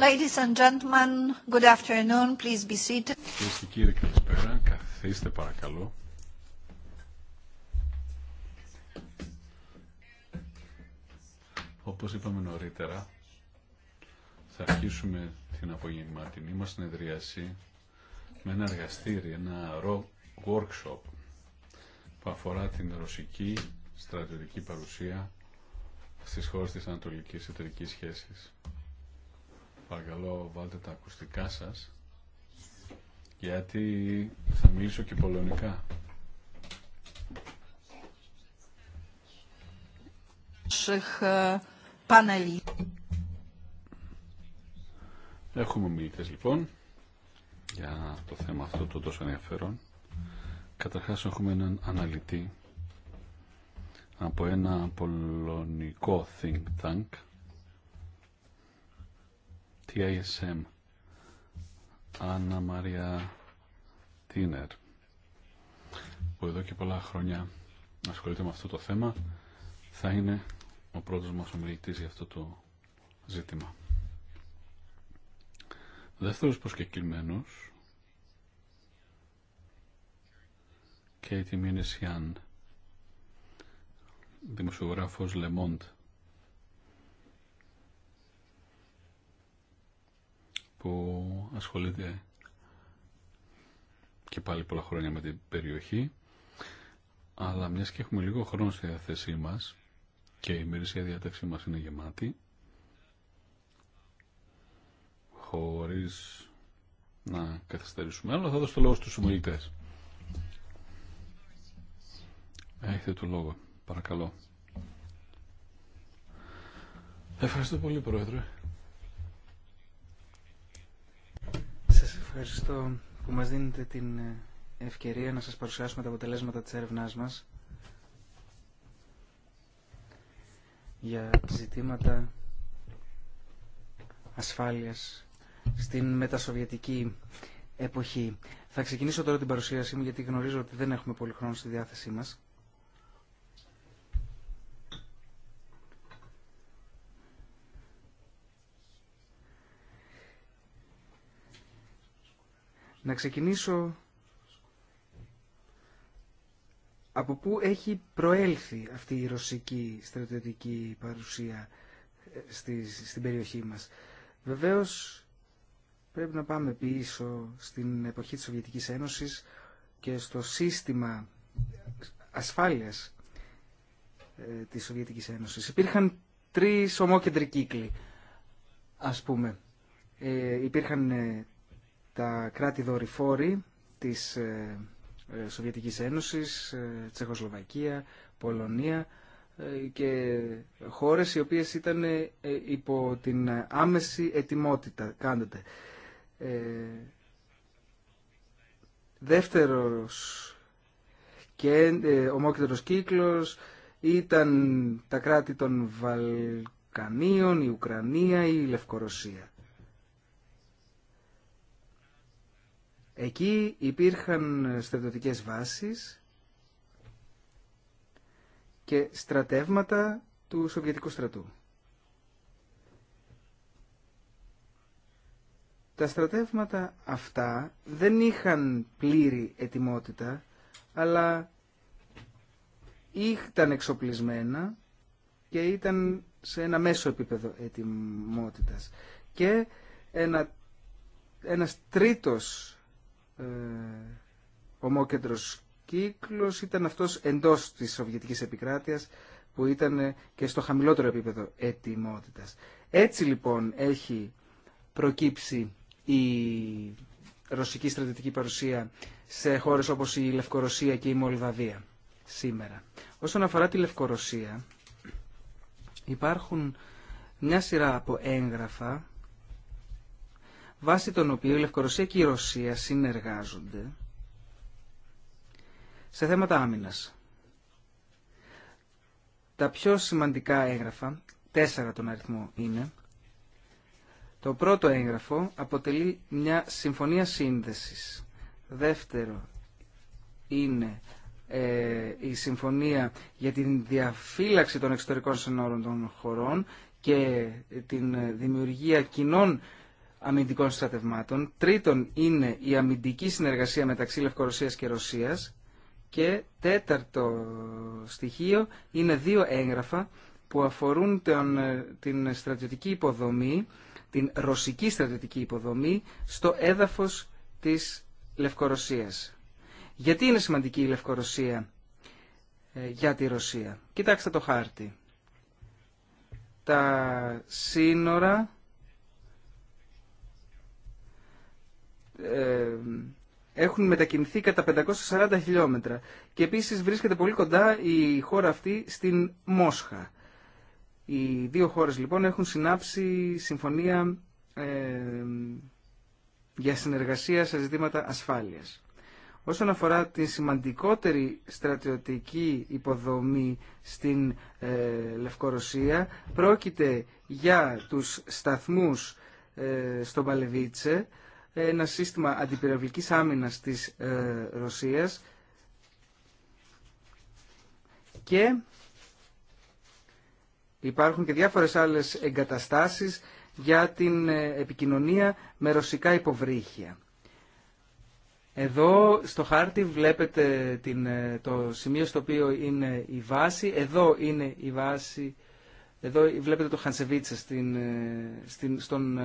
Ladies and gentlemen, good afternoon. Please be seated. Κυρίες και κύριοι, καλησπέρα. Καθίστε παρακαλώ. Όπως είπαμε νωρίτερα, θα αρχίσουμε την απογευματινή μας συνεδρίαση με ένα εργαστήρι, ένα workshop που αφορά την ρωσική στρατιωτική παρουσία στις χώρες της Ανατολικής Εταιρικής Σχέσης παρακαλώ βάλτε τα ακουστικά σας γιατί θα μιλήσω και πολωνικά. Ε, έχουμε μιλητές λοιπόν για το θέμα αυτό το τόσο ενδιαφέρον. Καταρχάς έχουμε έναν αναλυτή από ένα πολωνικό think tank TISM Άννα Μαρία Τίνερ που εδώ και πολλά χρόνια ασχολείται με αυτό το θέμα θα είναι ο πρώτος μας ομιλητής για αυτό το ζήτημα. Δεύτερος προσκεκλημένος και Μίνεσιαν, δημοσιογράφος Λεμόντ. που ασχολείται και πάλι πολλά χρόνια με την περιοχή αλλά μιας και έχουμε λίγο χρόνο στη διαθέσή μας και η μερίσια διάταξή μας είναι γεμάτη χωρίς να καθυστερήσουμε άλλο θα δώσω το λόγο στους ομιλητές έχετε το λόγο παρακαλώ Ευχαριστώ πολύ Πρόεδρε ευχαριστώ που μας δίνετε την ε, ευκαιρία να σας παρουσιάσουμε τα αποτελέσματα της έρευνάς μας για ζητήματα ασφάλειας στην μετασοβιετική εποχή. Θα ξεκινήσω τώρα την παρουσίασή μου γιατί γνωρίζω ότι δεν έχουμε πολύ χρόνο στη διάθεσή μας. Να ξεκινήσω από πού έχει προέλθει αυτή η ρωσική στρατιωτική παρουσία ε, στην περιοχή μας. Βεβαίως πρέπει να πάμε πίσω στην εποχή της Σοβιετικής Ένωσης και στο σύστημα ασφάλειας ε, της Σοβιετικής Ένωσης. Υπήρχαν τρεις ομόκεντρικοί κύκλοι, ας πούμε. Ε, υπήρχαν τα κράτη δορυφόρη της ε, ε, Σοβιετικής Ένωσης, ε, Τσεχοσλοβακία, Πολωνία και χώρες οι οποίες ήταν υπό την άμεση ετοιμότητα. Κάντε. Δεύτερος και ομόκληρος κύκλος ήταν τα κράτη των Βαλκανίων, η Ουκρανία ή η Λευκορωσία. Εκεί υπήρχαν στρατιωτικές βάσεις και στρατεύματα του Σοβιετικού στρατού. Τα στρατεύματα αυτά δεν είχαν πλήρη ετοιμότητα, αλλά ήταν εξοπλισμένα και ήταν σε ένα μέσο επίπεδο ετοιμότητας. Και ένα, ένας τρίτος ε, ομόκεντρος κύκλο ήταν αυτός εντός της Σοβιετικής επικράτειας που ήταν ε, και στο χαμηλότερο επίπεδο ετοιμότητας. Έτσι λοιπόν έχει προκύψει η ρωσική στρατιωτική παρουσία σε χώρες όπως η Λευκορωσία και η Μολδαβία σήμερα. Όσον αφορά τη Λευκορωσία υπάρχουν μια σειρά από έγγραφα βάσει των οποίο η Λευκορωσία και η Ρωσία συνεργάζονται σε θέματα άμυνας. Τα πιο σημαντικά έγγραφα, τέσσερα τον αριθμό είναι, το πρώτο έγγραφο αποτελεί μια συμφωνία σύνδεσης. Δεύτερο είναι ε, η συμφωνία για την διαφύλαξη των εξωτερικών συνόρων των χωρών και την δημιουργία κοινών αμυντικών στρατευμάτων. Τρίτον είναι η αμυντική συνεργασία μεταξύ Λευκορωσίας και Ρωσίας. Και τέταρτο στοιχείο είναι δύο έγγραφα που αφορούν την στρατιωτική υποδομή, την ρωσική στρατιωτική υποδομή, στο έδαφος της Λευκορωσίας. Γιατί είναι σημαντική η Λευκορωσία ε, για τη Ρωσία. Κοιτάξτε το χάρτη. Τα σύνορα Ε, έχουν μετακινηθεί κατά 540 χιλιόμετρα και επίσης βρίσκεται πολύ κοντά η χώρα αυτή στην Μόσχα. Οι δύο χώρες λοιπόν έχουν συνάψει συμφωνία ε, για συνεργασία σε ζητήματα ασφάλειας. Όσον αφορά τη σημαντικότερη στρατιωτική υποδομή στην ε, Λευκορωσία, πρόκειται για τους σταθμούς στο Παλεβίτσε, ένα σύστημα αντιπυραυλικής άμυνας της ε, Ρωσίας και υπάρχουν και διάφορες άλλες εγκαταστάσεις για την ε, επικοινωνία με ρωσικά υποβρύχια. Εδώ στο χάρτη βλέπετε την, ε, το σημείο στο οποίο είναι η βάση. Εδώ είναι η βάση. Εδώ βλέπετε το Χανσεβίτσα στην, στην, στον,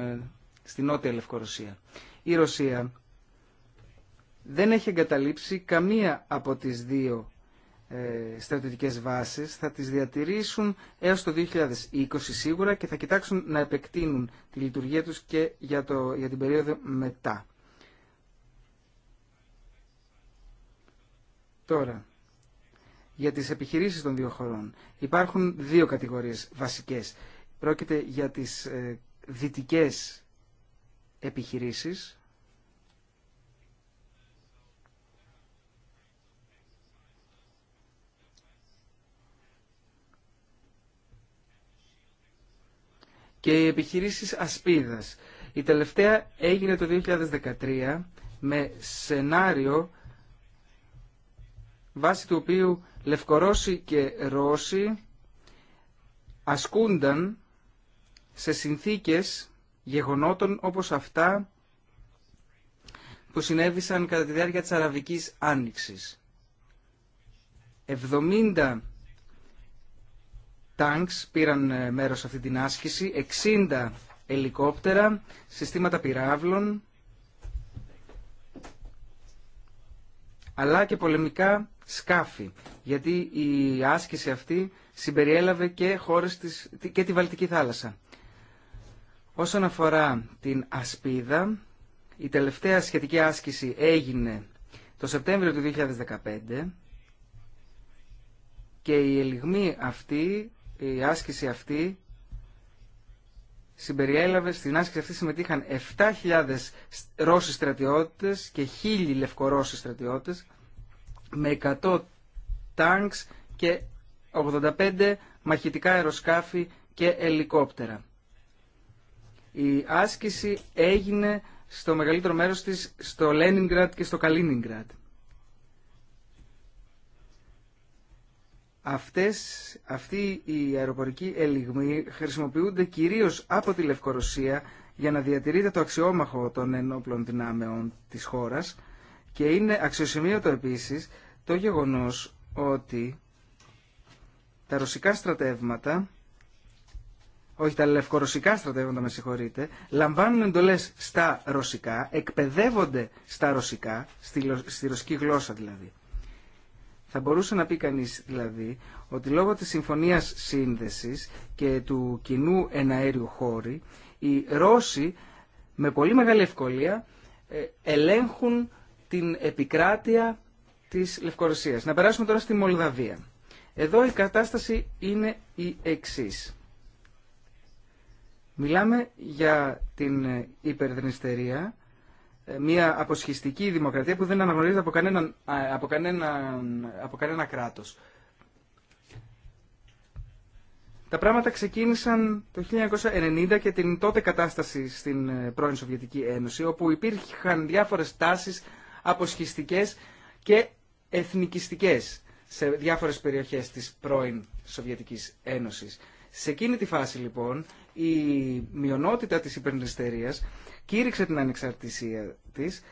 στην νότια Λευκορωσία η Ρωσία δεν έχει εγκαταλείψει καμία από τις δύο ε, στρατιωτικές βάσεις. Θα τις διατηρήσουν έως το 2020 σίγουρα και θα κοιτάξουν να επεκτείνουν τη λειτουργία τους και για, το, για την περίοδο μετά. Τώρα, για τις επιχειρήσεις των δύο χωρών υπάρχουν δύο κατηγορίες βασικές. Πρόκειται για τις ε, δυτικές επιχειρήσεις και οι επιχειρήσεις ασπίδας. Η τελευταία έγινε το 2013 με σενάριο βάσει του οποίου Λευκορώσοι και Ρώσοι ασκούνταν σε συνθήκες γεγονότων όπως αυτά που συνέβησαν κατά τη διάρκεια της Αραβικής Άνοιξης. 70 τάγκς πήραν ε, μέρος σε αυτή την άσκηση, 60 ελικόπτερα, συστήματα πυράβλων, αλλά και πολεμικά σκάφη, γιατί η άσκηση αυτή συμπεριέλαβε και χώρες της, και τη Βαλτική θάλασσα. Όσον αφορά την ασπίδα, η τελευταία σχετική άσκηση έγινε το Σεπτέμβριο του 2015 και η ελιγμή αυτή, η άσκηση αυτή, συμπεριέλαβε, στην άσκηση αυτή συμμετείχαν 7.000 Ρώσοι στρατιώτες και 1.000 Λευκορώσοι στρατιώτες με 100 τάγκς και 85 μαχητικά αεροσκάφη και ελικόπτερα. Η άσκηση έγινε στο μεγαλύτερο μέρος της στο Λένιγκρατ και στο Καλίνιγκρατ. Αυτές, αυτοί οι αεροπορικοί ελιγμοί χρησιμοποιούνται κυρίως από τη Λευκορωσία για να διατηρείται το αξιόμαχο των ενόπλων δυνάμεων της χώρας και είναι αξιοσημείωτο επίσης το γεγονός ότι τα ρωσικά στρατεύματα όχι τα λευκορωσικά στρατεύοντα, με συγχωρείτε, λαμβάνουν εντολές στα ρωσικά, εκπαιδεύονται στα ρωσικά, στη, στη ρωσική γλώσσα δηλαδή. Θα μπορούσε να πει κανείς δηλαδή ότι λόγω της συμφωνίας σύνδεσης και του κοινού εναέριου χώρη, οι Ρώσοι με πολύ μεγάλη ευκολία ε, ελέγχουν την επικράτεια της Λευκορωσίας. Να περάσουμε τώρα στη Μολδαβία. Εδώ η κατάσταση είναι η εξής. Μιλάμε για την υπερδνηστερία, μια αποσχιστική δημοκρατία που δεν αναγνωρίζεται από, κανένα, από, κανένα, από κανένα κράτος. Τα πράγματα ξεκίνησαν το 1990 και την τότε κατάσταση στην ε, πρώην Σοβιετική Ένωση, όπου υπήρχαν διάφορες τάσεις αποσχιστικές και εθνικιστικές σε διάφορες περιοχές της πρώην Σοβιετικής Ένωσης. Σε εκείνη τη φάση λοιπόν η μειονότητα της υπερνηστερίας κήρυξε την ανεξαρτησία της.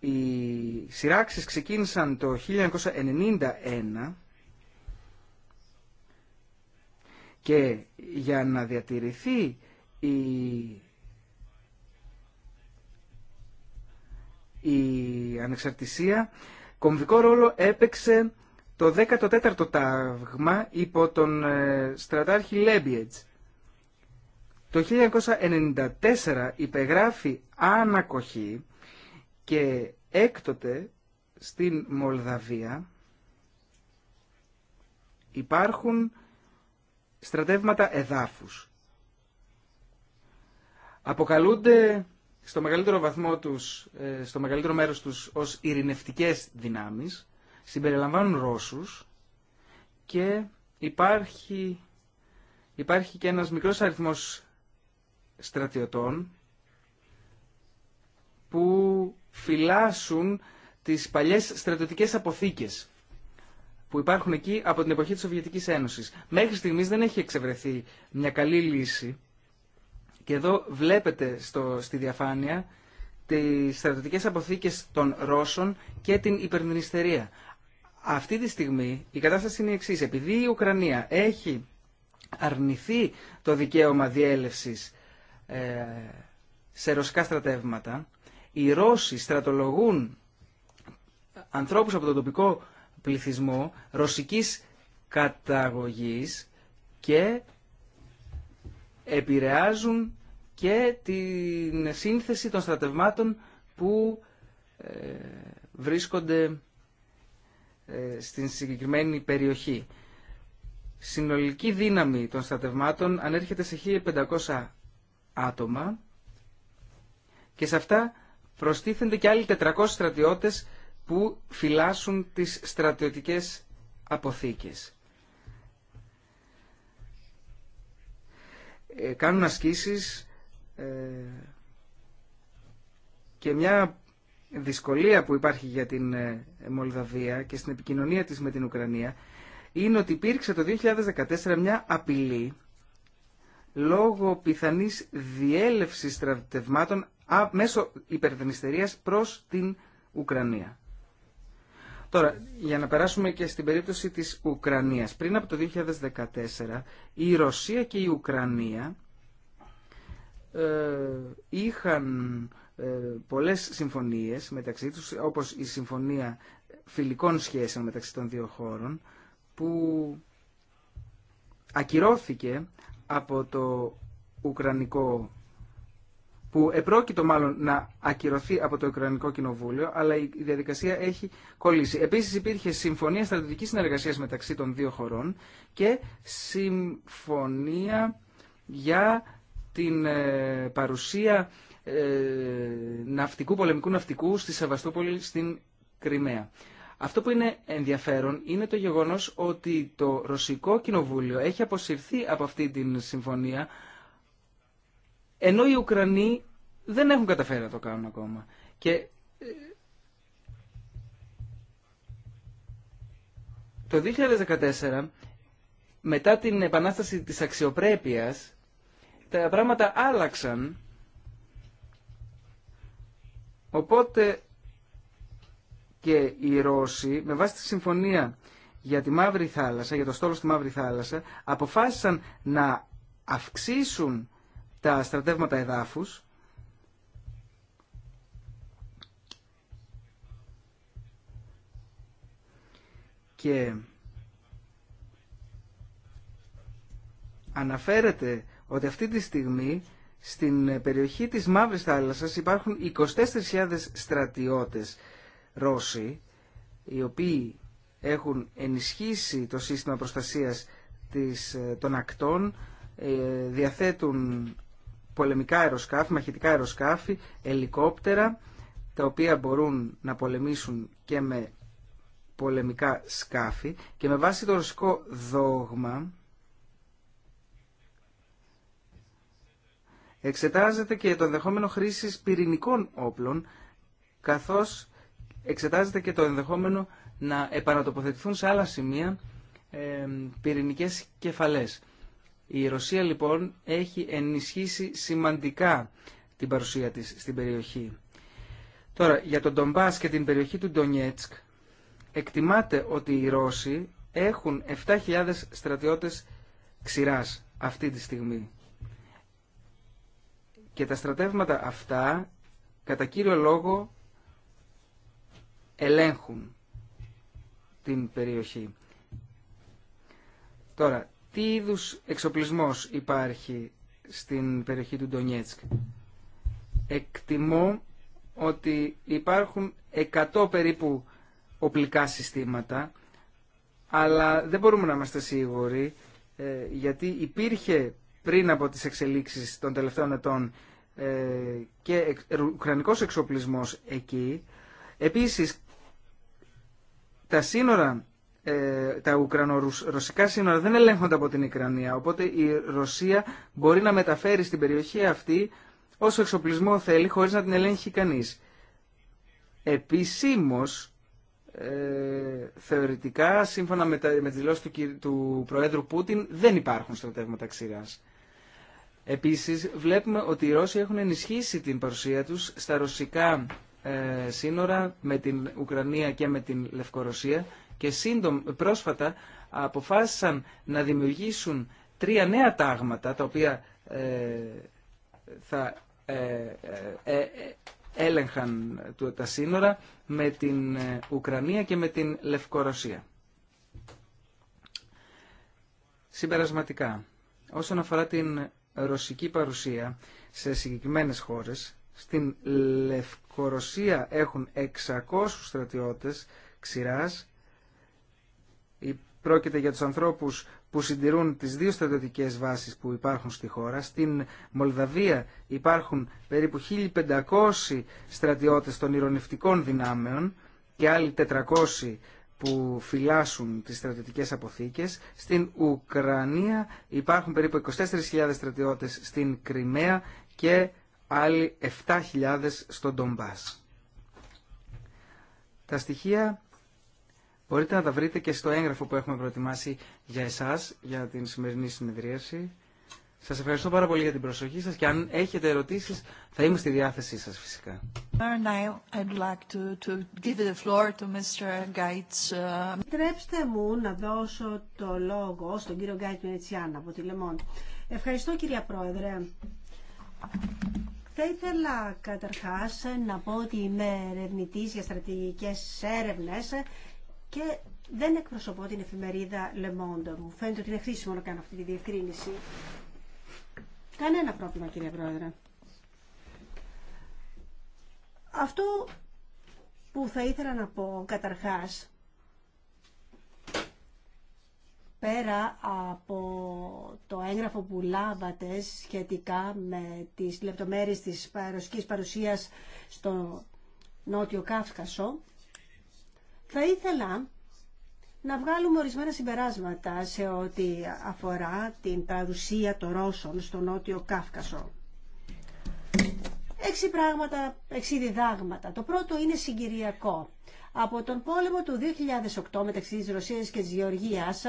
Οι σειράξεις ξεκίνησαν το 1991 και για να διατηρηθεί η η ανεξαρτησία κομβικό ρόλο έπαιξε το 14ο τάγμα υπό τον ε, στρατάρχη Λέμπιετς. Το 1994 υπεγράφει ανακοχή και έκτοτε στην Μολδαβία υπάρχουν στρατεύματα εδάφους. Αποκαλούνται στο μεγαλύτερο βαθμό τους, ε, στο μεγαλύτερο μέρος τους ως ειρηνευτικές δυνάμεις, συμπεριλαμβάνουν Ρώσους και υπάρχει, υπάρχει και ένας μικρός αριθμός στρατιωτών που φυλάσσουν τις παλιές στρατιωτικές αποθήκες που υπάρχουν εκεί από την εποχή της Σοβιετικής Ένωσης. Μέχρι στιγμής δεν έχει εξευρεθεί μια καλή λύση και εδώ βλέπετε στο, στη διαφάνεια τις στρατιωτικές αποθήκες των Ρώσων και την υπερμηνιστερία. Αυτή τη στιγμή η κατάσταση είναι η εξής. Επειδή η Ουκρανία έχει αρνηθεί το δικαίωμα διέλευσης ε, σε ρωσικά στρατεύματα. Οι Ρώσοι στρατολογούν ανθρώπους από τον τοπικό πληθυσμό ρωσικής καταγωγής και επηρεάζουν και την σύνθεση των στρατευμάτων που ε, βρίσκονται ε, στην συγκεκριμένη περιοχή. Συνολική δύναμη των στρατευμάτων ανέρχεται σε 1.500 άτομα και σε αυτά προστίθενται και άλλοι 400 στρατιώτες που φυλάσσουν τις στρατιωτικές αποθήκες. Ε, κάνουν ασκήσεις ε, και μια δυσκολία που υπάρχει για την ε, Μολδαβία και στην επικοινωνία της με την Ουκρανία είναι ότι υπήρξε το 2014 μια απειλή λόγω πιθανής διέλευσης στρατευμάτων μέσω υπερδενιστερίας προς την Ουκρανία. Τώρα, για να περάσουμε και στην περίπτωση της Ουκρανίας. Πριν από το 2014, η Ρωσία και η Ουκρανία ε, είχαν ε, πολλές συμφωνίες μεταξύ τους, όπως η Συμφωνία Φιλικών Σχέσεων μεταξύ των δύο χώρων, που ακυρώθηκε από το Ουκρανικό που επρόκειτο μάλλον να ακυρωθεί από το Ουκρανικό Κοινοβούλιο, αλλά η διαδικασία έχει κολλήσει. Επίση υπήρχε συμφωνία στρατιωτική συνεργασία μεταξύ των δύο χωρών και συμφωνία για την ε, παρουσία ε, ναυτικού, πολεμικού ναυτικού στη σεβαστόπολη στην Κρυμαία. Αυτό που είναι ενδιαφέρον είναι το γεγονός ότι το Ρωσικό Κοινοβούλιο έχει αποσυρθεί από αυτή την συμφωνία ενώ οι Ουκρανοί δεν έχουν καταφέρει να το κάνουν ακόμα. Και ε, το 2014 μετά την επανάσταση της αξιοπρέπειας τα πράγματα άλλαξαν οπότε και οι Ρώσοι με βάση τη συμφωνία για τη Μαύρη Θάλασσα, για το στόλο στη Μαύρη Θάλασσα, αποφάσισαν να αυξήσουν τα στρατεύματα εδάφους και αναφέρεται ότι αυτή τη στιγμή στην περιοχή της Μαύρης Θάλασσας υπάρχουν 24.000 στρατιώτες Ρώσοι, οι οποίοι έχουν ενισχύσει το σύστημα προστασίας της, ε, των ακτών, ε, διαθέτουν πολεμικά αεροσκάφη, μαχητικά αεροσκάφη, ελικόπτερα, τα οποία μπορούν να πολεμήσουν και με πολεμικά σκάφη και με βάση το ρωσικό δόγμα εξετάζεται και το ενδεχόμενο χρήσης πυρηνικών όπλων καθώς εξετάζεται και το ενδεχόμενο να επανατοποθετηθούν σε άλλα σημεία ε, πυρηνικές κεφαλές. Η Ρωσία λοιπόν έχει ενισχύσει σημαντικά την παρουσία της στην περιοχή. Τώρα, για τον Ντομπάς και την περιοχή του Ντονιέτσκ, εκτιμάται ότι οι Ρώσοι έχουν 7.000 στρατιώτες ξηράς αυτή τη στιγμή. Και τα στρατεύματα αυτά, κατά κύριο λόγο, ελέγχουν την περιοχή. Τώρα, τι είδους εξοπλισμός υπάρχει στην περιοχή του Ντονιέτσκ. Εκτιμώ ότι υπάρχουν 100 περίπου οπλικά συστήματα, αλλά δεν μπορούμε να είμαστε σίγουροι, ε, γιατί υπήρχε πριν από τις εξελίξεις των τελευταίων ετών ε, και ε, ουκρανικός εξοπλισμός εκεί. Επίσης, τα σύνορα, ε, τα ουκρανο-ρωσικά σύνορα δεν ελέγχονται από την Ουκρανία, οπότε η Ρωσία μπορεί να μεταφέρει στην περιοχή αυτή όσο εξοπλισμό θέλει χωρίς να την ελέγχει κανείς. Επισήμω, ε, θεωρητικά, σύμφωνα με, τη με του, Προέδρου Πούτιν, δεν υπάρχουν στρατεύματα ξηράς. Επίσης, βλέπουμε ότι οι Ρώσοι έχουν ενισχύσει την παρουσία τους στα ρωσικά ε, σύνορα με την Ουκρανία και με την Λευκορωσία και σύντομα, πρόσφατα αποφάσισαν να δημιουργήσουν τρία νέα τάγματα τα οποία ε, θα ε, έλεγχαν τα σύνορα με την Ουκρανία και με την Λευκορωσία. Συμπερασματικά, όσον αφορά την ρωσική παρουσία σε συγκεκριμένες χώρες, στην Λευκορωσία έχουν 600 στρατιώτες ξηράς. Πρόκειται για τους ανθρώπους που συντηρούν τις δύο στρατιωτικές βάσεις που υπάρχουν στη χώρα. Στην Μολδαβία υπάρχουν περίπου 1.500 στρατιώτες των ηρωνευτικών δυνάμεων και άλλοι 400 που φυλάσσουν τις στρατιωτικές αποθήκες. Στην Ουκρανία υπάρχουν περίπου 24.000 στρατιώτες στην Κρυμαία και άλλοι 7.000 στο Ντομπάς. Τα στοιχεία μπορείτε να τα βρείτε και στο έγγραφο που έχουμε προετοιμάσει για εσάς, για την σημερινή συνεδρίαση. Σας ευχαριστώ πάρα πολύ για την προσοχή σας και αν έχετε ερωτήσεις θα είμαι στη διάθεσή σας φυσικά. Επιτρέψτε μου να δώσω το λόγο στον κύριο Γκάιτ Μενετσιάν από τη Λεμόν. Ευχαριστώ κυρία Πρόεδρε. Θα ήθελα καταρχάς να πω ότι είμαι ερευνητή για στρατηγικές έρευνες και δεν εκπροσωπώ την εφημερίδα Le Monde. Μου φαίνεται ότι είναι χρήσιμο να κάνω αυτή τη διευκρίνηση. Κανένα πρόβλημα κύριε Πρόεδρε. Αυτό που θα ήθελα να πω καταρχάς πέρα από το έγγραφο που λάβατε σχετικά με τις λεπτομέρειες της ρωσικής παρουσίας στο Νότιο Κάφκασο, θα ήθελα να βγάλουμε ορισμένα συμπεράσματα σε ό,τι αφορά την παρουσία των Ρώσων στο Νότιο Κάφκασο. Έξι πράγματα, έξι διδάγματα. Το πρώτο είναι συγκυριακό. Από τον πόλεμο του 2008 μεταξύ της Ρωσίας και της Γεωργίας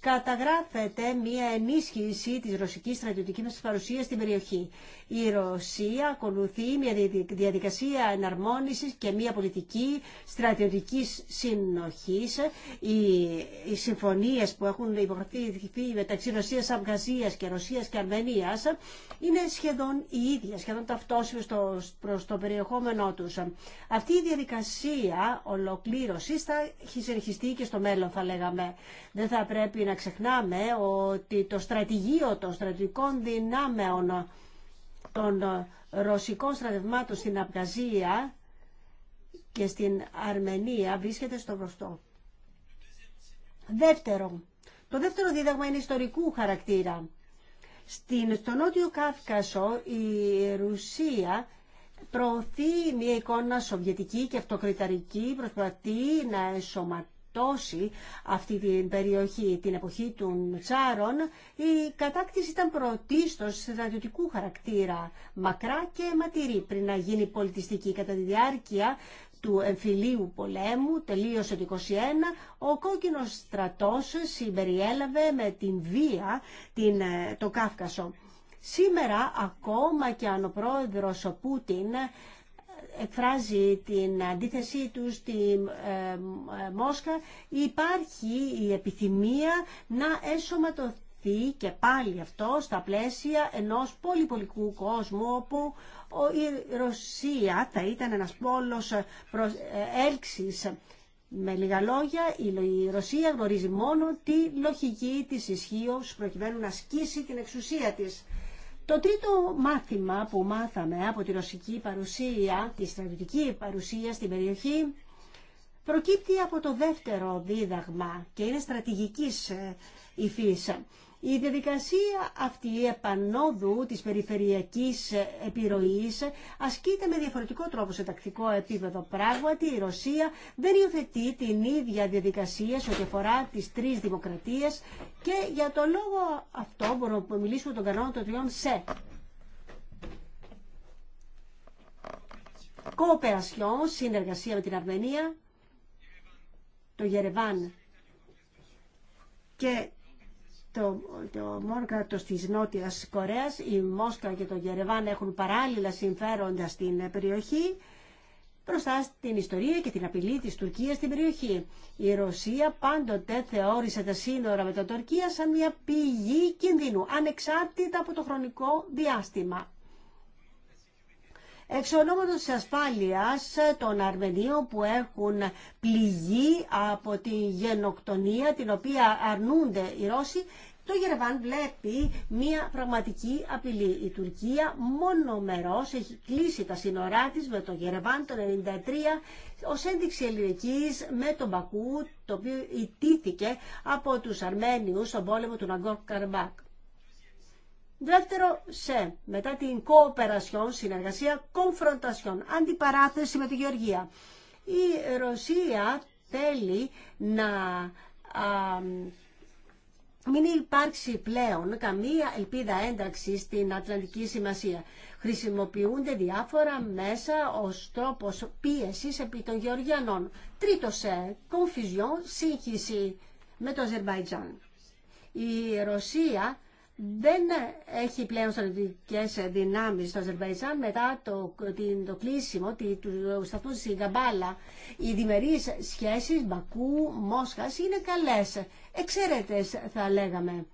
καταγράφεται μία ενίσχυση της ρωσικής στρατιωτικής παρουσίας στην περιοχή. Η Ρωσία ακολουθεί μία διαδικασία εναρμόνισης και μία πολιτική στρατιωτικής συνοχής. Οι, συμφωνίες που έχουν υπογραφεί μεταξύ Ρωσίας, Αυγαζίας και Ρωσίας και Αρμενίας είναι σχεδόν η ίδια, σχεδόν ταυτόσιμες προ προς το περιεχόμενό τους. Αυτή η διαδικασία ολοκλήρωσης θα συνεχιστεί και στο μέλλον θα λέγαμε. Δεν θα πρέπει να ξεχνάμε ότι το στρατηγείο των στρατηγικών δυνάμεων των ρωσικών στρατευμάτων στην Απγαζία και στην Αρμενία βρίσκεται στο μπροστό. Δεύτερο. Το δεύτερο δίδαγμα είναι ιστορικού χαρακτήρα. Στην, στο Νότιο Κάφκασο η Ρουσία προωθεί μια εικόνα σοβιετική και αυτοκριταρική, προσπαθεί να ενσωματώσει τόση αυτή την περιοχή την εποχή των Τσάρων, η κατάκτηση ήταν πρωτίστως στρατιωτικού χαρακτήρα, μακρά και αιματηρή πριν να γίνει πολιτιστική. Κατά τη διάρκεια του εμφυλίου πολέμου, τελείωσε το 21, ο κόκκινος στρατός συμπεριέλαβε με την βία την, ε, το Κάφκασο. Σήμερα ακόμα και αν ο πρόεδρος ο Πούτιν εκφράζει την αντίθεσή του στη ε, ε, Μόσχα. Υπάρχει η επιθυμία να εσωματωθεί και πάλι αυτό στα πλαίσια ενός πολυπολικού κόσμου όπου η Ρωσία θα ήταν ένας πόλος ε, έλξης. Με λίγα λόγια, η Ρωσία γνωρίζει μόνο τη λογική της ισχύω προκειμένου να σκίσει την εξουσία της. Το τρίτο μάθημα που μάθαμε από τη ρωσική παρουσία, τη στρατιωτική παρουσία στην περιοχή, προκύπτει από το δεύτερο δίδαγμα και είναι στρατηγικής ε, υφής. Η διαδικασία αυτή επανόδου της περιφερειακής επιρροής ασκείται με διαφορετικό τρόπο σε τακτικό επίπεδο. Πράγματι, η Ρωσία δεν υιοθετεί την ίδια διαδικασία σε ό,τι αφορά τις τρεις δημοκρατίες και για το λόγο αυτό μπορούμε να μιλήσουμε τον κανόνα των τριών σε. Κοπερασιόν, συνεργασία με την Αρμενία, το Γερεβάν και το, το μόνο νότια της Κορέας, η Μόσκα και το Γερεβάν έχουν παράλληλα συμφέροντα στην περιοχή, μπροστά στην ιστορία και την απειλή της Τουρκίας στην περιοχή. Η Ρωσία πάντοτε θεώρησε τα σύνορα με την Τουρκία σαν μια πηγή κινδύνου, ανεξάρτητα από το χρονικό διάστημα. Εξ της ασφάλειας των Αρμενίων που έχουν πληγεί από τη γενοκτονία την οποία αρνούνται οι Ρώσοι, το Γερβάν βλέπει μια πραγματική απειλή. Η Τουρκία μόνο μερός έχει κλείσει τα σύνορά της με το Γερβάν το 1993 ως ένδειξη ελληνικής με τον Πακού, το οποίο ιτήθηκε από τους Αρμένιους στον πόλεμο του Ναγκόρ Καρμπάκ. Δεύτερο, σε, μετά την κοοπερασιόν, συνεργασία, κομφροντασιόν, αντιπαράθεση με τη Γεωργία. Η Ρωσία θέλει να α, μην υπάρξει πλέον καμία ελπίδα ένταξη στην Ατλαντική Σημασία. Χρησιμοποιούνται διάφορα μέσα ως τρόπος πίεσης επί των Γεωργιανών. Τρίτο σε, κομφιζιόν, σύγχυση με το Αζερβαϊτζάν. Η Ρωσία δεν έχει πλέον στρατιωτικές δυνάμει στο Αζερβαϊτζάν μετά το, την, το κλείσιμο του σταθμού τη Γαμπάλα. Οι διμερεί σχέσεις Μπακού, Μόσχα είναι καλές, Εξαίρετε, θα λέγαμε.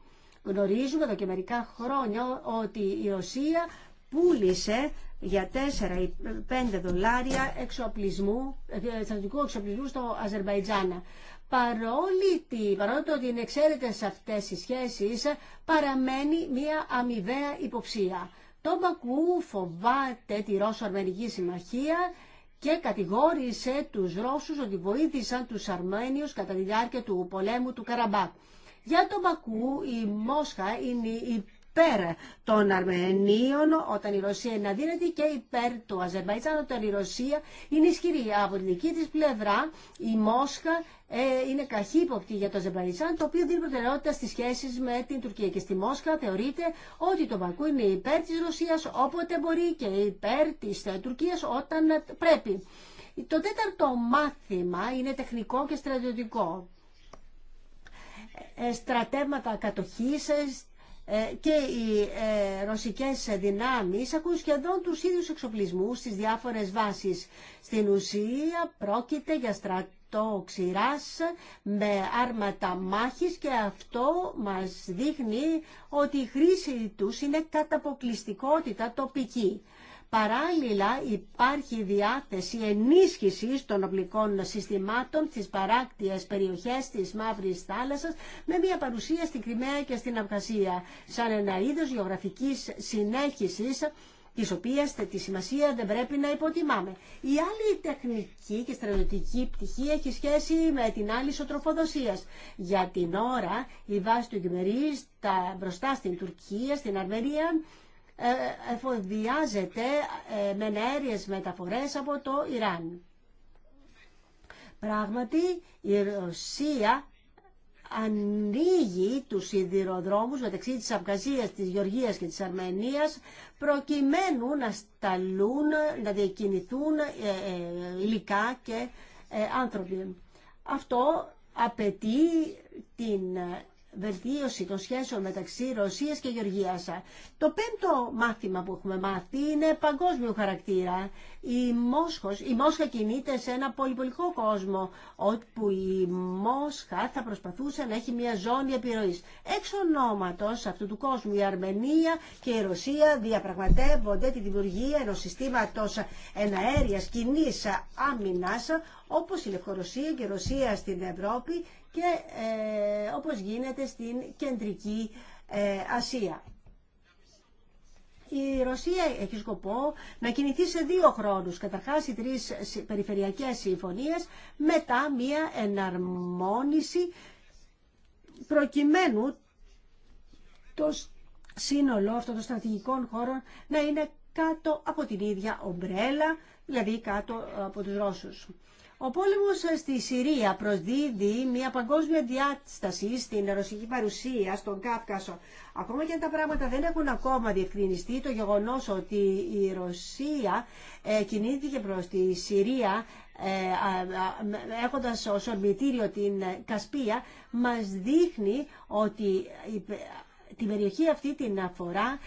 Γνωρίζουμε εδώ και μερικά χρόνια ότι η Ρωσία πούλησε για 4 ή 5 δολάρια εξοπλισμού, ε, στρατιωτικού εξοπλισμού στο Αζερβαϊτζάν παρόλη παρόλο το ότι είναι σε αυτές οι σχέσεις, παραμένει μια αμοιβαία υποψία. Το Μπακού φοβάται τη Ρώσο-Αρμενική Συμμαχία και κατηγόρησε τους Ρώσους ότι βοήθησαν τους Αρμένιους κατά τη διάρκεια του πολέμου του Καραμπάκ. Για τον Μπακού η Μόσχα είναι η υπέρ των Αρμενίων όταν η Ρωσία είναι αδύνατη και υπέρ του Αζερβαϊτζάν όταν η Ρωσία είναι ισχυρή. Από την δική της πλευρά η Μόσχα ε, είναι καχύποπτη για το Αζερβαϊτζάν, το οποίο δίνει προτεραιότητα στι σχέσει με την Τουρκία. Και στη Μόσχα θεωρείται ότι το Μπακού είναι υπέρ τη Ρωσία όποτε μπορεί και υπέρ τη ε, Τουρκία όταν πρέπει. Το τέταρτο μάθημα είναι τεχνικό και στρατιωτικό ε, στρατεύματα κατοχής ε, ε, και οι ε, ρωσικές δυνάμεις ακούν σχεδόν τους ίδιους εξοπλισμούς στις διάφορες βάσεις. Στην ουσία πρόκειται για στρατό ξηράς με άρματα μάχης και αυτό μας δείχνει ότι η χρήση τους είναι κατά αποκλειστικότητα τοπική. Παράλληλα υπάρχει διάθεση ενίσχυσης των οπλικών συστημάτων στις παράκτιες περιοχές της Μαύρης Θάλασσας με μια παρουσία στην Κρυμαία και στην Αυγασία σαν ένα είδος γεωγραφικής συνέχισης τη οποία τη σημασία δεν πρέπει να υποτιμάμε. Η άλλη τεχνική και στρατιωτική πτυχή έχει σχέση με την άλλη ισοτροφοδοσία. Για την ώρα, η βάση του τα μπροστά στην Τουρκία, στην Αρμερία ε, εφοδιάζεται ε, με νέριες μεταφορές από το Ιράν. Πράγματι, η Ρωσία ανοίγει τους σιδηροδρόμους μεταξύ της Αυγαζίας, της Γεωργίας και της Αρμενίας προκειμένου να σταλούν, να διακινηθούν ε, ε υλικά και άνθρωποι. Αυτό απαιτεί την βελτίωση των σχέσεων μεταξύ Ρωσίας και Γεωργίας. Το πέμπτο μάθημα που έχουμε μάθει είναι παγκόσμιο χαρακτήρα. Η, Μόσχος, η Μόσχα κινείται σε ένα πολυπολικό κόσμο, όπου η Μόσχα θα προσπαθούσε να έχει μια ζώνη επιρροής. Εξ ονόματος αυτού του κόσμου η Αρμενία και η Ρωσία διαπραγματεύονται τη δημιουργία ενός συστήματος εναέριας κοινή άμυνας, όπως η Λευκορωσία και η Ρωσία στην Ευρώπη και ε, όπως γίνεται στην κεντρική ε, Ασία. Η Ρωσία έχει σκοπό να κινηθεί σε δύο χρόνους. Καταρχάς οι τρεις περιφερειακές συμφωνίες, μετά μία εναρμόνιση προκειμένου το σύνολο αυτών των στρατηγικών χώρων να είναι κάτω από την ίδια ομπρέλα, δηλαδή κάτω από τους Ρώσους. Ο πόλεμο στη Συρία προσδίδει μια παγκόσμια διάσταση στην ρωσική παρουσία στον Κάφκασο. Ακόμα και αν τα πράγματα δεν έχουν ακόμα διευκρινιστεί, το γεγονός ότι η Ρωσία ε, κινήθηκε προς τη Συρία ε, έχοντας ως ορμητήριο την Κασπία μας δείχνει ότι την περιοχή αυτή την αφορά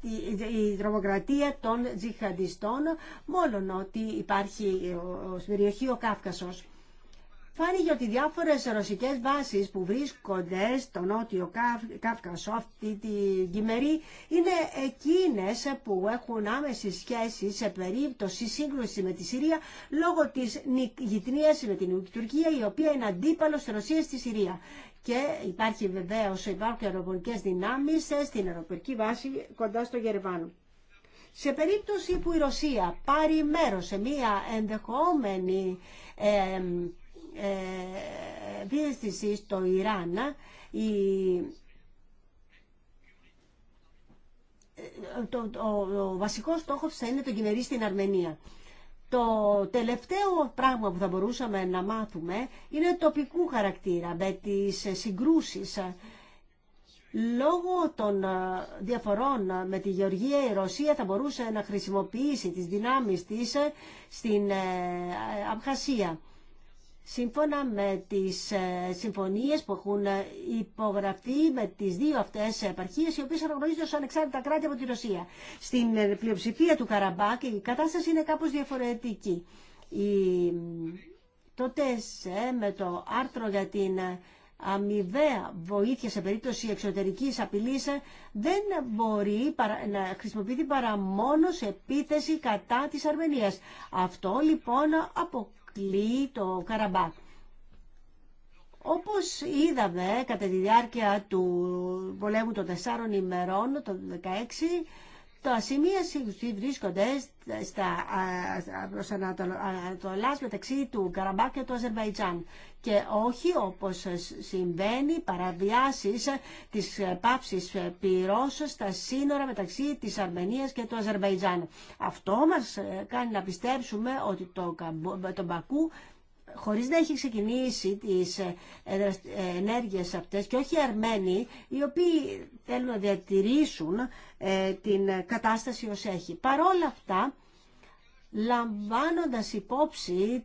η, η τρομοκρατία των τζιχαντιστών, μόνο ότι υπάρχει στην περιοχή ο Κάφκασος. Φάνηκε ότι διάφορες ρωσικές βάσεις που βρίσκονται στο νότιο Κάφκασο αυτή τη κυμερή είναι εκείνες που έχουν άμεση σχέση σε περίπτωση σύγκρουση με τη Συρία λόγω της γειτνίας με την Τουρκία η οποία είναι αντίπαλος της Ρωσίας στη Συρία και υπάρχει βεβαίω υπάρχουν αεροπορικές δυνάμεις στην αεροπορική βάση κοντά στο Γερεβάνο. Σε περίπτωση που η Ρωσία πάρει μέρο σε μία ενδεχόμενη ε, στο Ιράν, η, ε, το, το, ο, ο βασικός στόχος θα είναι το κυβερνή στην Αρμενία. Το τελευταίο πράγμα που θα μπορούσαμε να μάθουμε είναι τοπικού χαρακτήρα με τις συγκρούσεις. Λόγω των διαφορών με τη Γεωργία η Ρωσία θα μπορούσε να χρησιμοποιήσει τις δυνάμεις της στην ε, Αμχασία. Σύμφωνα με τις ε, συμφωνίες που έχουν ε, υπογραφεί με τις δύο αυτές επαρχίες, οι οποίες αναγνωρίζονται ως ανεξάρτητα κράτη από τη Ρωσία. Στην ε, πλειοψηφία του Καραμπάκ η κατάσταση είναι κάπως διαφορετική. Η... Τότε με το άρθρο για την αμοιβαία βοήθεια σε περίπτωση εξωτερικής απειλής δεν μπορεί να χρησιμοποιηθεί παρά μόνο σε επίθεση κατά της Αρμενίας. Αυτό λοιπόν αποκλείεται αποκλεί το Καραμπάχ. Όπως είδαμε κατά τη διάρκεια του πολέμου των τεσσάρων ημερών, το 2016, τα σημεία βρίσκονται στα προσανατολά μεταξύ του Καραμπάκ και του Αζερβαϊτζάν και όχι όπως συμβαίνει παραβιάσεις της ε, πάψης ε, πυρός στα σύνορα μεταξύ της Αρμενίας και του Αζερβαϊτζάν. Αυτό μας ε, κάνει να πιστέψουμε ότι το, το Μπακού χωρίς να έχει ξεκινήσει τις ε, ε, ενέργειες αυτές και όχι οι Αρμένοι οι οποίοι θέλουν να διατηρήσουν ε, την κατάσταση ως έχει. Παρόλα αυτά, λαμβάνοντας υπόψη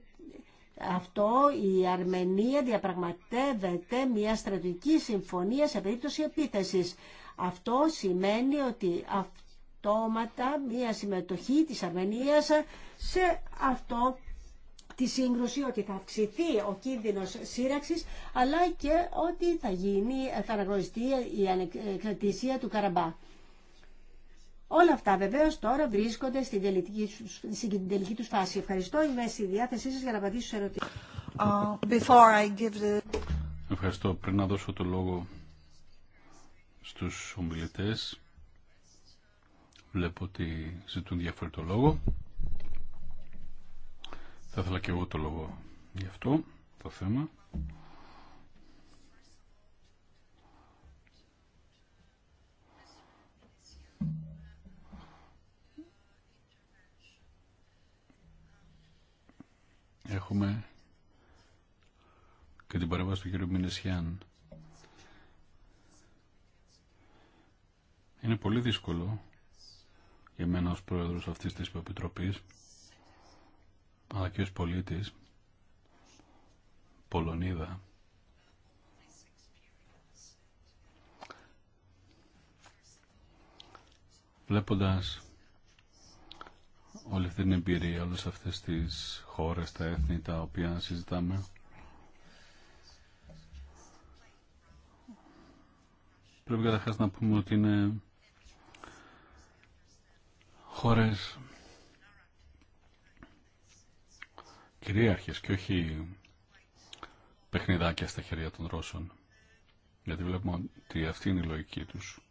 αυτό η Αρμενία διαπραγματεύεται μια στρατηγική συμφωνία σε περίπτωση επίθεσης. Αυτό σημαίνει ότι αυτόματα μια συμμετοχή της Αρμενίας σε αυτό τη σύγκρουση, ότι θα αυξηθεί ο κίνδυνος σύραξης, αλλά και ότι θα γίνει, θα αναγνωριστεί η ανεκκρατησία του Καραμπά. Όλα αυτά βεβαίως τώρα βρίσκονται στην τελική, στην τελική τους φάση. Ευχαριστώ, είμαι στη διάθεσή σας για να απαντήσω σε ερωτήσεις. Uh, Ευχαριστώ. Πριν να δώσω το λόγο στους ομιλητές, βλέπω ότι ζητούν διαφορετικό λόγο. Θα ήθελα και εγώ το λόγο γι' αυτό το θέμα. Έχουμε και την παρέμβαση του κ. Μινεσιάν. Είναι πολύ δύσκολο για μένα ως πρόεδρος αυτής της επιτροπής αλλά και ως πολίτης Πολωνίδα βλέποντας όλη αυτή την εμπειρία, όλες αυτές τις χώρες, τα έθνη τα οποία συζητάμε πρέπει καταρχάς να πούμε ότι είναι χώρες κυρίαρχες και όχι παιχνιδάκια στα χέρια των Ρώσων. Γιατί βλέπουμε ότι αυτή είναι η λογική τους.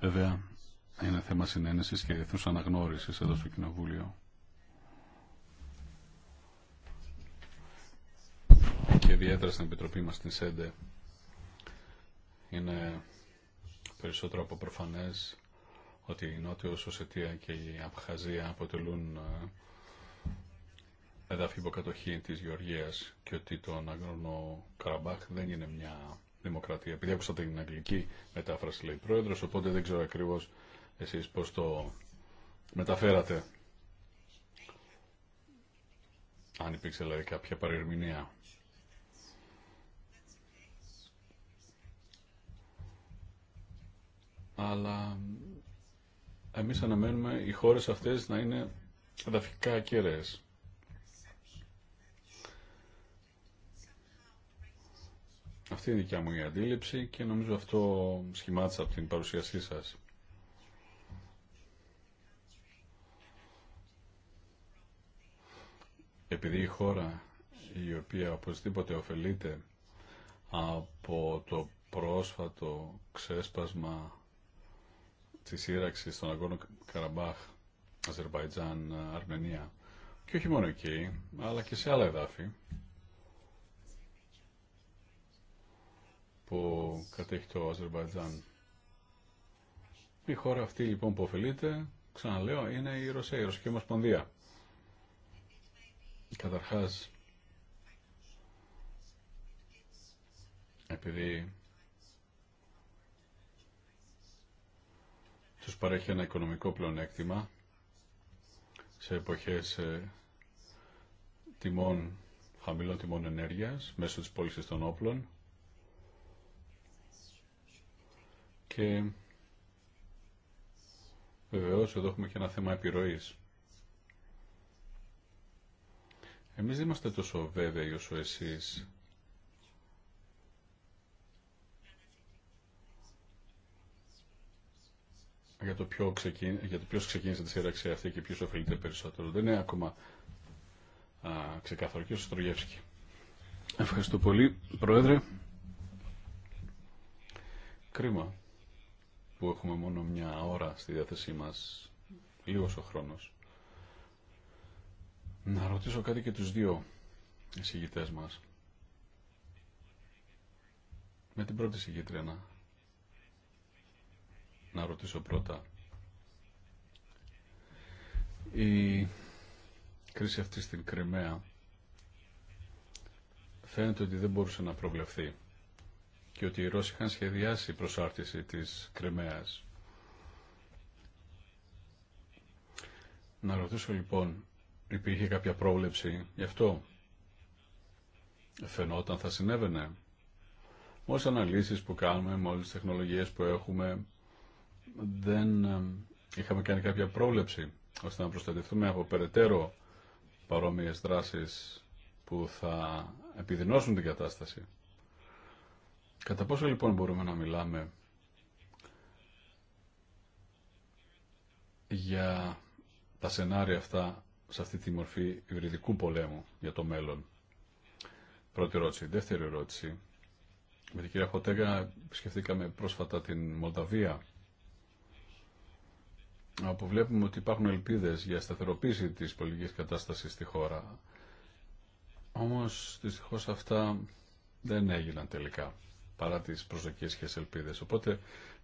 Βέβαια, είναι θέμα συνένεσης και διεθνούς αναγνώρισης εδώ στο Κοινοβούλιο. Και ιδιαίτερα στην Επιτροπή μας, στην ΣΕΝΤΕ, είναι περισσότερο από προφανές ότι η Νότιο Οσετία και η Απχαζία αποτελούν ε, εδάφη υποκατοχή της Γεωργίας και ότι το Ναγκρόνο Καραμπάχ δεν είναι μια δημοκρατία. Επειδή άκουσα την αγγλική μετάφραση λέει πρόεδρος, οπότε δεν ξέρω ακριβώς εσείς πώς το μεταφέρατε. Αν υπήρξε δηλαδή κάποια παρερμηνία. αλλά εμείς αναμένουμε οι χώρες αυτές να είναι δαφικά ακέραιες. Αυτή είναι η δικιά μου η αντίληψη και νομίζω αυτό σχημάτισα από την παρουσίασή σας. Επειδή η χώρα η οποία οπωσδήποτε ωφελείται από το πρόσφατο ξέσπασμα τη σύραξη στον Αγκόνο Καραμπάχ, Αζερβαϊτζάν, Αρμενία και όχι μόνο εκεί, αλλά και σε άλλα εδάφη που κατέχει το Αζερβαϊτζάν. Η χώρα αυτή λοιπόν που ωφελείται, ξαναλέω, είναι η Ρωσία, η Ρωσική Ομοσπονδία. Καταρχάς, επειδή τους παρέχει ένα οικονομικό πλεονέκτημα σε εποχές ε, τιμών, χαμηλών τιμών ενέργειας μέσω της πώλησης των όπλων και βεβαίως εδώ έχουμε και ένα θέμα επιρροής. Εμείς δεν είμαστε τόσο βέβαιοι όσο εσείς για το, ποιο ξεκίνησε τη σύραξη αυτή και ποιος ωφελείται περισσότερο. Δεν είναι ακόμα α, ξεκάθαρο. ο Στρογεύσκη. Ευχαριστώ πολύ, Πρόεδρε. Κρίμα που έχουμε μόνο μια ώρα στη διάθεσή μας, λίγος ο χρόνος. Να ρωτήσω κάτι και τους δύο εισηγητές μας. Με την πρώτη συγκεκριμένα να ρωτήσω πρώτα. Η κρίση αυτή στην Κρυμαία φαίνεται ότι δεν μπορούσε να προβλεφθεί και ότι οι Ρώσοι είχαν σχεδιάσει προσάρτηση της Κρυμαίας. Να ρωτήσω λοιπόν, υπήρχε κάποια πρόβλεψη γι' αυτό. Φαινόταν θα συνέβαινε. Με αναλύσεις που κάνουμε, με όλες τεχνολογίες που έχουμε, δεν ε, είχαμε κάνει κάποια πρόβλεψη ώστε να προστατευτούμε από περαιτέρω παρόμοιες δράσεις που θα επιδεινώσουν την κατάσταση. Κατά πόσο λοιπόν μπορούμε να μιλάμε για τα σενάρια αυτά σε αυτή τη μορφή υβριδικού πολέμου για το μέλλον. Πρώτη ερώτηση. Δεύτερη ερώτηση. Με την κυρία Χωτέγα επισκεφτήκαμε πρόσφατα την Μολδαβία όπου βλέπουμε ότι υπάρχουν ελπίδες για σταθεροποίηση της πολιτικής κατάστασης στη χώρα. Όμως, δυστυχώς αυτά δεν έγιναν τελικά, παρά τις προσδοκίες και τις ελπίδες. Οπότε,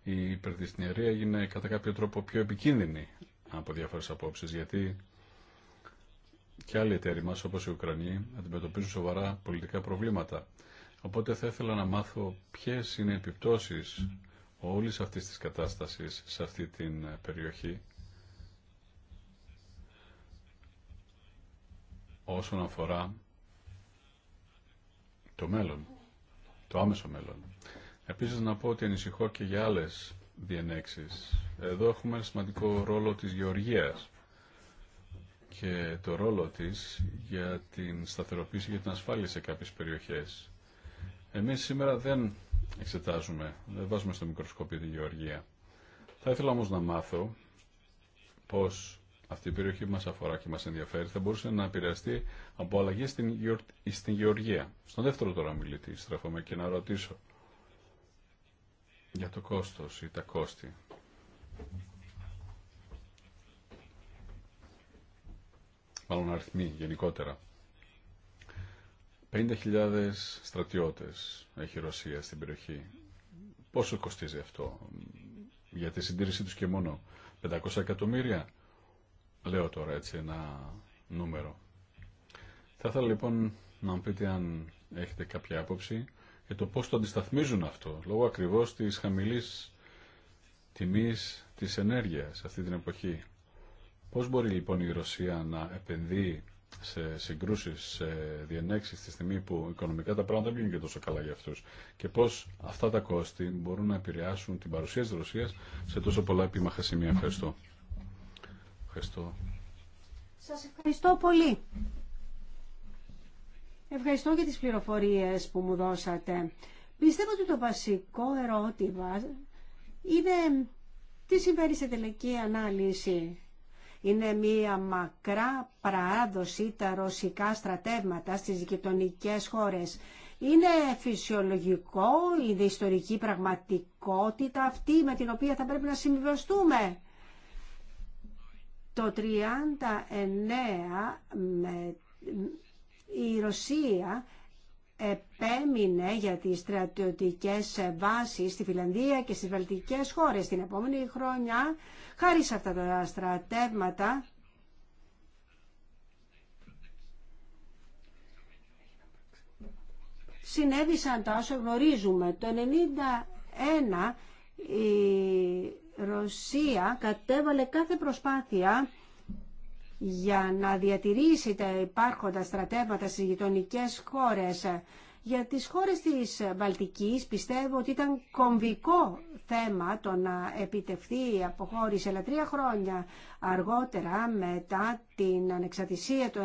η υπερδυστηνιαρία έγινε κατά κάποιο τρόπο πιο επικίνδυνη από διάφορες απόψεις, γιατί και άλλοι εταίροι μας, όπως οι Ουκρανοί, αντιμετωπίζουν σοβαρά πολιτικά προβλήματα. Οπότε θα ήθελα να μάθω ποιες είναι οι επιπτώσεις όλης αυτής της κατάστασης σε αυτή την ε, περιοχή όσον αφορά το μέλλον, το άμεσο μέλλον. Επίσης να πω ότι ανησυχώ και για άλλες διενέξεις. Εδώ έχουμε ένα σημαντικό ρόλο της γεωργίας και το ρόλο της για την σταθεροποίηση και την ασφάλεια σε κάποιες περιοχές. Εμείς σήμερα δεν εξετάζουμε. Δεν βάζουμε στο μικροσκόπιο τη γεωργία. Θα ήθελα όμως να μάθω πώς αυτή η περιοχή που μας αφορά και μας ενδιαφέρει θα μπορούσε να επηρεαστεί από αλλαγή στην, στην γεωργία. Στον δεύτερο τώρα μιλητή στρέφομαι και να ρωτήσω για το κόστος ή τα κόστη. Μάλλον αριθμοί γενικότερα. 50.000 στρατιώτες έχει η Ρωσία στην περιοχή. Πόσο κοστίζει αυτό για τη συντήρησή τους και μόνο 500 εκατομμύρια. Λέω τώρα έτσι ένα νούμερο. Θα ήθελα λοιπόν να μου πείτε αν έχετε κάποια άποψη για το πώς το αντισταθμίζουν αυτό, λόγω ακριβώς της χαμηλής τιμής της ενέργειας αυτή την εποχή. Πώς μπορεί λοιπόν η Ρωσία να επενδύει σε συγκρούσει σε διενέξεις τη στιγμή που οικονομικά τα πράγματα δεν πηγαίνουν και τόσο καλά για αυτούς και πώς αυτά τα κόστη μπορούν να επηρεάσουν την παρουσία της Ρωσίας σε τόσο πολλά επίμαχα σημεία. Ευχαριστώ. Ευχαριστώ. Σας ευχαριστώ πολύ. Ευχαριστώ για τις πληροφορίες που μου δώσατε. Πιστεύω ότι το βασικό ερώτημα είναι τι συμβαίνει σε τελική ανάλυση. Είναι μία μακρά παράδοση τα ρωσικά στρατεύματα στις γειτονικέ χώρες. Είναι φυσιολογικό η ιστορική πραγματικότητα αυτή με την οποία θα πρέπει να συμβιβαστούμε. Το 39 η Ρωσία επέμεινε για τις στρατιωτικές βάσεις στη Φιλανδία και στις Βαλτικές χώρες την επόμενη χρονιά χάρη σε αυτά τα στρατεύματα συνέβησαν τα όσα γνωρίζουμε το 1991 η Ρωσία κατέβαλε κάθε προσπάθεια για να διατηρήσει τα υπάρχοντα στρατεύματα στις γειτονικέ χώρες. Για τις χώρες της Βαλτικής πιστεύω ότι ήταν κομβικό θέμα το να επιτευχθεί η αποχώρηση, αλλά τρία χρόνια αργότερα μετά την ανεξαρτησία του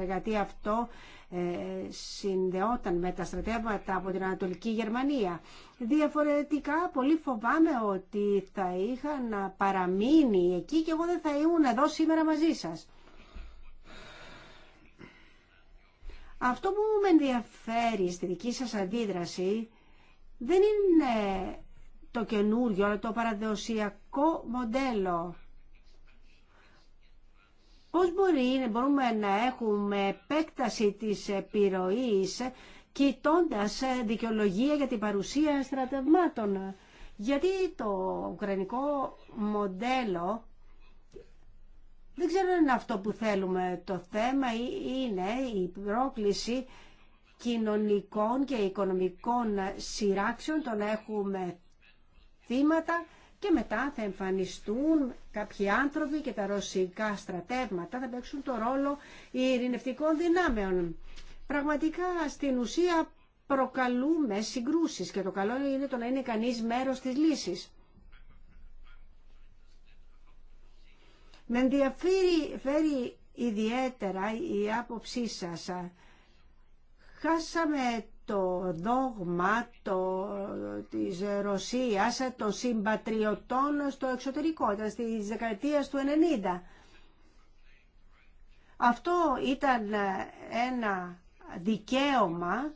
1994, γιατί αυτό ε, συνδεόταν με τα στρατεύματα από την Ανατολική Γερμανία. Διαφορετικά πολύ φοβάμαι ότι θα είχα να παραμείνει εκεί και εγώ δεν θα ήμουν εδώ σήμερα μαζί σας. Αυτό που με ενδιαφέρει στη δική σας αντίδραση δεν είναι το καινούριο, αλλά το παραδοσιακό μοντέλο Πώς μπορεί, μπορούμε να έχουμε επέκταση της επιρροής κοιτώντας δικαιολογία για την παρουσία στρατευμάτων. Γιατί το ουκρανικό μοντέλο δεν ξέρω αν αυτό που θέλουμε. Το θέμα είναι η πρόκληση κοινωνικών και οικονομικών σειράξεων, το έχουμε θύματα και μετά θα εμφανιστούν κάποιοι άνθρωποι και τα ρωσικά στρατεύματα θα παίξουν το ρόλο ειρηνευτικών δυνάμεων. Πραγματικά στην ουσία προκαλούμε συγκρούσεις και το καλό είναι το να είναι κανείς μέρος της λύσης. Με ενδιαφέρει φέρει ιδιαίτερα η άποψή σας. Χάσαμε το δόγμα το, της Ρωσίας των συμπατριωτών στο εξωτερικό, ήταν στις δεκαετίες του 90. Αυτό ήταν ένα δικαίωμα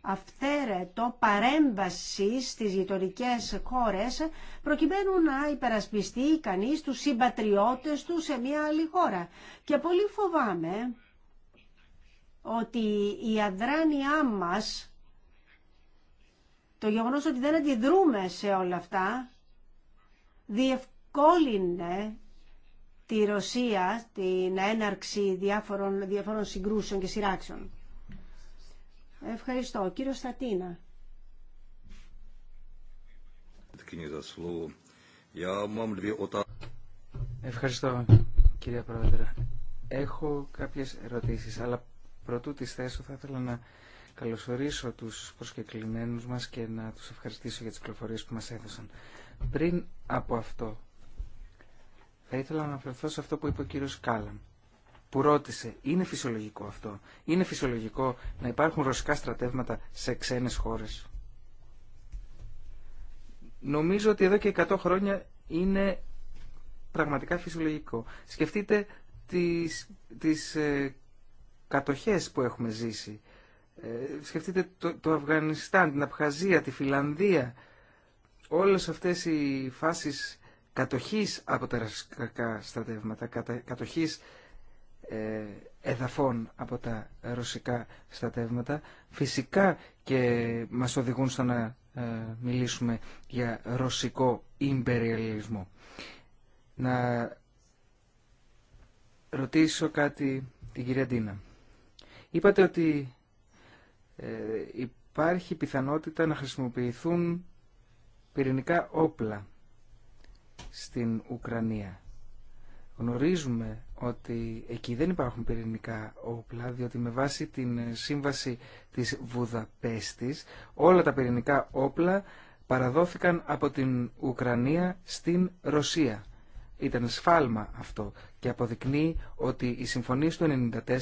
αυθαίρετο παρέμβαση στις γειτονικέ χώρες προκειμένου να υπερασπιστεί κανείς τους συμπατριώτες του σε μια άλλη χώρα. Και πολύ φοβάμαι ότι η αδράνειά μας, το γεγονός ότι δεν αντιδρούμε σε όλα αυτά, διευκόλυνε τη Ρωσία την έναρξη διάφορων, διάφορων συγκρούσεων και σειράξεων. Ευχαριστώ. Κύριο Στατίνα. Ευχαριστώ, κυρία Πρόεδρε. Έχω κάποιες ερωτήσεις, αλλά προτού τη θέσω θα ήθελα να καλωσορίσω τους προσκεκλημένους μας και να τους ευχαριστήσω για τις πληροφορίες που μας έδωσαν. Πριν από αυτό, θα ήθελα να αναφερθώ σε αυτό που είπε ο κύριος Κάλαν, που ρώτησε, είναι φυσιολογικό αυτό, είναι φυσιολογικό να υπάρχουν ρωσικά στρατεύματα σε ξένες χώρες. Νομίζω ότι εδώ και 100 χρόνια είναι πραγματικά φυσιολογικό. Σκεφτείτε τις, ε, κατοχές που έχουμε ζήσει. Ε, σκεφτείτε το, το Αφγανιστάν, την Απχαζία, τη Φιλανδία. Όλες αυτές οι φάσεις κατοχής από τα ρωσικά στρατεύματα, κατα, κατοχής ε, εδαφών από τα ρωσικά στρατεύματα, φυσικά και μας οδηγούν στο να ε, μιλήσουμε για ρωσικό υπεριαλισμό. Να ρωτήσω κάτι την κυρία Ντίνα. Είπατε ότι ε, υπάρχει πιθανότητα να χρησιμοποιηθούν πυρηνικά όπλα στην Ουκρανία. Γνωρίζουμε ότι εκεί δεν υπάρχουν πυρηνικά όπλα, διότι με βάση την σύμβαση της Βουδαπέστης όλα τα πυρηνικά όπλα παραδόθηκαν από την Ουκρανία στην Ρωσία. Ήταν σφάλμα αυτό και αποδεικνύει ότι οι συμφωνίες του 1994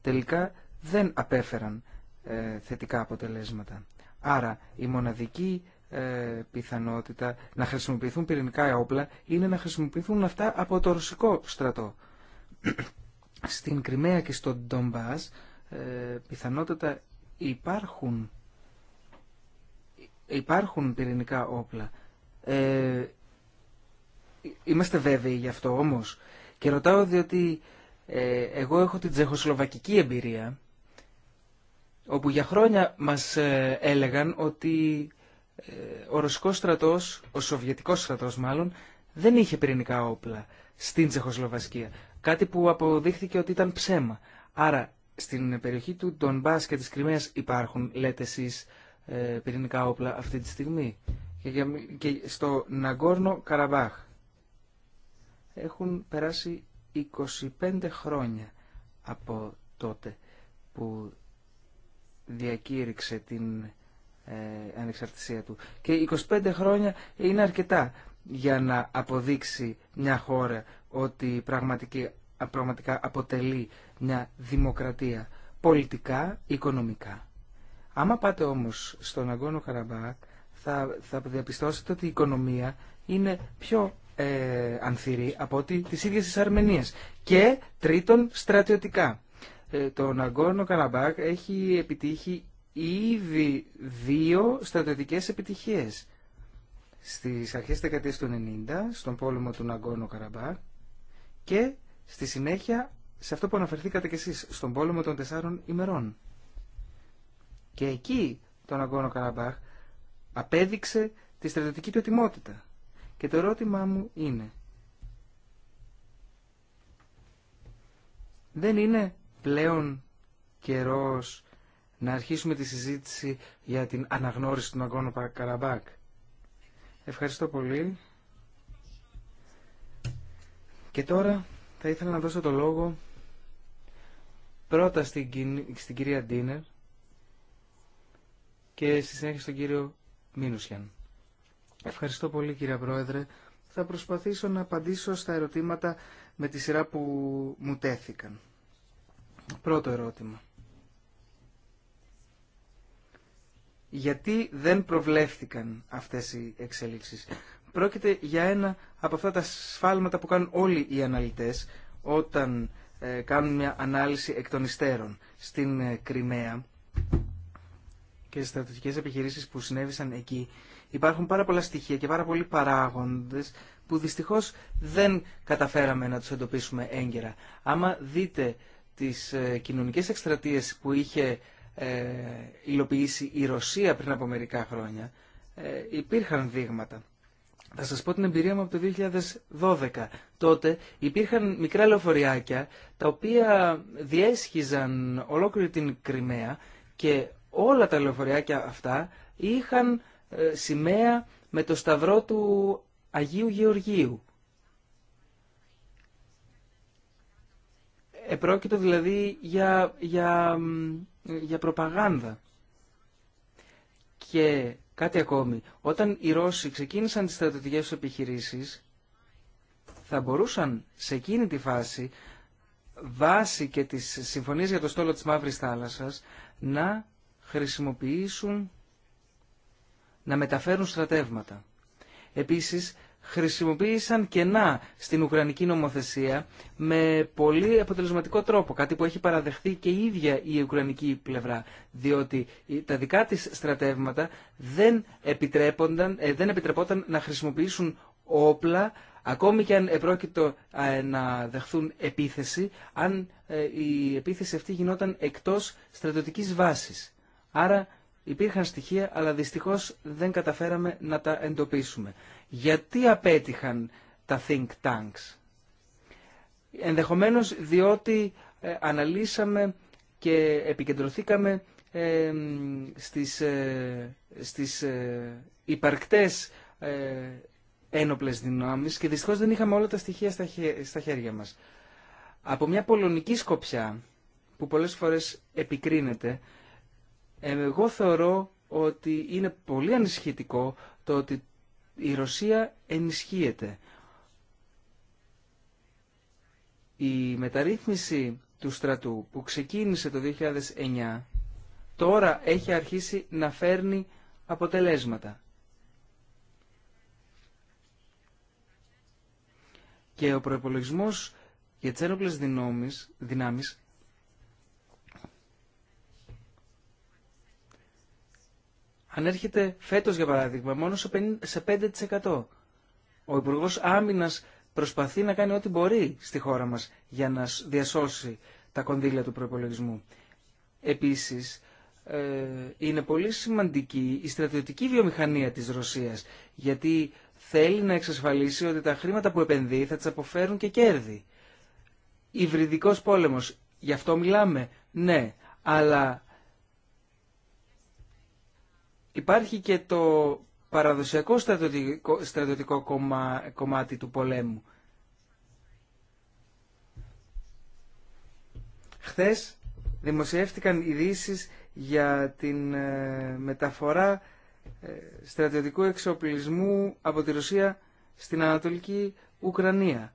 τελικά δεν απέφεραν ε, θετικά αποτελέσματα. Άρα η μοναδική ε, πιθανότητα να χρησιμοποιηθούν πυρηνικά όπλα είναι να χρησιμοποιηθούν αυτά από το ρωσικό στρατό. Στην Κρυμαία και στον Ντομπάς πιθανότητα ε, πιθανότατα υπάρχουν, υπάρχουν πυρηνικά όπλα. είμαστε βέβαιοι γι' αυτό όμως. Και ρωτάω διότι εγώ έχω την τσεχοσλοβακική εμπειρία όπου για χρόνια μας ε, έλεγαν ότι ε, ο Ρωσικός στρατός, ο Σοβιετικός στρατός μάλλον, δεν είχε πυρηνικά όπλα στην Τσεχοσλοβασκία. Κάτι που αποδείχθηκε ότι ήταν ψέμα. Άρα στην περιοχή του Ντονμπάς και της Κρυμαίας υπάρχουν, λέτε εσείς, ε, πυρηνικά όπλα αυτή τη στιγμή. Και στο Ναγκόρνο Καραμπάχ έχουν περάσει 25 χρόνια από τότε που διακήρυξε την ε, ανεξαρτησία του. Και 25 χρόνια είναι αρκετά για να αποδείξει μια χώρα ότι πραγματικά αποτελεί μια δημοκρατία πολιτικά, οικονομικά. Άμα πάτε όμως στον αγώνο Καραμπάκ θα, θα διαπιστώσετε ότι η οικονομία είναι πιο ε, ανθυρή από ό,τι της ίδιας της Αρμενίας. Και τρίτον στρατιωτικά. Ε, το Ναγκόρνο Καραμπάκ έχει επιτύχει ήδη δύο στρατιωτικές επιτυχίες. Στις αρχές της του 90, στον πόλεμο του Ναγκόρνο Καραμπάκ και στη συνέχεια σε αυτό που αναφερθήκατε κι εσείς, στον πόλεμο των τεσσάρων ημερών. Και εκεί το Ναγκόρνο Καραμπάχ απέδειξε τη στρατιωτική του ετοιμότητα. Και το ερώτημά μου είναι, δεν είναι πλέον καιρός να αρχίσουμε τη συζήτηση για την αναγνώριση του Ναγκόνο Καραμπάκ. Ευχαριστώ πολύ. Και τώρα θα ήθελα να δώσω το λόγο πρώτα στην, στην κυρία Ντίνερ και στη συνέχεια στον κύριο Μίνουσιαν. Ευχαριστώ πολύ κύριε Πρόεδρε. Θα προσπαθήσω να απαντήσω στα ερωτήματα με τη σειρά που μου τέθηκαν. Πρώτο ερώτημα. Γιατί δεν προβλέφθηκαν αυτές οι εξελίξεις. Πρόκειται για ένα από αυτά τα σφάλματα που κάνουν όλοι οι αναλυτές όταν ε, κάνουν μια ανάλυση εκ των υστέρων στην ε, Κρυμαία και στις στρατιωτικές επιχειρήσεις που συνέβησαν εκεί. Υπάρχουν πάρα πολλά στοιχεία και πάρα πολλοί παράγοντες που δυστυχώς δεν καταφέραμε να τους εντοπίσουμε έγκαιρα. Άμα δείτε τις ε, κοινωνικές εκστρατείες που είχε ε, υλοποιήσει η Ρωσία πριν από μερικά χρόνια ε, υπήρχαν δείγματα. Θα σας πω την εμπειρία μου από το 2012. Τότε υπήρχαν μικρά λεωφοριάκια τα οποία διέσχιζαν ολόκληρη την Κρυμαία και όλα τα λεωφοριάκια αυτά είχαν ε, σημαία με το σταυρό του Αγίου Γεωργίου. Επρόκειτο δηλαδή για, για, για προπαγάνδα. Και κάτι ακόμη, όταν οι Ρώσοι ξεκίνησαν τις στρατιωτικές επιχειρήσεις, θα μπορούσαν σε εκείνη τη φάση, βάσει και τις συμφωνίες για το στόλο της Μαύρης Θάλασσας, να χρησιμοποιήσουν, να μεταφέρουν στρατεύματα. Επίσης, χρησιμοποίησαν κενά στην Ουκρανική νομοθεσία με πολύ αποτελεσματικό τρόπο, κάτι που έχει παραδεχθεί και η ίδια η Ουκρανική πλευρά, διότι τα δικά της στρατεύματα δεν, επιτρέπονταν, ε, δεν επιτρεπόταν να χρησιμοποιήσουν όπλα Ακόμη και αν επρόκειτο να δεχθούν επίθεση, αν ε, η επίθεση αυτή γινόταν εκτός στρατιωτικής βάσης. Άρα Υπήρχαν στοιχεία, αλλά δυστυχώς δεν καταφέραμε να τα εντοπίσουμε. Γιατί απέτυχαν τα think tanks. Ενδεχομένως διότι ε, αναλύσαμε και επικεντρωθήκαμε ε, στις, ε, στις ε, υπαρκτές ε, ένοπλες δυνάμεις και δυστυχώς δεν είχαμε όλα τα στοιχεία στα, στα χέρια μας. Από μια πολωνική σκοπιά, που πολλές φορές επικρίνεται, ε, εγώ θεωρώ ότι είναι πολύ ανησυχητικό το ότι η Ρωσία ενισχύεται. Η μεταρρύθμιση του στρατού που ξεκίνησε το 2009 τώρα έχει αρχίσει να φέρνει αποτελέσματα. Και ο προπολογισμό για τι ένοπλε δυνάμει. Αν έρχεται φέτος για παράδειγμα μόνο σε 5%. Ο Υπουργό Άμυνα προσπαθεί να κάνει ό,τι μπορεί στη χώρα μας για να διασώσει τα κονδύλια του προπολογισμού. Επίσης, ε, είναι πολύ σημαντική η στρατιωτική βιομηχανία της Ρωσίας, γιατί θέλει να εξασφαλίσει ότι τα χρήματα που επενδύει θα τις αποφέρουν και κέρδη. Υβριδικός πόλεμος, γι' αυτό μιλάμε, ναι, αλλά υπάρχει και το παραδοσιακό στρατιωτικό, κομμάτι του πολέμου. Χθες δημοσιεύτηκαν ειδήσει για την ε, μεταφορά ε, στρατιωτικού εξοπλισμού από τη Ρωσία στην Ανατολική Ουκρανία.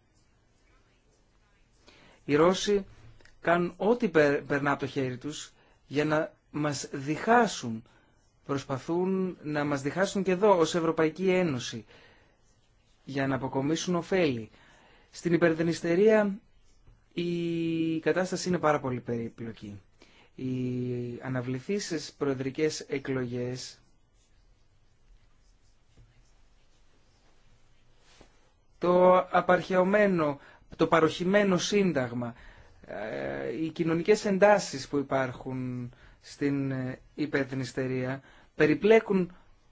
Οι Ρώσοι κάνουν ό,τι περνά από το χέρι τους για να μας διχάσουν προσπαθούν να μας διχάσουν και εδώ ως Ευρωπαϊκή Ένωση για να αποκομίσουν ωφέλη. Στην υπερδενιστερία η κατάσταση είναι πάρα πολύ περίπλοκη. Οι αναβληθήσεις προεδρικές εκλογές το απαρχαιωμένο, το παροχημένο σύνταγμα, ε, οι κοινωνικές εντάσεις που υπάρχουν στην ε, υπερδνηστερία περιπλέκουν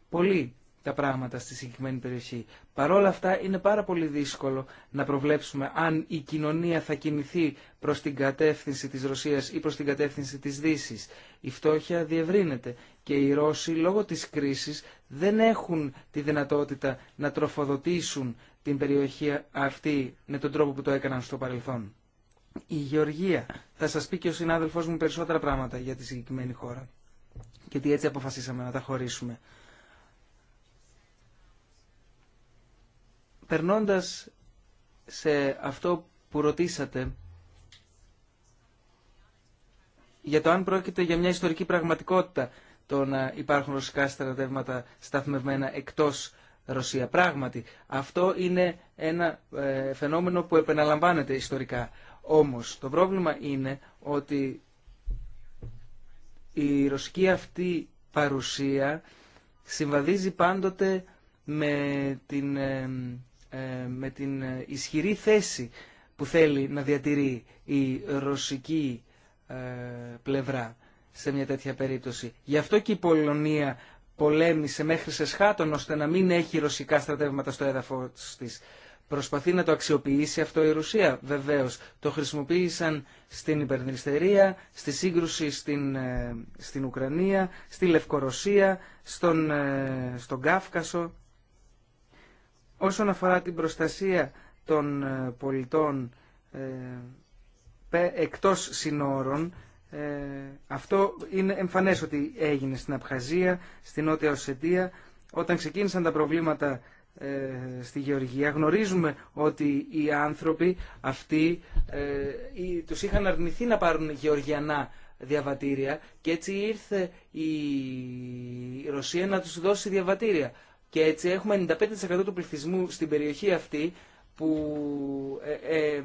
πολύ τα πράγματα στη συγκεκριμένη περιοχή. Παρόλα αυτά είναι πάρα πολύ δύσκολο να προβλέψουμε αν η κοινωνία θα κινηθεί προς την κατεύθυνση της Ρωσίας ή προς την κατεύθυνση της Δύσης. Η φτώχεια διευρύνεται και οι Ρώσοι λόγω της κρίσης δεν έχουν τη δυνατότητα να τροφοδοτήσουν την περιοχή αυτή με τον τρόπο που το έκαναν στο παρελθόν. Η Γεωργία. Θα σας πει και ο συνάδελφός μου περισσότερα πράγματα για τη συγκεκριμένη χώρα. τι έτσι αποφασίσαμε να τα χωρίσουμε. Περνώντας σε αυτό που ρωτήσατε για το αν πρόκειται για μια ιστορική πραγματικότητα το να υπάρχουν ρωσικά στρατεύματα σταθμευμένα εκτός Ρωσία. Πράγματι, αυτό είναι ένα ε, φαινόμενο που επαναλαμβάνεται ιστορικά. Όμως το πρόβλημα είναι ότι η ρωσική αυτή παρουσία συμβαδίζει πάντοτε με την, με ισχυρή θέση που θέλει να διατηρεί η ρωσική ε, πλευρά σε μια τέτοια περίπτωση. Γι' αυτό και η Πολωνία πολέμησε μέχρι σε σχάτων ώστε να μην έχει ρωσικά στρατεύματα στο έδαφος της. Προσπαθεί να το αξιοποιήσει αυτό η Ρουσία, βεβαίως. Το χρησιμοποίησαν στην υπερνηστερία, στη σύγκρουση στην, ε, Ουκρανία, στη Λευκορωσία, στον, ε, στον Κάφκασο. Όσον αφορά την προστασία των ε, πολιτών εκτός συνόρων, αυτό είναι εμφανές ότι έγινε στην Απχαζία, στην Νότια Οσετία, όταν ξεκίνησαν τα προβλήματα ε, στη Γεωργία. Γνωρίζουμε ότι οι άνθρωποι αυτοί ε, τους είχαν αρνηθεί να πάρουν γεωργιανά διαβατήρια και έτσι ήρθε η Ρωσία να τους δώσει διαβατήρια. Και έτσι έχουμε 95% του πληθυσμού στην περιοχή αυτή που ε,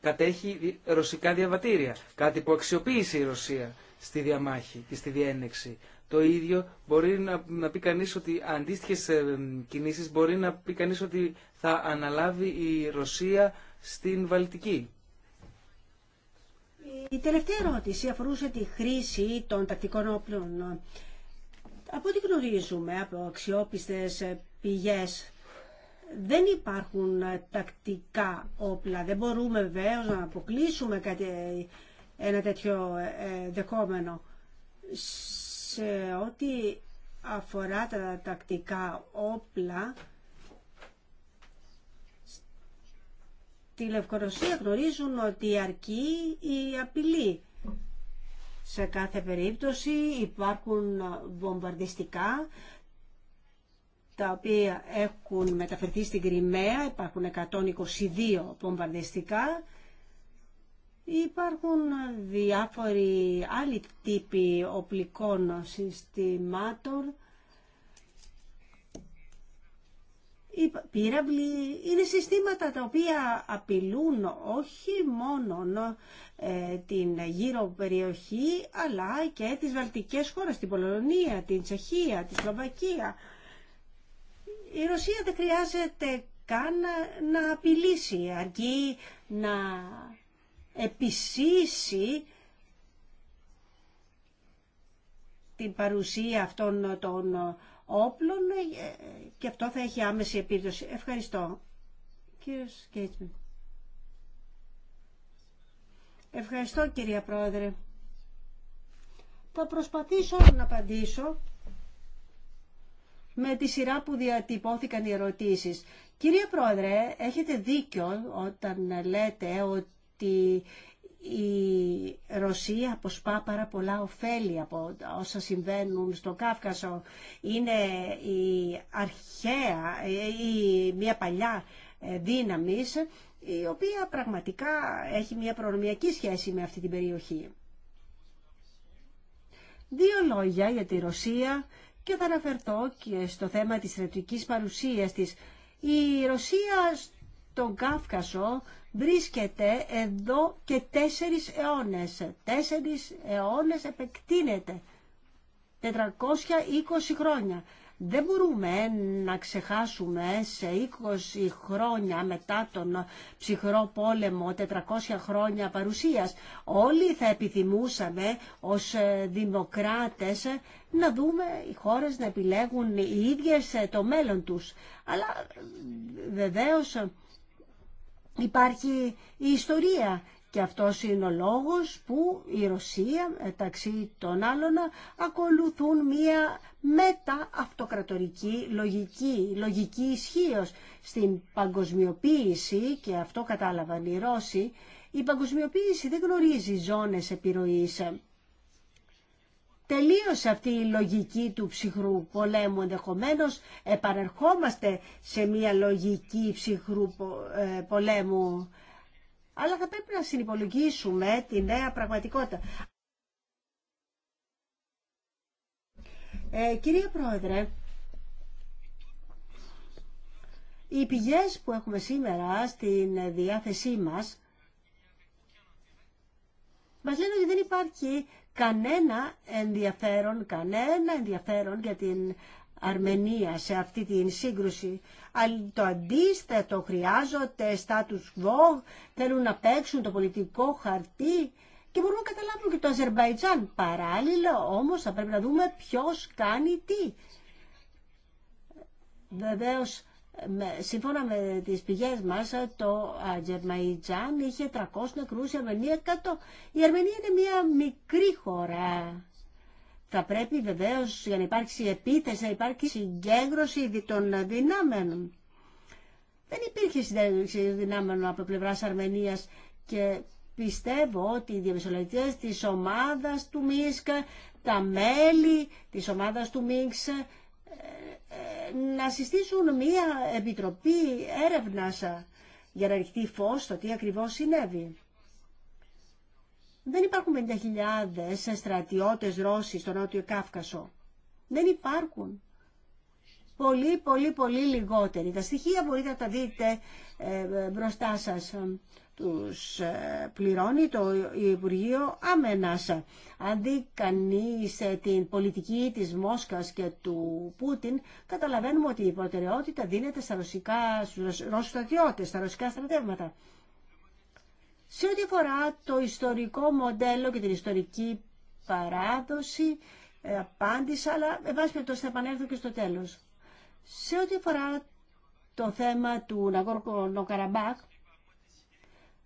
κατέχει ρωσικά διαβατήρια. Κάτι που αξιοποίησε η Ρωσία στη διαμάχη και στη διένεξη το ίδιο μπορεί να, πει κανείς ότι αντίστοιχε ε, κινήσεις μπορεί να πει κανείς ότι θα αναλάβει η Ρωσία στην Βαλτική. Η τελευταία ερώτηση αφορούσε τη χρήση των τακτικών όπλων. Από ό,τι γνωρίζουμε από αξιόπιστες πηγές δεν υπάρχουν τακτικά όπλα. Δεν μπορούμε βέβαια να αποκλείσουμε κάτι, ένα τέτοιο ε, ε, δεχόμενο σε ό,τι αφορά τα τακτικά όπλα στη Λευκορωσία γνωρίζουν ότι αρκεί η απειλή. Σε κάθε περίπτωση υπάρχουν βομβαρδιστικά τα οποία έχουν μεταφερθεί στην Κρυμαία, υπάρχουν 122 βομβαρδιστικά Υπάρχουν διάφοροι άλλοι τύποι οπλικών συστημάτων. Οι πύραυλοι είναι συστήματα τα οποία απειλούν όχι μόνο ε, την γύρω περιοχή αλλά και τις βαλτικές χώρες, την Πολωνία, την Τσεχία, τη Σλοβακία. Η Ρωσία δεν χρειάζεται καν να απειλήσει αρκεί να επισύσει την παρουσία αυτών των όπλων ε, και αυτό θα έχει άμεση επίδοση. Ευχαριστώ. Κύριε Ευχαριστώ κυρία Πρόεδρε. Θα προσπαθήσω να απαντήσω με τη σειρά που διατυπώθηκαν οι ερωτήσεις. Κυρία Πρόεδρε, έχετε δίκιο όταν λέτε ότι ότι η Ρωσία αποσπά πάρα πολλά ωφέλη από όσα συμβαίνουν στο Κάφκασο. Είναι η αρχαία ή μια παλιά ε, δύναμη η οποία πραγματικά έχει μια προνομιακή σχέση με αυτή την περιοχή. Δύο λόγια για τη Ρωσία και θα αναφερθώ και στο θέμα της στρατιωτικής παρουσίας της. Η Ρωσία στον Κάφκασο βρίσκεται εδώ και τέσσερις αιώνες. Τέσσερις αιώνες επεκτείνεται. 420 χρόνια. Δεν μπορούμε να ξεχάσουμε σε 20 χρόνια μετά τον ψυχρό πόλεμο, 400 χρόνια παρουσίας. Όλοι θα επιθυμούσαμε ως δημοκράτες να δούμε οι χώρες να επιλέγουν οι ίδιες το μέλλον τους. Αλλά βεβαίως υπάρχει η ιστορία και αυτός είναι ο λόγος που η Ρωσία, μεταξύ των άλλων, ακολουθούν μία λογική, λογική ισχύω στην παγκοσμιοποίηση, και αυτό κατάλαβαν οι Ρώσοι, η παγκοσμιοποίηση δεν γνωρίζει ζώνες επιρροής τελείωσε αυτή η λογική του ψυχρού πολέμου. Ενδεχομένω επανερχόμαστε σε μια λογική ψυχρού ε, πολέμου. Αλλά θα πρέπει να συνυπολογίσουμε τη νέα πραγματικότητα. Ε, κυρία Πρόεδρε, οι πηγές που έχουμε σήμερα στην διάθεσή μας μας λένε ότι δεν υπάρχει κανένα ενδιαφέρον, κανένα ενδιαφέρον για την Αρμενία σε αυτή την σύγκρουση. Το αντίστατο χρειάζονται status quo, θέλουν να παίξουν το πολιτικό χαρτί και μπορούμε να καταλάβουμε και το Αζερβαϊτζάν. Παράλληλα όμως θα πρέπει να δούμε ποιος κάνει τι. Βεβαίως σύμφωνα με τις πηγές μας, το Ατζερμαϊτζάν είχε 300 νεκρούς, η Αρμενία 100. Η Αρμενία είναι μια μικρή χώρα. Θα πρέπει βεβαίως για να υπάρξει επίθεση, να υπάρξει συγκέντρωση των δυνάμεων. Δεν υπήρχε συγκέντρωση δυνάμεων από πλευράς Αρμενίας και πιστεύω ότι οι διαμεσολαβητές της ομάδας του ΜΙΣΚΑ, τα μέλη της ομάδας του Μίξ να συστήσουν μία επιτροπή έρευνας για να ρηχτεί φως στο τι ακριβώς συνέβη. Δεν υπάρχουν 50.000 στρατιώτες Ρώσοι στο Νότιο Κάφκασο. Δεν υπάρχουν. Πολύ, πολύ, πολύ λιγότεροι. Τα στοιχεία μπορείτε να τα δείτε ε, μπροστά σας τους ε, πληρώνει το Υπουργείο Αμενάσα. Αν δει ε, την πολιτική της Μόσχας και του Πούτιν, καταλαβαίνουμε ότι η προτεραιότητα δίνεται στα ρωσικά, στους στρατιώτες, στα ρωσικά στρατεύματα. Σε ό,τι αφορά το ιστορικό μοντέλο και την ιστορική παράδοση, ε, απάντησα, αλλά με βάση θα επανέλθω και στο τέλος. Σε ό,τι αφορά το θέμα του Ναγκόρκο Νοκαραμπάκ,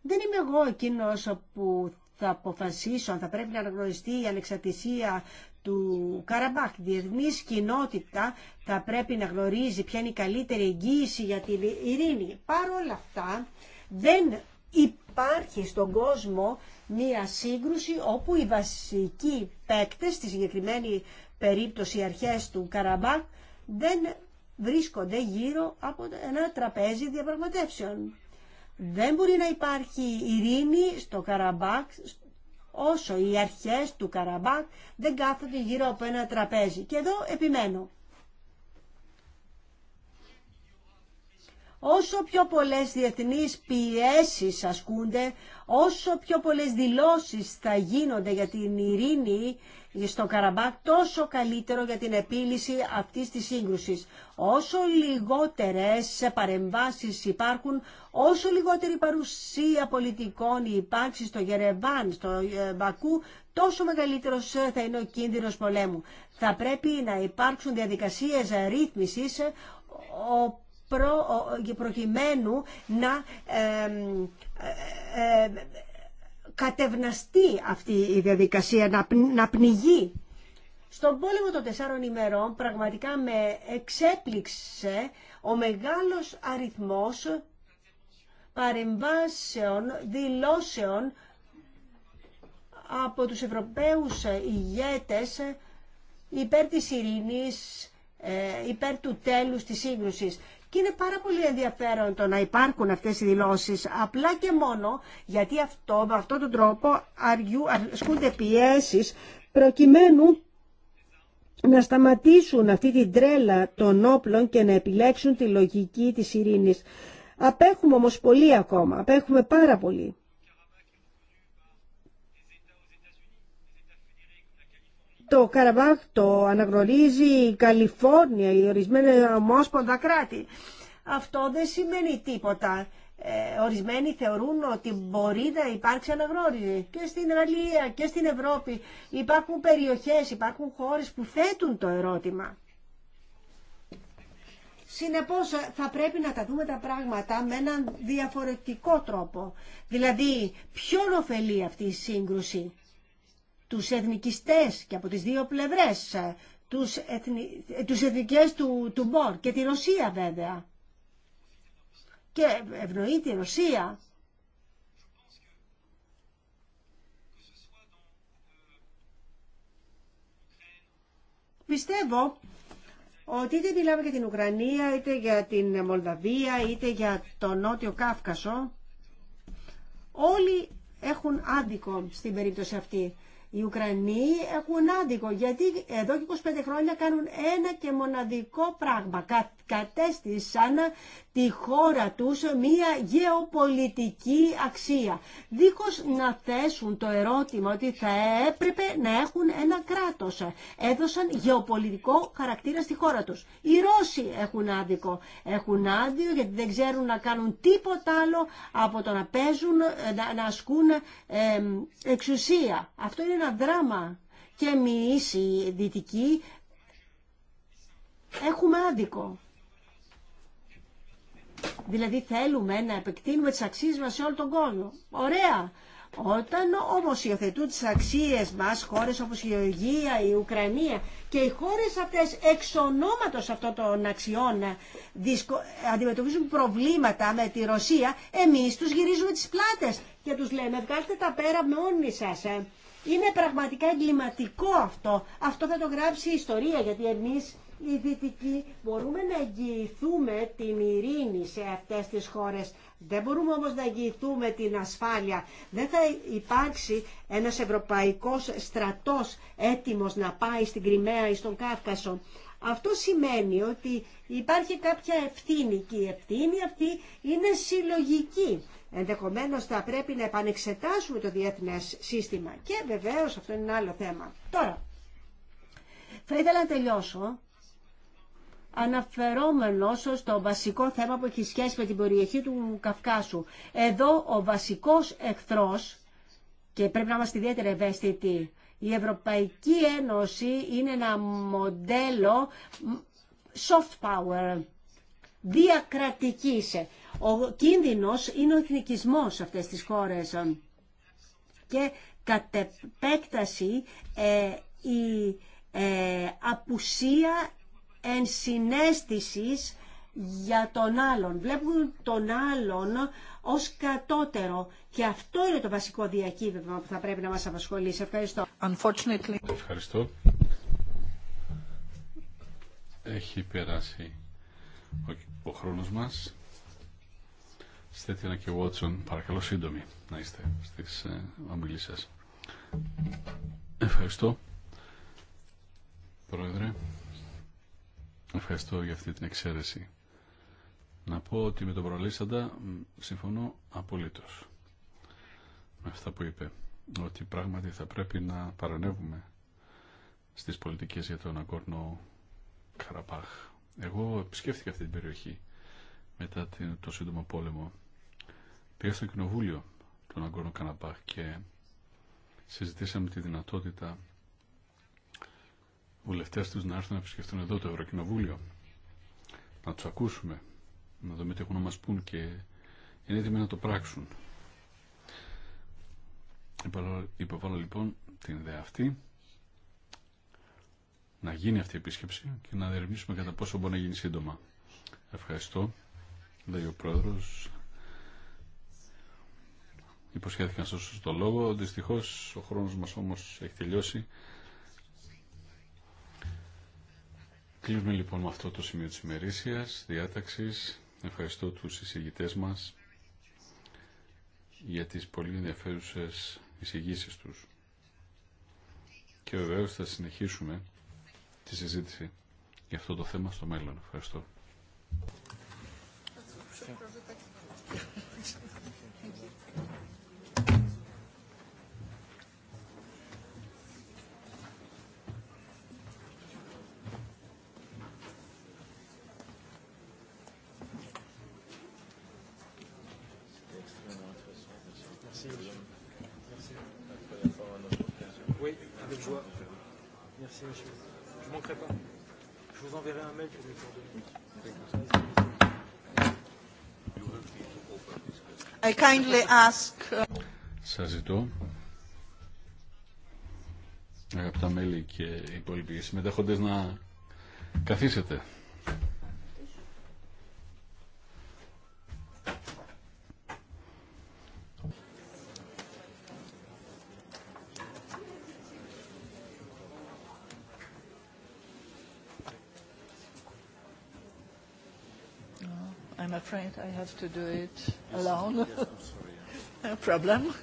δεν είμαι εγώ εκείνος που θα αποφασίσω αν θα πρέπει να αναγνωριστεί η ανεξαρτησία του Καραμπάχ. Η διεθνή κοινότητα θα πρέπει να γνωρίζει ποια είναι η καλύτερη εγγύηση για την ειρήνη. Παρ' όλα αυτά δεν υπάρχει στον κόσμο μία σύγκρουση όπου οι βασικοί παίκτες, στη συγκεκριμένη περίπτωση οι αρχές του Καραμπάχ, δεν βρίσκονται γύρω από ένα τραπέζι διαπραγματεύσεων. Δεν μπορεί να υπάρχει ειρήνη στο Καραμπάκ όσο οι αρχές του Καραμπάκ δεν κάθονται γύρω από ένα τραπέζι. Και εδώ επιμένω. Όσο πιο πολλές διεθνείς πιέσεις ασκούνται, όσο πιο πολλές δηλώσεις θα γίνονται για την ειρήνη στο Καραμπάκ τόσο καλύτερο για την επίλυση αυτής της σύγκρουσης. Όσο λιγότερες παρεμβάσεις υπάρχουν, όσο λιγότερη παρουσία πολιτικών υπάρξει στο Γερεβάν, στο ε, Μπακού, τόσο μεγαλύτερος ε, θα είναι ο κίνδυνος πολέμου. Θα πρέπει να υπάρξουν διαδικασίες ρύθμισης προκειμένου να ε, κατευναστεί αυτή η διαδικασία, να, να πνιγεί. Στον πόλεμο των τεσσάρων ημερών πραγματικά με εξέπληξε ο μεγάλος αριθμός παρεμβάσεων, δηλώσεων από τους Ευρωπαίους ηγέτες υπέρ της ειρήνης, ε, υπέρ του τέλους της σύγκρουσης. Και είναι πάρα πολύ ενδιαφέρον το να υπάρχουν αυτές οι δηλώσεις απλά και μόνο γιατί αυτό, με αυτόν τον τρόπο ασκούνται πιέσεις προκειμένου να σταματήσουν αυτή την τρέλα των όπλων και να επιλέξουν τη λογική της ειρήνης. Απέχουμε όμως πολύ ακόμα, απέχουμε πάρα πολύ. Το Καραμπάχ το αναγνωρίζει η Καλιφόρνια, οι ορισμένα ομόσπονδα κράτη. Αυτό δεν σημαίνει τίποτα. Ε, ορισμένοι θεωρούν ότι μπορεί να υπάρξει αναγνώριση και στην Γαλλία και στην Ευρώπη. Υπάρχουν περιοχές, υπάρχουν χώρες που θέτουν το ερώτημα. Συνεπώς θα πρέπει να τα δούμε τα πράγματα με έναν διαφορετικό τρόπο. Δηλαδή, ποιον ωφελεί αυτή η σύγκρουση τους εθνικιστές και από τις δύο πλευρές, ε, τους, εθνι, ε, εθνικές του, του Μπορ και τη Ρωσία βέβαια. Και ευνοεί τη Ρωσία. Πιστεύω ότι είτε μιλάμε για την Ουκρανία, είτε για την Μολδαβία, είτε για τον Νότιο Κάυκασο όλοι έχουν άδικο στην περίπτωση αυτή. Οι Ουκρανοί έχουν άδικο γιατί εδώ και 25 χρόνια κάνουν ένα και μοναδικό πράγμα. Κατέστησαν τη χώρα τους μία γεωπολιτική αξία. Δίχως να θέσουν το ερώτημα ότι θα έπρεπε να έχουν ένα κράτος. Έδωσαν γεωπολιτικό χαρακτήρα στη χώρα τους. Οι Ρώσοι έχουν άδικο. Έχουν άδειο γιατί δεν ξέρουν να κάνουν τίποτα άλλο από το να παίζουν, να ασκούν εξουσία. Αυτό είναι δράμα. Και εμείς οι δυτικοί έχουμε άδικο. Δηλαδή θέλουμε να επεκτείνουμε τις αξίες μας σε όλο τον κόσμο. Ωραία. Όταν όμως υιοθετούν τις αξίες μας χώρες όπως η Υγεία, η Ουκρανία και οι χώρες αυτές εξ ονόματος αυτών των αξιών ε, αντιμετωπίζουν προβλήματα με τη Ρωσία, εμείς τους γυρίζουμε τις πλάτες και τους λέμε βγάλτε τα πέρα μόνοι σας. Ε, είναι πραγματικά εγκληματικό αυτό. Αυτό θα το γράψει η ιστορία, γιατί εμείς οι Δυτικοί μπορούμε να εγγυηθούμε την ειρήνη σε αυτές τις χώρες. Δεν μπορούμε όμως να εγγυηθούμε την ασφάλεια. Δεν θα υπάρξει ένας ευρωπαϊκός στρατός έτοιμος να πάει στην Κρυμαία ή στον Κάφκασο. Αυτό σημαίνει ότι υπάρχει κάποια ευθύνη και η ευθύνη αυτή είναι συλλογική. Ενδεχομένω θα πρέπει να επανεξετάσουμε το διεθνές σύστημα. Και βεβαίως αυτό είναι ένα άλλο θέμα. Τώρα, θα ήθελα να τελειώσω αναφερόμενος στο βασικό θέμα που έχει σχέση με την περιοχή του Καυκάσου. Εδώ ο βασικός εχθρός, και πρέπει να είμαστε ιδιαίτερα ευαίσθητοι, η Ευρωπαϊκή Ένωση είναι ένα μοντέλο soft power Διακρατική. Ο κίνδυνος είναι ο εθνικισμό αυτέ αυτές τις χώρες και κατ' επέκταση ε, η ε, απουσία ενσυναίσθησης για τον άλλον. Βλέπουν τον άλλον ως κατώτερο. Και αυτό είναι το βασικό διακύβευμα που θα πρέπει να μας απασχολήσει. Ευχαριστώ. Unfortunately... Ευχαριστώ. Έχει περάσει ο χρόνος μας. Στέτιανα και Βότσον, παρακαλώ σύντομη να είστε στις ε, ομιλίες Ευχαριστώ, Πρόεδρε. Ευχαριστώ για αυτή την εξαίρεση. Να πω ότι με τον προλήσαντα συμφωνώ απολύτως με αυτά που είπε. Ότι πράγματι θα πρέπει να παρανεύουμε στις πολιτικές για τον Αγκόρνο Καραπάχ. Εγώ επισκέφθηκα αυτή την περιοχή μετά το σύντομο πόλεμο. Πήγα στο κοινοβούλιο των αγώνο Καναπάχ και συζητήσαμε τη δυνατότητα βουλευτέ του να έρθουν να επισκεφτούν εδώ το Ευρωκοινοβούλιο. Να του ακούσουμε, να δούμε τι έχουν να μα πούν και είναι έτοιμοι να το πράξουν. Υποβάλλω λοιπόν την ιδέα αυτή να γίνει αυτή η επίσκεψη και να διερευνήσουμε κατά πόσο μπορεί να γίνει σύντομα. Ευχαριστώ, λέει ο πρόεδρο. Υποσχέθηκα να σας το λόγο. Δυστυχώ ο χρόνος μας όμως έχει τελειώσει. Κλείνουμε λοιπόν με αυτό το σημείο της ημερήσια διάταξη. Ευχαριστώ του εισηγητέ μας για τις πολύ ενδιαφέρουσε εισηγήσει του. Και βεβαίω θα συνεχίσουμε τη συζήτηση για αυτό το θέμα στο μέλλον. Ευχαριστώ. I kindly ask... Uh, Σας ζητώ, αγαπητά μέλη και υπόλοιποι συμμετέχοντες, να καθίσετε. afraid I have to do it alone. yes, I'm sorry. No problem.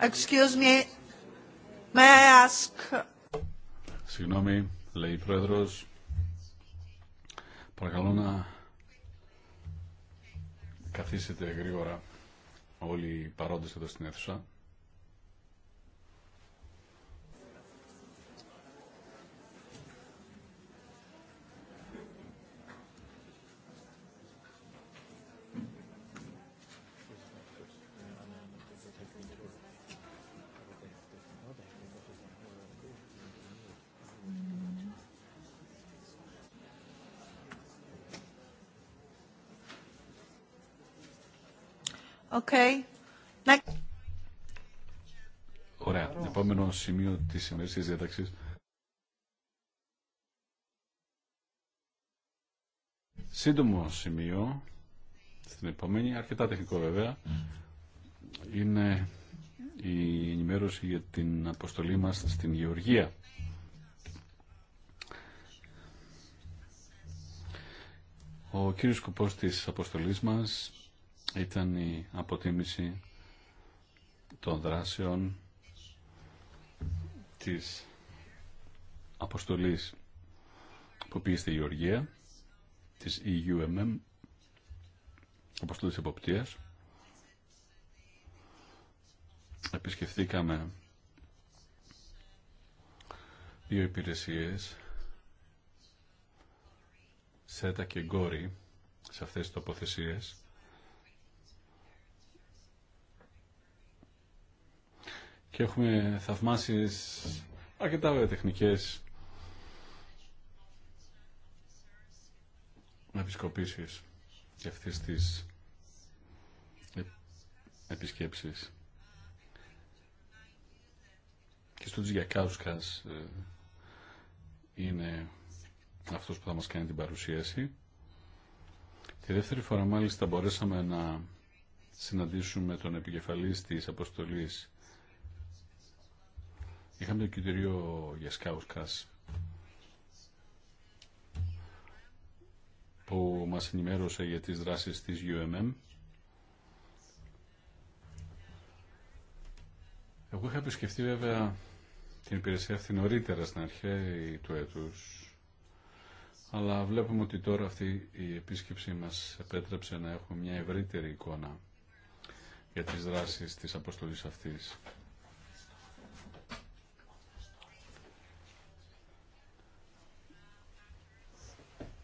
Excuse me. May I ask... Συγγνώμη, λέει η Πρόεδρος. Παρακαλώ να καθίσετε γρήγορα όλοι οι παρόντες εδώ στην αίθουσα Okay. Next. Ωραία. Επόμενο σημείο της σημερινής διάταξη. Σύντομο σημείο, στην επόμενη, αρκετά τεχνικό βέβαια, είναι η ενημέρωση για την αποστολή μας στην Γεωργία. Ο κύριος σκοπός της αποστολής μας ήταν η αποτίμηση των δράσεων της αποστολής που πήγε στη Γεωργία της EUMM αποστολής εποπτείας επισκεφθήκαμε δύο υπηρεσίες ΣΕΤΑ και ΓΚΟΡΙ σε αυτές τις τοποθεσίες και έχουμε θαυμάσει αρκετά βέβαια τεχνικές επισκοπήσεις και τις επισκέψεις και στο Τζιακάουσκας ε, είναι αυτός που θα μας κάνει την παρουσίαση τη δεύτερη φορά μάλιστα μπορέσαμε να συναντήσουμε τον επικεφαλής της αποστολής Είχαμε το κριτήριο για Σκάουσκας που μας ενημέρωσε για τις δράσεις της UMM. Εγώ είχα επισκεφτεί βέβαια την υπηρεσία αυτή νωρίτερα στην αρχή του έτους αλλά βλέπουμε ότι τώρα αυτή η επίσκεψη μας επέτρεψε να έχουμε μια ευρύτερη εικόνα για τις δράσεις της αποστολής αυτής.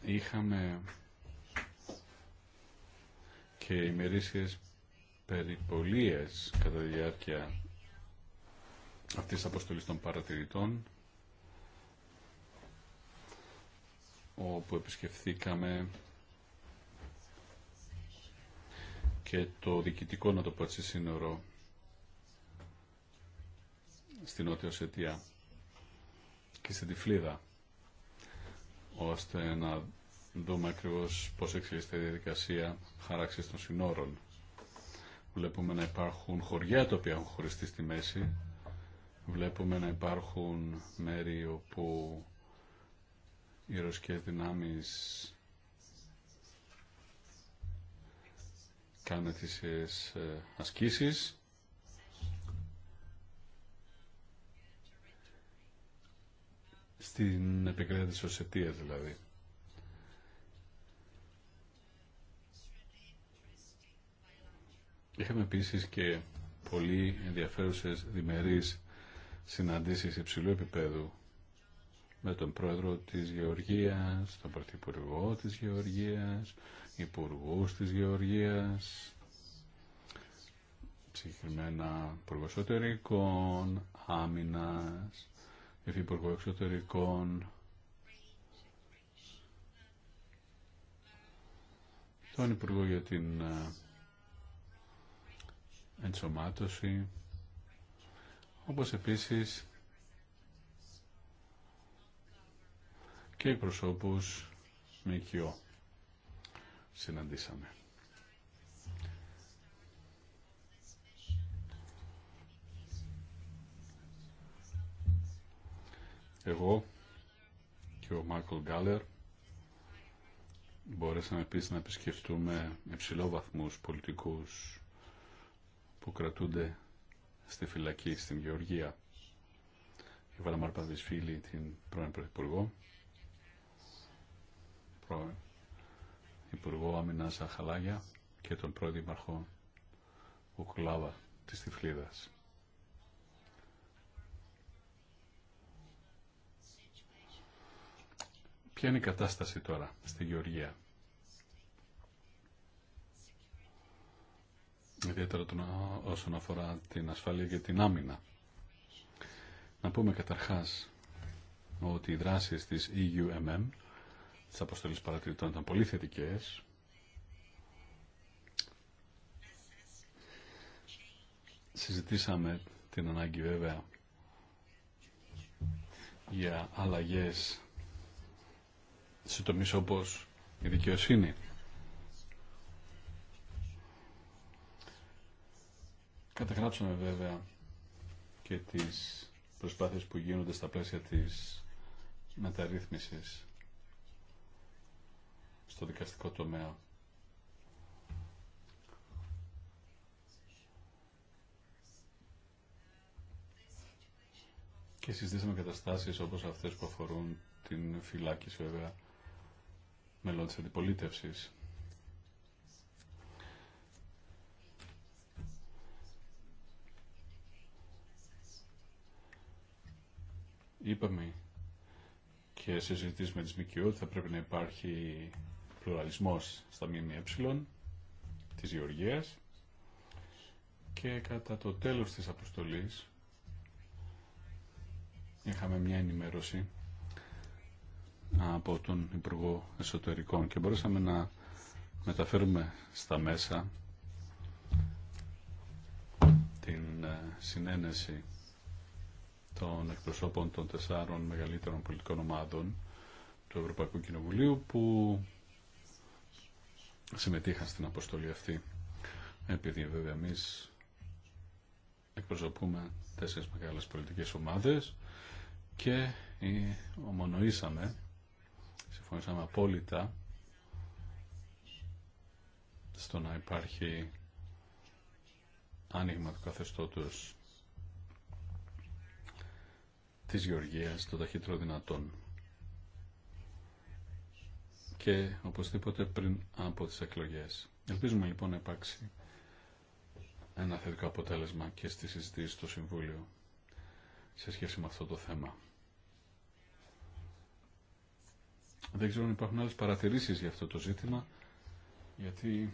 είχαμε και ημερήσιες περιπολίες κατά τη διάρκεια αυτής της αποστολής των παρατηρητών όπου επισκεφθήκαμε και το διοικητικό, να το πω έτσι, σύνορο στην Νότια Σετία και στην Τυφλίδα ώστε να δούμε ακριβώ πώς εξελίσσεται η διαδικασία χαράξη των συνόρων. Βλέπουμε να υπάρχουν χωριά τα οποία έχουν χωριστεί στη μέση. Βλέπουμε να υπάρχουν μέρη όπου οι ρωσικές δυνάμεις κάνουν τις ε, ασκήσεις στην επικράτηση της Οσετίας δηλαδή. Είχαμε επίσης και πολύ ενδιαφέρουσες διμερείς συναντήσεις υψηλού επίπεδου με τον πρόεδρο της Γεωργίας, τον πρωθυπουργό της Γεωργίας, υπουργούς της Γεωργίας, συγκεκριμένα υπουργός άμυνας, Υφυπουργό Εξωτερικών, τον Υπουργό για την ε, ενσωμάτωση, όπως επίσης και με κιό συναντήσαμε. Εγώ και ο Μάρκολ Γκάλερ μπορέσαμε επίσης να επισκεφτούμε υψηλόβαθμους πολιτικούς που κρατούνται στη φυλακή στην Γεωργία. Η Βαλαμάρ φίλοι την πρώην Πρωθυπουργό, πρώην Υπουργό Αμινάσα Αχαλάγια και τον πρώην Δήμαρχο Ουκλάβα της Τυφλίδας. Ποια είναι η κατάσταση τώρα στη Γεωργία. Ιδιαίτερα όσον αφορά την ασφάλεια και την άμυνα. Να πούμε καταρχάς ότι οι δράσεις της EUMM, της αποστολής παρατηρητών, ήταν πολύ θετικές. Συζητήσαμε την ανάγκη βέβαια για αλλαγές σε τομείς όπως η δικαιοσύνη. Καταγράψαμε βέβαια και τις προσπάθειες που γίνονται στα πλαίσια της μεταρρύθμισης στο δικαστικό τομέα. Και συζητήσαμε καταστάσεις όπως αυτές που αφορούν την φυλάκιση βέβαια μελών της αντιπολίτευσης. Είπαμε και σε συζητήσεις με τις ΜΚΟ ότι θα πρέπει να υπάρχει πλουραλισμός στα ΜΜΕ της Γεωργίας και κατά το τέλος της αποστολής είχαμε μια ενημέρωση από τον Υπουργό Εσωτερικών και μπορούσαμε να μεταφέρουμε στα μέσα την ε, συνένεση των εκπροσώπων των τεσσάρων μεγαλύτερων πολιτικών ομάδων του Ευρωπαϊκού Κοινοβουλίου που συμμετείχαν στην αποστολή αυτή επειδή βέβαια εμεί εκπροσωπούμε τέσσερις μεγάλες πολιτικές ομάδες και ομονοήσαμε συμφωνήσαμε απόλυτα στο να υπάρχει άνοιγμα του καθεστώτος της Γεωργίας το ταχύτερο δυνατόν και οπωσδήποτε πριν από τις εκλογές. Ελπίζουμε λοιπόν να υπάρξει ένα θετικό αποτέλεσμα και στη συζήτηση στο Συμβούλιο σε σχέση με αυτό το θέμα. Δεν ξέρω αν υπάρχουν άλλες παρατηρήσεις για αυτό το ζήτημα, γιατί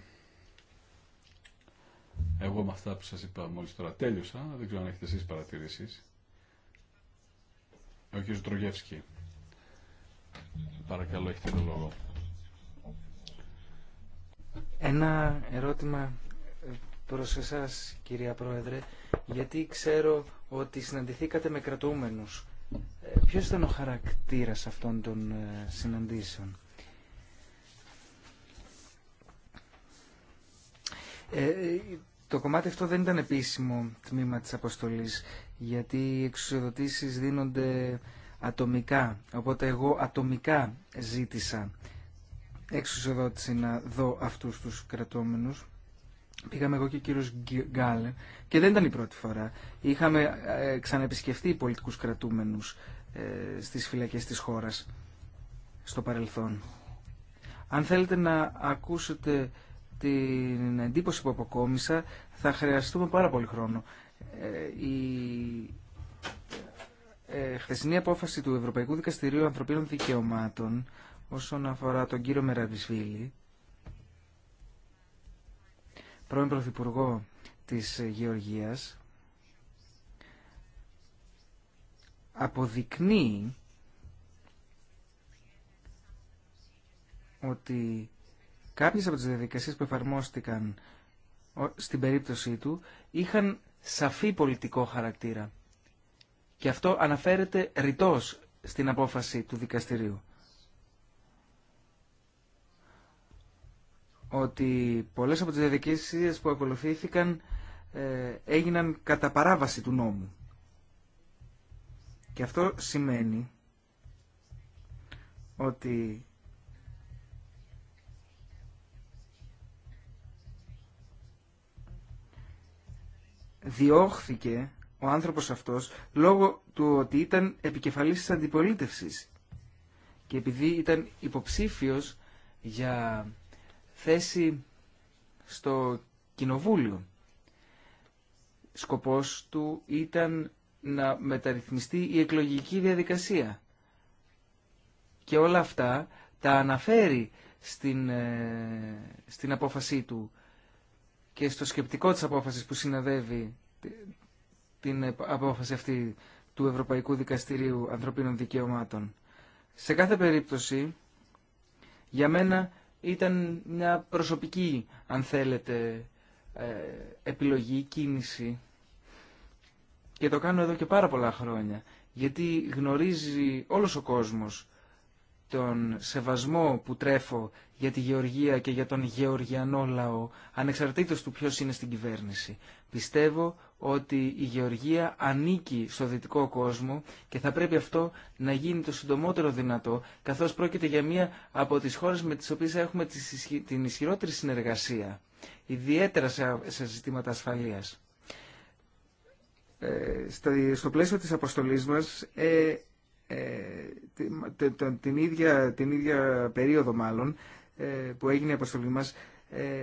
εγώ με αυτά που σας είπα μόλις τώρα τέλειωσα, δεν ξέρω αν έχετε εσείς παρατηρήσεις. Ο κ. Τρογεύσκη. Παρακαλώ, έχετε το λόγο. Ένα ερώτημα προς εσάς, κυρία Πρόεδρε, γιατί ξέρω ότι συναντηθήκατε με κρατούμενους Ποιος ήταν ο χαρακτήρας αυτών των ε, συναντήσεων. Ε, το κομμάτι αυτό δεν ήταν επίσημο τμήμα της αποστολής, γιατί οι εξουσιοδοτήσεις δίνονται ατομικά. Οπότε εγώ ατομικά ζήτησα εξουσιοδότηση να δω αυτούς τους κρατόμενους. Πήγαμε εγώ και ο κύριος Γκάλε και δεν ήταν η πρώτη φορά. Είχαμε ε, ξαναεπισκεφτεί πολιτικούς κρατούμενους ε, στις φυλακές της χώρας στο παρελθόν. Αν θέλετε να ακούσετε την εντύπωση που αποκόμισα, θα χρειαστούμε πάρα πολύ χρόνο. Ε, η ε, χθεσινή απόφαση του Ευρωπαϊκού Δικαστηρίου Ανθρωπίνων Δικαιωμάτων όσον αφορά τον κύριο Μεραβισβίλη, πρώην Πρωθυπουργό της Γεωργίας, αποδεικνύει ότι κάποιες από τις διαδικασίες που εφαρμόστηκαν στην περίπτωσή του είχαν σαφή πολιτικό χαρακτήρα. Και αυτό αναφέρεται ρητός στην απόφαση του δικαστηρίου. Ότι πολλές από τις διαδικασίες που ακολουθήθηκαν ε, έγιναν κατά παράβαση του νόμου. Και αυτό σημαίνει ότι διώχθηκε ο άνθρωπος αυτός λόγω του ότι ήταν επικεφαλής της αντιπολίτευσης και επειδή ήταν υποψήφιος για θέση στο κοινοβούλιο. Σκοπός του ήταν να μεταρρυθμιστεί η εκλογική διαδικασία. Και όλα αυτά τα αναφέρει στην, ε, στην απόφασή του και στο σκεπτικό της απόφασης που συναδεύει την απόφαση αυτή του Ευρωπαϊκού Δικαστηρίου Ανθρωπίνων Δικαιωμάτων. Σε κάθε περίπτωση, για μένα ήταν μια προσωπική, αν θέλετε, ε, επιλογή, κίνηση και το κάνω εδώ και πάρα πολλά χρόνια, γιατί γνωρίζει όλος ο κόσμος τον σεβασμό που τρέφω για τη Γεωργία και για τον γεωργιανό λαό, ανεξαρτήτως του ποιος είναι στην κυβέρνηση. Πιστεύω ότι η Γεωργία ανήκει στο δυτικό κόσμο και θα πρέπει αυτό να γίνει το συντομότερο δυνατό, καθώς πρόκειται για μία από τις χώρες με τις οποίες έχουμε την ισχυρότερη συνεργασία, ιδιαίτερα σε ζητήματα ασφαλείας στο πλαίσιο της αποστολής μας, ε, ε, την, ίδια, την ίδια περίοδο μάλλον ε, που έγινε η αποστολή μας,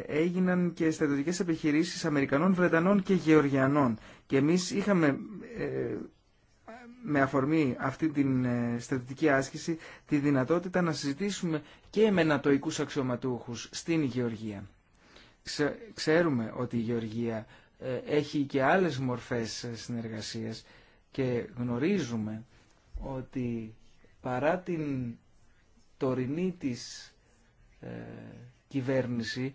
έγιναν και στρατιωτικές επιχειρήσεις Αμερικανών, Βρετανών και Γεωργιανών. Και εμείς είχαμε με αφορμή αυτή την στρατιωτική άσκηση τη δυνατότητα να συζητήσουμε και με νατοικούς αξιωματούχους στην Γεωργία. Ξέρουμε ότι η Γεωργία ε, έχει και άλλες μορφές συνεργασίας και γνωρίζουμε ότι παρά την τωρινή της ε, κυβέρνηση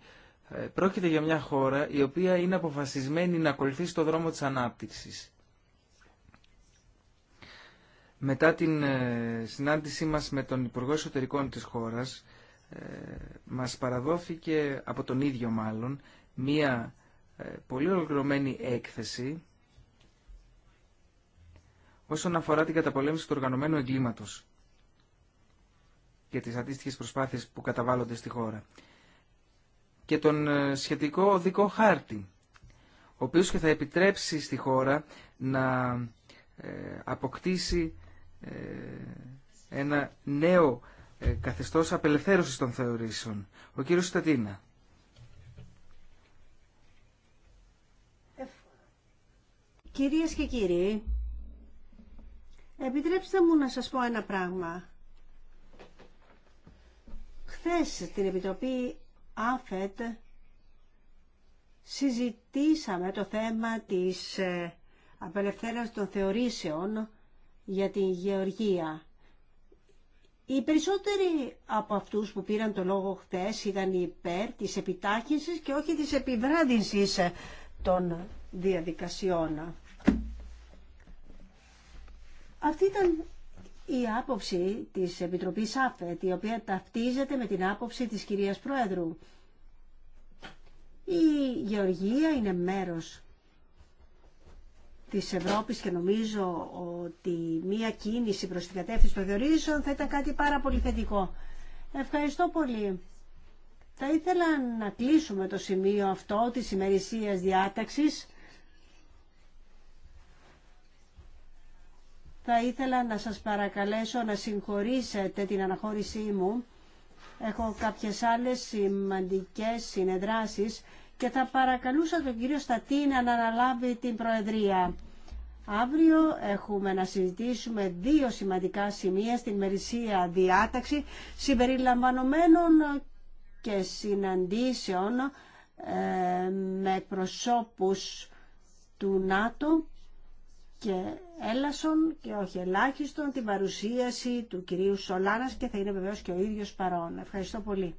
ε, πρόκειται για μια χώρα η οποία είναι αποφασισμένη να ακολουθήσει στο δρόμο της ανάπτυξης. Μετά την συνάντησή μας με τον Υπουργό Εσωτερικών της χώρας μας παραδόθηκε από τον ίδιο μάλλον μία ε, πολύ ολοκληρωμένη έκθεση όσον αφορά την καταπολέμηση του οργανωμένου εγκλήματος και τις αντίστοιχες προσπάθειες που καταβάλλονται στη χώρα και τον ε, σχετικό οδικό χάρτη, ο οποίος και θα επιτρέψει στη χώρα να ε, αποκτήσει ένα νέο καθεστώς απελευθέρωσης των θεωρήσεων. Ο κύριος Στατίνα. Κυρίες και κύριοι, επιτρέψτε μου να σας πω ένα πράγμα. Χθες στην Επιτροπή ΑΦΕΤ συζητήσαμε το θέμα της ε, απελευθέρωσης των θεωρήσεων για την γεωργία. Οι περισσότεροι από αυτούς που πήραν το λόγο χθες ήταν υπέρ της επιτάχυνσης και όχι της επιβράδυνσης των διαδικασιών. Αυτή ήταν η άποψη της Επιτροπής ΑΦΕΤ, η οποία ταυτίζεται με την άποψη της κυρίας Πρόεδρου. Η Γεωργία είναι μέρος της Ευρώπης και νομίζω ότι μία κίνηση προς την κατεύθυνση των θεωρήσεων θα ήταν κάτι πάρα πολύ θετικό. Ευχαριστώ πολύ. Θα ήθελα να κλείσουμε το σημείο αυτό της ημερησίας διάταξης. Θα ήθελα να σας παρακαλέσω να συγχωρήσετε την αναχώρησή μου. Έχω κάποιες άλλες σημαντικές συνεδράσεις και θα παρακαλούσα τον κύριο Στατίνα να αναλάβει την Προεδρία. Αύριο έχουμε να συζητήσουμε δύο σημαντικά σημεία στην μερισία διάταξη συμπεριλαμβανομένων και συναντήσεων ε, με προσώπους του ΝΑΤΟ και έλασον και όχι ελάχιστον την παρουσίαση του κυρίου Σολάνας και θα είναι βεβαίως και ο ίδιος παρόν. Ευχαριστώ πολύ.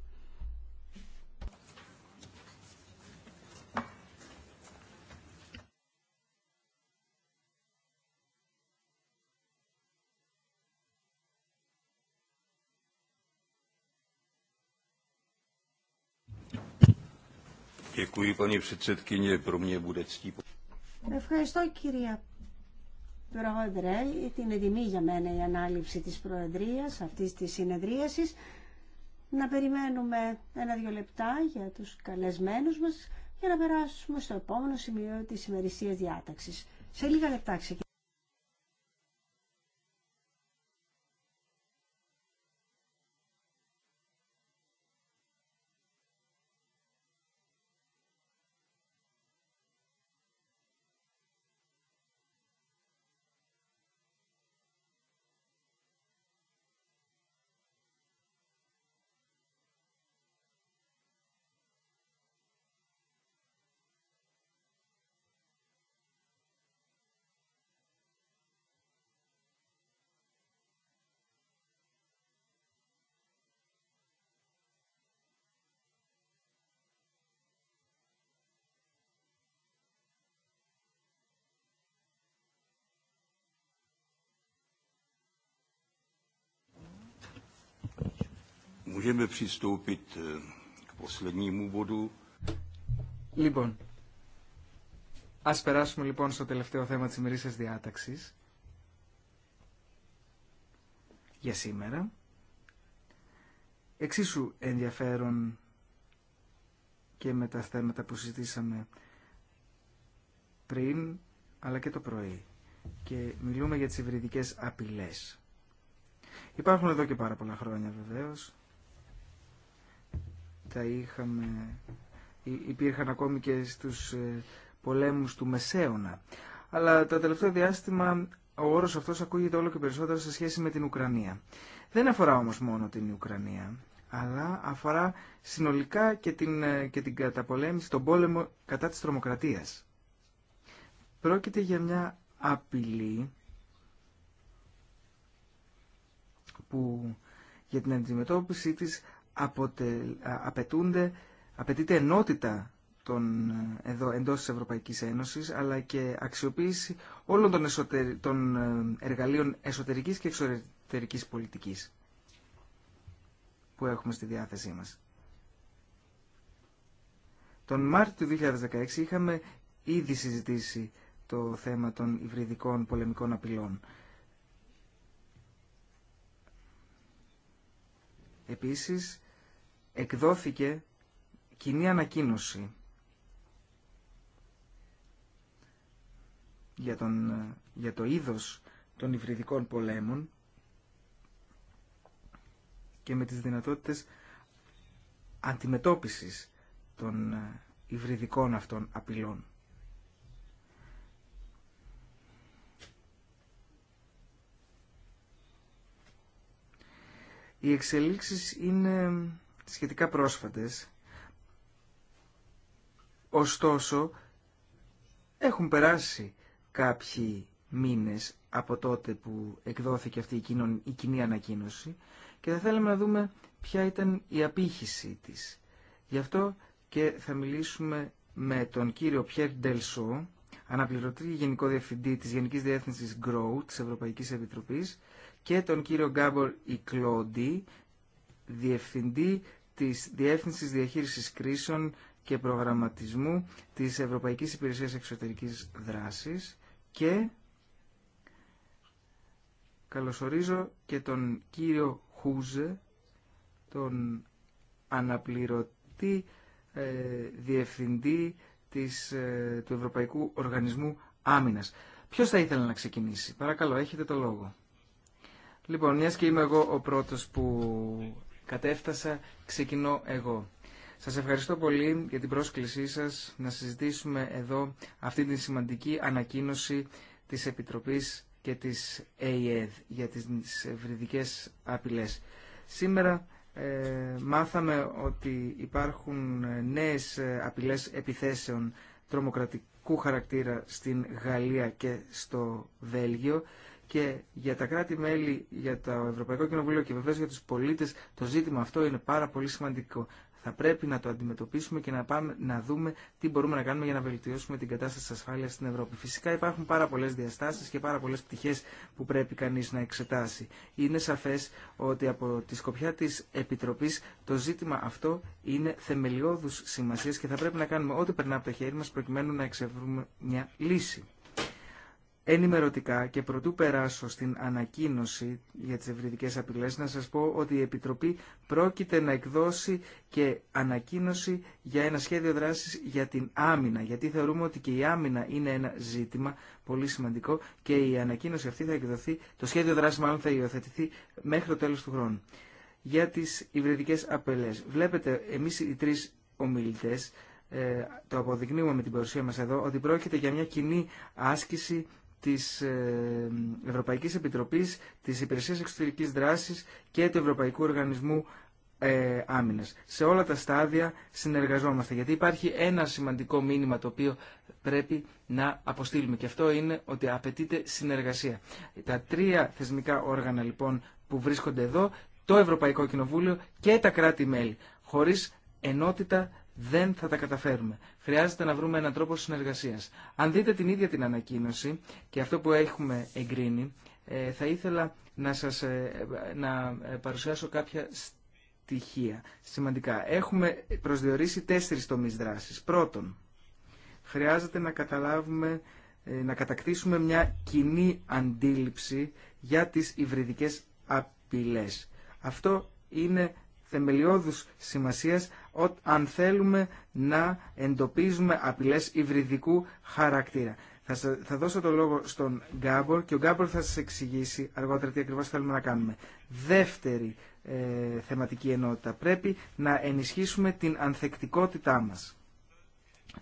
Ευχαριστώ κυρία Πρόεδρε, την ετοιμή για μένα η ανάληψη της Προεδρίας αυτής της συνεδρίασης. Να περιμένουμε ένα-δυο λεπτά για τους καλεσμένους μας για να περάσουμε στο επόμενο σημείο της ημερησίας διάταξης. Σε λίγα λεπτά ξεκινήσουμε. Eh, λοιπόν, ας περάσουμε λοιπόν στο τελευταίο θέμα της ημερήσιας διάταξης για σήμερα. Εξίσου ενδιαφέρον και με τα θέματα που συζητήσαμε πριν, αλλά και το πρωί. Και μιλούμε για τις υβριδικές απειλές. Υπάρχουν εδώ και πάρα πολλά χρόνια βεβαίως τα είχαμε, υπήρχαν ακόμη και στους ε, πολέμους του Μεσαίωνα. Αλλά το τελευταίο διάστημα ο όρος αυτός ακούγεται όλο και περισσότερο σε σχέση με την Ουκρανία. Δεν αφορά όμως μόνο την Ουκρανία, αλλά αφορά συνολικά και την, ε, και την καταπολέμηση, τον πόλεμο κατά της τρομοκρατίας. Πρόκειται για μια απειλή που για την αντιμετώπιση της αποτελ, απαιτούνται, απαιτείται ενότητα των, ε, εδώ, εντός της Ευρωπαϊκής Ένωσης, αλλά και αξιοποίηση όλων των, εσωτερ, των ε, εργαλείων εσωτερικής και εξωτερικής πολιτικής που έχουμε στη διάθεσή μας. Τον Μάρτιο του 2016 είχαμε ήδη συζητήσει το θέμα των υβριδικών πολεμικών απειλών. Επίσης, εκδόθηκε κοινή ανακοίνωση για, τον, για το είδος των υβριδικών πολέμων και με τις δυνατότητες αντιμετώπισης των υβριδικών αυτών απειλών. Οι εξελίξεις είναι σχετικά πρόσφατες. Ωστόσο, έχουν περάσει κάποιοι μήνες από τότε που εκδόθηκε αυτή η κοινή ανακοίνωση και θα θέλαμε να δούμε ποια ήταν η απήχηση της. Γι' αυτό και θα μιλήσουμε με τον κύριο Πιέρ Ντελσό, αναπληρωτή Γενικό Διευθυντή της Γενικής Διεύθυνσης GROW της Ευρωπαϊκής Επιτροπής και τον κύριο Γκάμπορ Ικλόντι, Διευθυντή της Διεύθυνσης Διαχείρισης Κρίσεων και Προγραμματισμού της Ευρωπαϊκής Υπηρεσίας Εξωτερικής Δράσης και καλωσορίζω και τον κύριο Χούζε, τον αναπληρωτή ε, διευθυντή ε, του Ευρωπαϊκού Οργανισμού Άμυνας. Ποιος θα ήθελε να ξεκινήσει. Παρακαλώ, έχετε το λόγο. Λοιπόν, μια και είμαι εγώ ο πρώτος που κατέφτασα, ξεκινώ εγώ. Σας ευχαριστώ πολύ για την πρόσκλησή σας να συζητήσουμε εδώ αυτή τη σημαντική ανακοίνωση της Επιτροπής και της ΕΕΔ για τις ευρυδικές απειλές. Σήμερα ε, μάθαμε ότι υπάρχουν νέες απειλές επιθέσεων τρομοκρατικού χαρακτήρα στην Γαλλία και στο Βέλγιο και για τα κράτη-μέλη, για το Ευρωπαϊκό Κοινοβούλιο και βεβαίω για του πολίτε, το ζήτημα αυτό είναι πάρα πολύ σημαντικό. Θα πρέπει να το αντιμετωπίσουμε και να, πάμε, να δούμε τι μπορούμε να κάνουμε για να βελτιώσουμε την κατάσταση ασφάλεια στην Ευρώπη. Φυσικά υπάρχουν πάρα πολλέ διαστάσει και πάρα πολλέ πτυχέ που πρέπει κανεί να εξετάσει. Είναι σαφέ ότι από τη σκοπιά τη επίτροπή το ζήτημα αυτό είναι θεμελιώδου σημασία, και θα πρέπει να κάνουμε ό,τι περνά από τα χέρια μα προκειμένου να εξεύρουμε μια λύση. Ενημερωτικά και προτού περάσω στην ανακοίνωση για τις ευρυδικές απειλές να σας πω ότι η Επιτροπή πρόκειται να εκδώσει και ανακοίνωση για ένα σχέδιο δράσης για την άμυνα γιατί θεωρούμε ότι και η άμυνα είναι ένα ζήτημα πολύ σημαντικό και η ανακοίνωση αυτή θα εκδοθεί, το σχέδιο δράσης μάλλον θα υιοθετηθεί μέχρι το τέλος του χρόνου. Για τις υβριδικές απειλές. Βλέπετε εμείς οι τρεις ομιλητές ε, το αποδεικνύουμε με την παρουσία μας εδώ, ότι πρόκειται για μια κοινή άσκηση της ε, Ευρωπαϊκής Επιτροπής, της Υπηρεσίας Εξωτερικής Δράσης και του Ευρωπαϊκού Οργανισμού ε, άμυνας. Σε όλα τα στάδια συνεργαζόμαστε, γιατί υπάρχει ένα σημαντικό μήνυμα το οποίο πρέπει να αποστείλουμε και αυτό είναι ότι απαιτείται συνεργασία. Τα τρία θεσμικά όργανα λοιπόν που βρίσκονται εδώ, το Ευρωπαϊκό Κοινοβούλιο και τα κράτη-μέλη. Χωρίς ενότητα δεν θα τα καταφέρουμε. Χρειάζεται να βρούμε έναν τρόπο συνεργασίας. Αν δείτε την ίδια την ανακοίνωση και αυτό που έχουμε εγκρίνει, ε, θα ήθελα να σας ε, να ε, παρουσιάσω κάποια στοιχεία σημαντικά. Έχουμε προσδιορίσει τέσσερις τομείς δράσης. Πρώτον, χρειάζεται να καταλάβουμε να κατακτήσουμε μια κοινή αντίληψη για τις υβριδικές απειλές. Αυτό είναι θεμελιώδους σημασίας αν θέλουμε να εντοπίζουμε απειλές υβριδικού χαρακτήρα. Θα, θα δώσω το λόγο στον Γκάμπορ και ο Γκάμπορ θα σας εξηγήσει αργότερα τι ακριβώς θέλουμε να κάνουμε. Δεύτερη ε, θεματική ενότητα. Πρέπει να ενισχύσουμε την ανθεκτικότητά μας.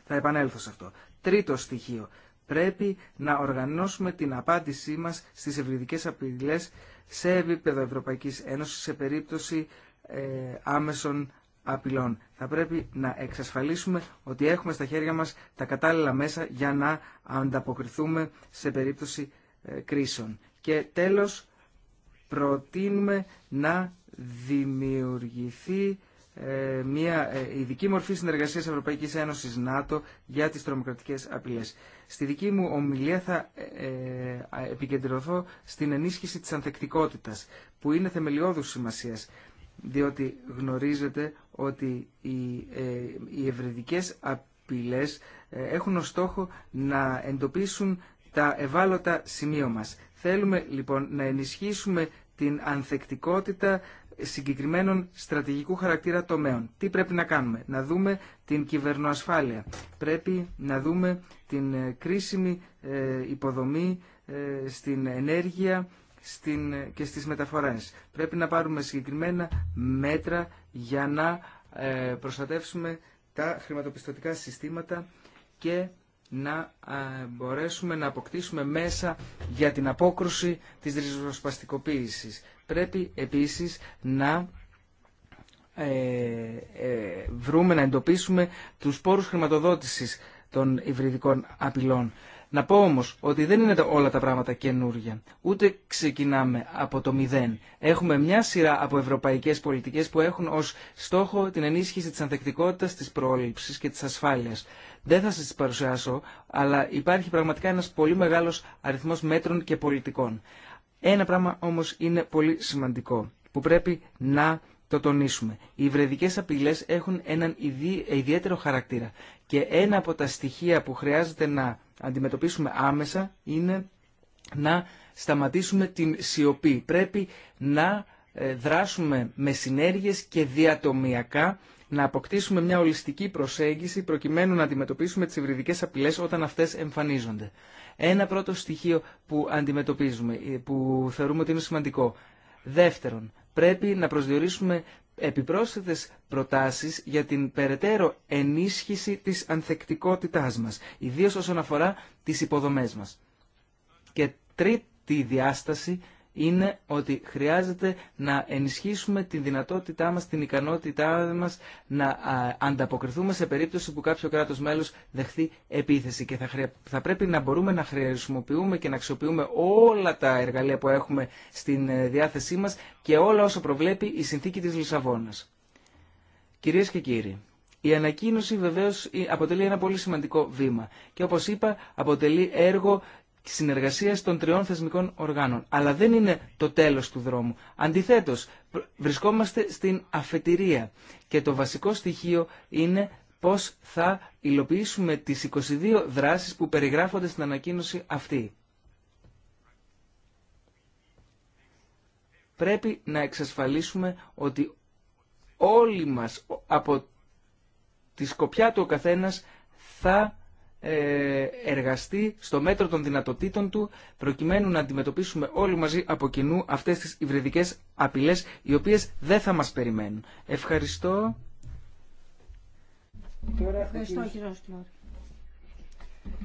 Θα επανέλθω σε αυτό. Τρίτο στοιχείο. Πρέπει να οργανώσουμε την απάντησή μας στις ευρυδικές απειλές σε επίπεδο Ευρωπαϊκής Ένωσης σε περίπτωση ε, άμεσων απειλών. Θα πρέπει να εξασφαλίσουμε ότι έχουμε στα χέρια μας τα κατάλληλα μέσα για να ανταποκριθούμε σε περίπτωση ε, κρίσεων. Και τέλος, προτείνουμε να δημιουργηθεί ε, μια ειδική μορφή συνεργασίας Ευρωπαϊκής Ένωσης ΝΑΤΟ για τις τρομοκρατικές απειλές. Στη δική μου ομιλία θα επικεντρωθώ στην ενίσχυση της ανθεκτικότητας που είναι θεμελιώδους σημασίας διότι γνωρίζετε ότι οι, ε, οι ευρετικές απειλές ε, έχουν ως στόχο να εντοπίσουν τα ευάλωτα σημεία μας. Θέλουμε λοιπόν να ενισχύσουμε την ανθεκτικότητα συγκεκριμένων στρατηγικού χαρακτήρα τομέων. Τι πρέπει να κάνουμε. Να δούμε την κυβερνοασφάλεια. Πρέπει να δούμε την ε, κρίσιμη ε, υποδομή στην ενέργεια στην, και στις μεταφορές. Πρέπει να πάρουμε συγκεκριμένα μέτρα για να ε, προστατεύσουμε τα χρηματοπιστωτικά συστήματα και να ε, μπορέσουμε να αποκτήσουμε μέσα για την απόκρουση της ριζοσπαστικοποίησης. Πρέπει επίσης να ε, βρούμε, να εντοπίσουμε τους πόρους χρηματοδότησης των υβριδικών απειλών. Να πω όμω ότι δεν είναι όλα τα πράγματα καινούργια. Ούτε ξεκινάμε από το μηδέν. Έχουμε μια σειρά από ευρωπαϊκέ πολιτικέ που έχουν ω στόχο την ενίσχυση τη ανθεκτικότητας, τη πρόληψη και τη ασφάλεια. Δεν θα σα τι παρουσιάσω, αλλά υπάρχει πραγματικά ένα πολύ μεγάλο αριθμό μέτρων και πολιτικών. Ένα πράγμα όμω είναι πολύ σημαντικό που πρέπει να το τονίσουμε. Οι βρεδικέ απειλέ έχουν έναν ιδιαίτερο χαρακτήρα και ένα από τα στοιχεία που χρειάζεται να αντιμετωπίσουμε άμεσα είναι να σταματήσουμε την σιωπή. Πρέπει να ε, δράσουμε με συνέργειες και διατομιακά να αποκτήσουμε μια ολιστική προσέγγιση προκειμένου να αντιμετωπίσουμε τις υβριδικές απειλές όταν αυτές εμφανίζονται. Ένα πρώτο στοιχείο που αντιμετωπίζουμε, ε, που θεωρούμε ότι είναι σημαντικό. Δεύτερον, πρέπει να προσδιορίσουμε επιπρόσθετες προτάσεις για την περαιτέρω ενίσχυση της ανθεκτικότητάς μας, ιδίως όσον αφορά τις υποδομές μας. Και τρίτη διάσταση είναι ότι χρειάζεται να ενισχύσουμε την δυνατότητά μας, την ικανότητά μας να ανταποκριθούμε σε περίπτωση που κάποιο κράτος μέλος δεχθεί επίθεση και θα, πρέπει να μπορούμε να χρησιμοποιούμε και να αξιοποιούμε όλα τα εργαλεία που έχουμε στην ε, διάθεσή μας και όλα όσα προβλέπει η συνθήκη της Λισαβόνας. Κυρίες και κύριοι, η ανακοίνωση βεβαίως ε, αποτελεί ένα πολύ σημαντικό βήμα και όπως είπα αποτελεί έργο συνεργασίας των τριών θεσμικών οργάνων. Αλλά δεν είναι το τέλος του δρόμου. Αντιθέτως, βρισκόμαστε στην αφετηρία και το βασικό στοιχείο είναι πώς θα υλοποιήσουμε τις 22 δράσεις που περιγράφονται στην ανακοίνωση αυτή. Πρέπει να εξασφαλίσουμε ότι όλοι μας από τη σκοπιά του ο καθένας θα ε, εργαστεί στο μέτρο των δυνατοτήτων του προκειμένου να αντιμετωπίσουμε όλοι μαζί από κοινού αυτές τις υβριδικές απειλές οι οποίες δεν θα μας περιμένουν. Ευχαριστώ. Ευχαριστώ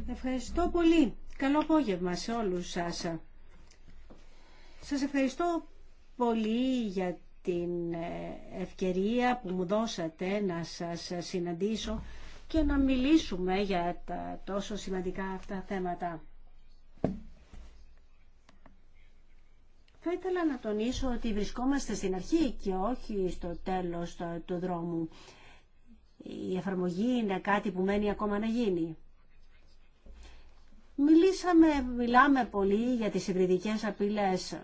Ευχαριστώ πολύ. Καλό απόγευμα σε όλους σας. Σας ευχαριστώ πολύ για την ε, ευκαιρία που μου δώσατε να σας συναντήσω και να μιλήσουμε για τα τόσο σημαντικά αυτά θέματα. Θα ήθελα να τονίσω ότι βρισκόμαστε στην αρχή και όχι στο τέλος του δρόμου. Η εφαρμογή είναι κάτι που μένει ακόμα να γίνει. Μιλήσαμε, μιλάμε πολύ για τις υβριδικές απειλές.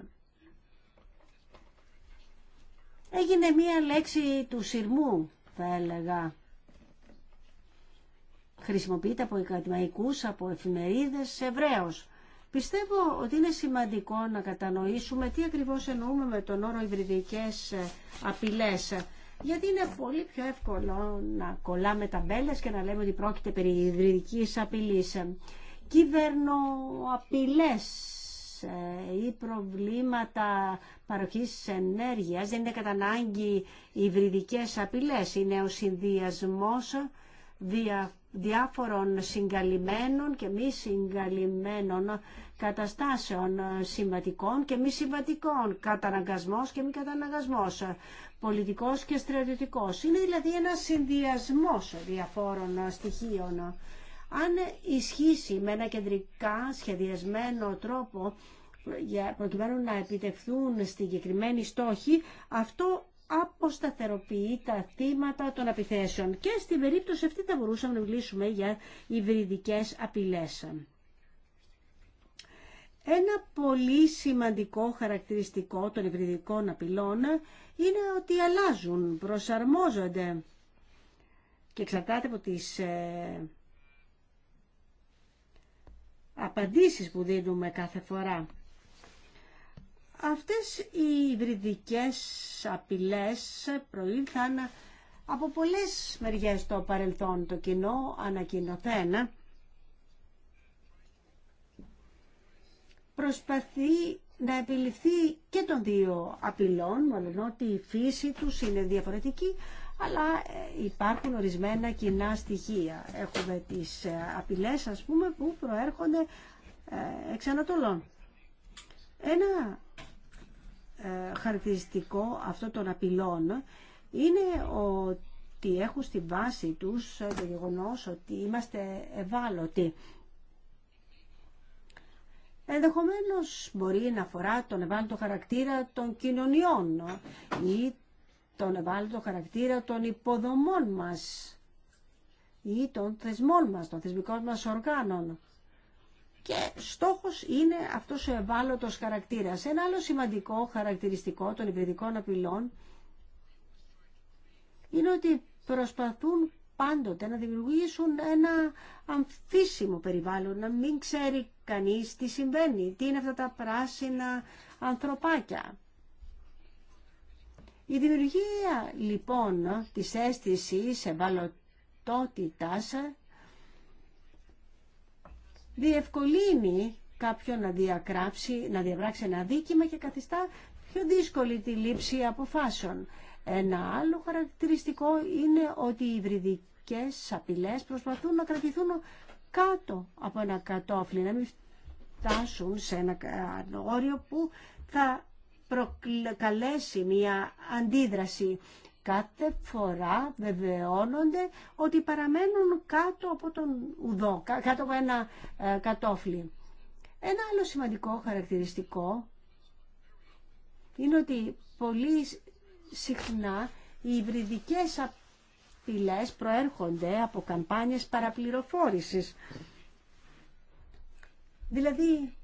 Έγινε μία λέξη του σειρμού, θα έλεγα χρησιμοποιείται από ακαδημαϊκούς, από εφημερίδες ευραίως. Πιστεύω ότι είναι σημαντικό να κατανοήσουμε τι ακριβώς εννοούμε με τον όρο υβριδικές ε, απειλές. Γιατί είναι πολύ πιο εύκολο να κολλάμε ταμπέλες και να λέμε ότι πρόκειται περί υβριδικής απειλής. απειλές ε, ή προβλήματα παροχής ενέργειας δεν είναι κατά ανάγκη υβριδικές απειλές. Είναι ο συνδυασμός διαφορετικών διάφορων συγκαλυμμένων και μη συγκαλυμμένων καταστάσεων συμβατικών και μη συμβατικών, καταναγκασμός και μη καταναγκασμός, πολιτικός και στρατιωτικός. Είναι δηλαδή ένα συνδυασμός διαφόρων στοιχείων. Αν ισχύσει με ένα κεντρικά σχεδιασμένο τρόπο προκειμένου να επιτευχθούν συγκεκριμένοι στόχοι, αυτό αποσταθεροποιεί τα θύματα των επιθέσεων. Και στην περίπτωση αυτή θα μπορούσαμε να μιλήσουμε για υβριδικές απειλές. Ένα πολύ σημαντικό χαρακτηριστικό των υβριδικών απειλών είναι ότι αλλάζουν, προσαρμόζονται και εξαρτάται από τις ε, απαντήσεις που δίνουμε κάθε φορά. Αυτές οι υβριδικές απειλές προήλθαν από πολλές μεριές το παρελθόν το κοινό ανακοινωθέν προσπαθεί να επιληφθεί και των δύο απειλών, μόνο ότι η φύση τους είναι διαφορετική, αλλά ε, υπάρχουν ορισμένα κοινά στοιχεία. Έχουμε τις ε, απειλές, ας πούμε, που προέρχονται ε, εξανατολών. Ένα ε, χαρακτηριστικό αυτών των απειλών είναι ότι έχουν στη βάση τους ε, το γεγονός ότι είμαστε ευάλωτοι. Ενδεχομένως μπορεί να αφορά τον ευάλωτο χαρακτήρα των κοινωνιών ή τον ευάλωτο χαρακτήρα των υποδομών μας ή των θεσμών μας, των θεσμικών μας οργάνων και στόχος είναι αυτός ο ευάλωτος χαρακτήρας. Ένα άλλο σημαντικό χαρακτηριστικό των υπηρετικών απειλών είναι ότι προσπαθούν πάντοτε να δημιουργήσουν ένα αμφίσιμο περιβάλλον, να μην ξέρει κανείς τι συμβαίνει, τι είναι αυτά τα πράσινα ανθρωπάκια. Η δημιουργία λοιπόν της αίσθησης ευαλωτότητας διευκολύνει κάποιον να, διακράψει, να διαβράξει ένα δίκημα και καθιστά πιο δύσκολη τη λήψη αποφάσεων. Ένα άλλο χαρακτηριστικό είναι ότι οι υβριδικές απειλές προσπαθούν να κρατηθούν κάτω από ένα κατόφλι, να μην φτάσουν σε ένα όριο που θα προκαλέσει μια αντίδραση κάθε φορά βεβαιώνονται ότι παραμένουν κάτω από τον ουδό, κάτω από ένα ε, κατόφλι. Ένα άλλο σημαντικό χαρακτηριστικό είναι ότι πολύ συχνά οι υβριδικές απειλές προέρχονται από καμπάνιες παραπληροφόρησης. Δηλαδή,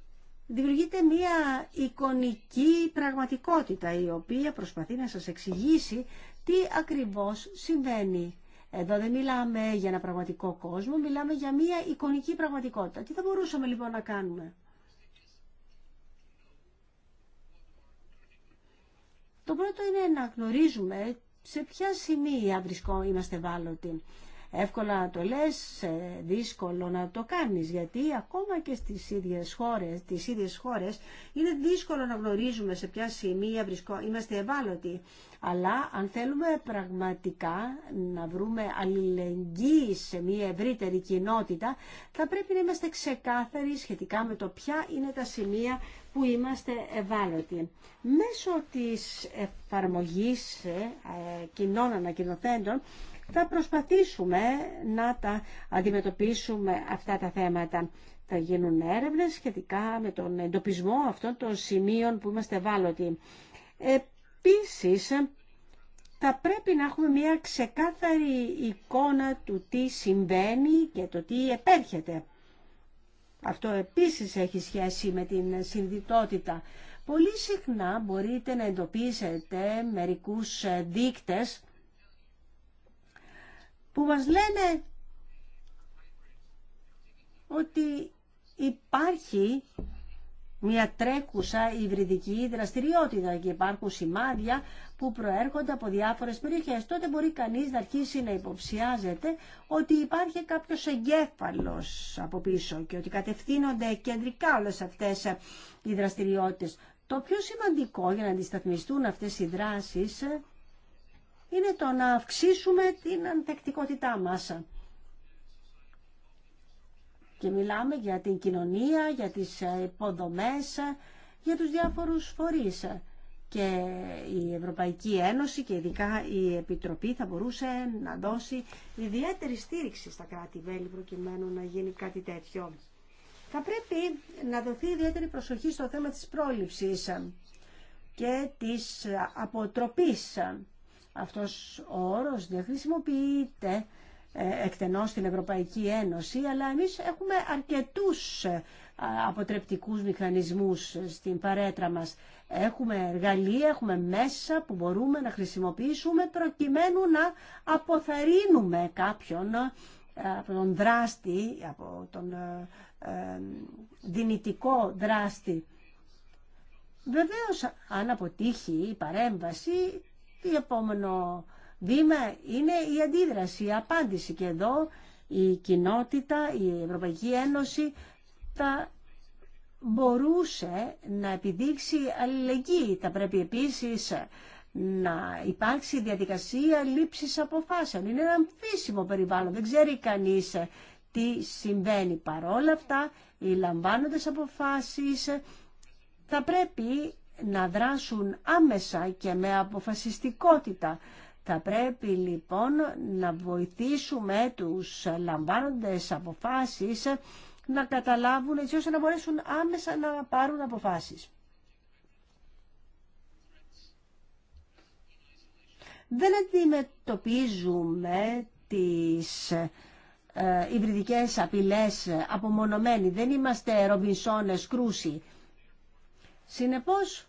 δημιουργείται μία εικονική πραγματικότητα η οποία προσπαθεί να σας εξηγήσει τι ακριβώς συμβαίνει. Εδώ δεν μιλάμε για ένα πραγματικό κόσμο, μιλάμε για μια εικονική πραγματικότητα. Τι θα μπορούσαμε λοιπόν να κάνουμε. Το πρώτο είναι να γνωρίζουμε σε ποια σημεία βρισκόμαστε ευάλωτοι. Εύκολα να το λες, δύσκολο να το κάνεις, γιατί ακόμα και στις ίδιες χώρες, τις ίδιες χώρες είναι δύσκολο να γνωρίζουμε σε ποια σημεία βρισκό, είμαστε ευάλωτοι. Αλλά αν θέλουμε πραγματικά να βρούμε αλληλεγγύη σε μια ευρύτερη κοινότητα, θα πρέπει να είμαστε ξεκάθαροι σχετικά με το ποια είναι τα σημεία που είμαστε ευάλωτοι. Μέσω της εφαρμογής ε, ε κοινών ανακοινοθέντων, θα προσπαθήσουμε να τα αντιμετωπίσουμε αυτά τα θέματα. Θα γίνουν έρευνες σχετικά με τον εντοπισμό αυτών των σημείων που είμαστε ευάλωτοι. Επίσης, θα πρέπει να έχουμε μια ξεκάθαρη εικόνα του τι συμβαίνει και το τι επέρχεται. Αυτό επίσης έχει σχέση με την συνδυτότητα. Πολύ συχνά μπορείτε να εντοπίσετε μερικούς δείκτες που μας λένε ότι υπάρχει μια τρέχουσα υβριδική δραστηριότητα και υπάρχουν σημάδια που προέρχονται από διάφορες περιοχές. Τότε μπορεί κανείς να αρχίσει να υποψιάζεται ότι υπάρχει κάποιος εγκέφαλος από πίσω και ότι κατευθύνονται κεντρικά όλες αυτές οι δραστηριότητες. Το πιο σημαντικό για να αντισταθμιστούν αυτές οι δράσεις είναι το να αυξήσουμε την ανθεκτικότητά μας. Και μιλάμε για την κοινωνία, για τις υποδομές, για τους διάφορους φορείς. Και η Ευρωπαϊκή Ένωση και ειδικά η Επιτροπή θα μπορούσε να δώσει ιδιαίτερη στήριξη στα κράτη-βέλη προκειμένου να γίνει κάτι τέτοιο. Θα πρέπει να δοθεί ιδιαίτερη προσοχή στο θέμα της πρόληψης και της αποτροπής αυτός ο όρος δεν χρησιμοποιείται ε, εκτενώς στην Ευρωπαϊκή Ένωση, αλλά εμείς έχουμε αρκετούς ε, αποτρεπτικούς μηχανισμούς στην παρέτρα μας. Έχουμε εργαλεία, έχουμε μέσα που μπορούμε να χρησιμοποιήσουμε προκειμένου να αποθαρρύνουμε κάποιον ε, από τον δράστη, από τον δυνητικό δράστη. Βεβαίως, αν αποτύχει η παρέμβαση, το επόμενο βήμα είναι η αντίδραση, η απάντηση. Και εδώ η κοινότητα, η Ευρωπαϊκή Ένωση θα μπορούσε να επιδείξει αλληλεγγύη. Θα πρέπει επίσης να υπάρξει διαδικασία λήψης αποφάσεων. Είναι ένα αμφίσιμο περιβάλλον, δεν ξέρει κανείς τι συμβαίνει. Παρόλα αυτά, οι λαμβάνοντες αποφάσεις θα πρέπει να δράσουν άμεσα και με αποφασιστικότητα. Θα πρέπει λοιπόν να βοηθήσουμε τους λαμβάνοντες αποφάσεις να καταλάβουν έτσι ώστε να μπορέσουν άμεσα να πάρουν αποφάσεις. Δεν αντιμετωπίζουμε τις ε, υβριδικές απειλές απομονωμένοι. Δεν είμαστε ρομπινσόνες κρούση. Συνεπώς,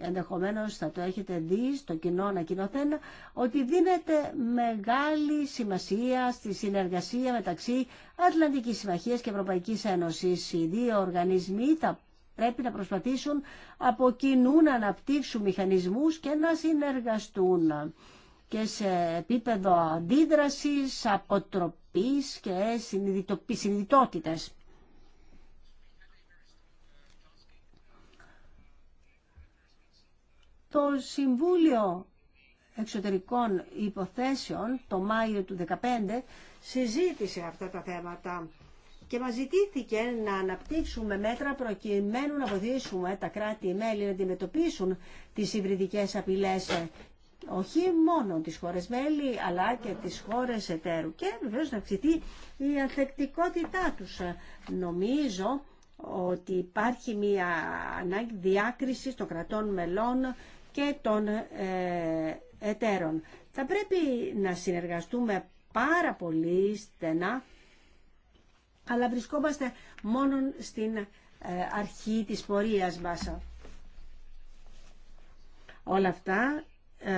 ενδεχομένως θα το έχετε δει στο κοινό ανακοινωθέν, ότι δίνεται μεγάλη σημασία στη συνεργασία μεταξύ Ατλαντικής Συμμαχίας και Ευρωπαϊκής Ένωσης. Οι δύο οργανισμοί θα πρέπει να προσπαθήσουν από κοινού να αναπτύξουν μηχανισμούς και να συνεργαστούν και σε επίπεδο αντίδρασης, αποτροπής και συνειδητότητας. Το Συμβούλιο Εξωτερικών Υποθέσεων το Μάιο του 2015 συζήτησε αυτά τα θέματα και μας ζητήθηκε να αναπτύξουμε μέτρα προκειμένου να βοηθήσουμε τα κράτη-μέλη να αντιμετωπίσουν τις υβριδικές απειλές ε, όχι μόνο τις χώρες μέλη αλλά και τις χώρες εταίρου και βεβαίως να αυξηθεί η ανθεκτικότητά τους. Νομίζω ότι υπάρχει μια ανάγκη διάκριση των κρατών μελών και των ε, εταίρων. Θα πρέπει να συνεργαστούμε πάρα πολύ στενά, αλλά βρισκόμαστε μόνο στην ε, αρχή της πορείας μας. Όλα αυτά ε,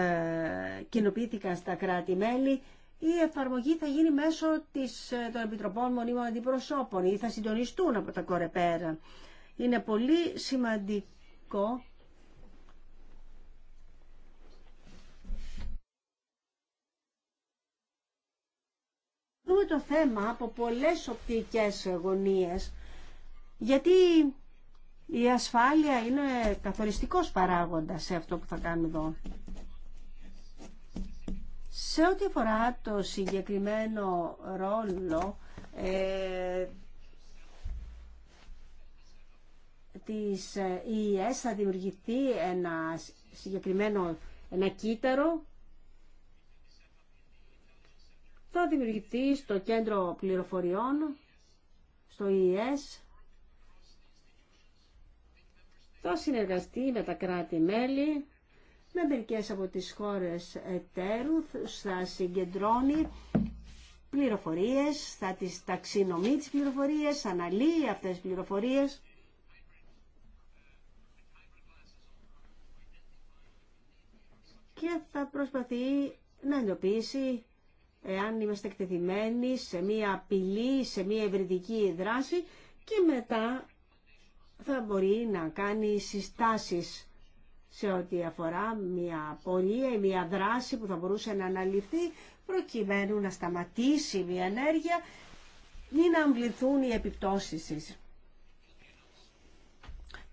κοινοποιήθηκαν στα κράτη-μέλη. Η εφαρμογή θα γίνει μέσω της, ε, των Επιτροπών Μονίμων Αντιπροσώπων ή θα συντονιστούν από τα κορεπέρα. Είναι πολύ σημαντικό δούμε το θέμα από πολλές οπτικές γωνίες, γιατί η ασφάλεια είναι καθοριστικός παράγοντας σε αυτό που θα κάνουμε εδώ. Σε ό,τι αφορά το συγκεκριμένο ρόλο ε, της ΙΕΣ ε, θα δημιουργηθεί ένα συγκεκριμένο ένα κύτταρο θα δημιουργηθεί στο κέντρο πληροφοριών, στο ΙΕΣ, θα συνεργαστεί με τα κράτη-μέλη, με μερικές από τις χώρες εταίρου, θα συγκεντρώνει πληροφορίες, θα τις ταξινομεί τις πληροφορίες, αναλύει αυτές τις πληροφορίες. Και θα προσπαθεί να εντοπίσει εάν είμαστε εκτεθειμένοι σε μία απειλή, σε μία ευρυδική δράση και μετά θα μπορεί να κάνει συστάσεις σε ό,τι αφορά μία πορεία ή μία δράση που θα μπορούσε να αναλυθεί προκειμένου να σταματήσει μία ενέργεια ή να αμβληθούν οι επιπτώσεις της.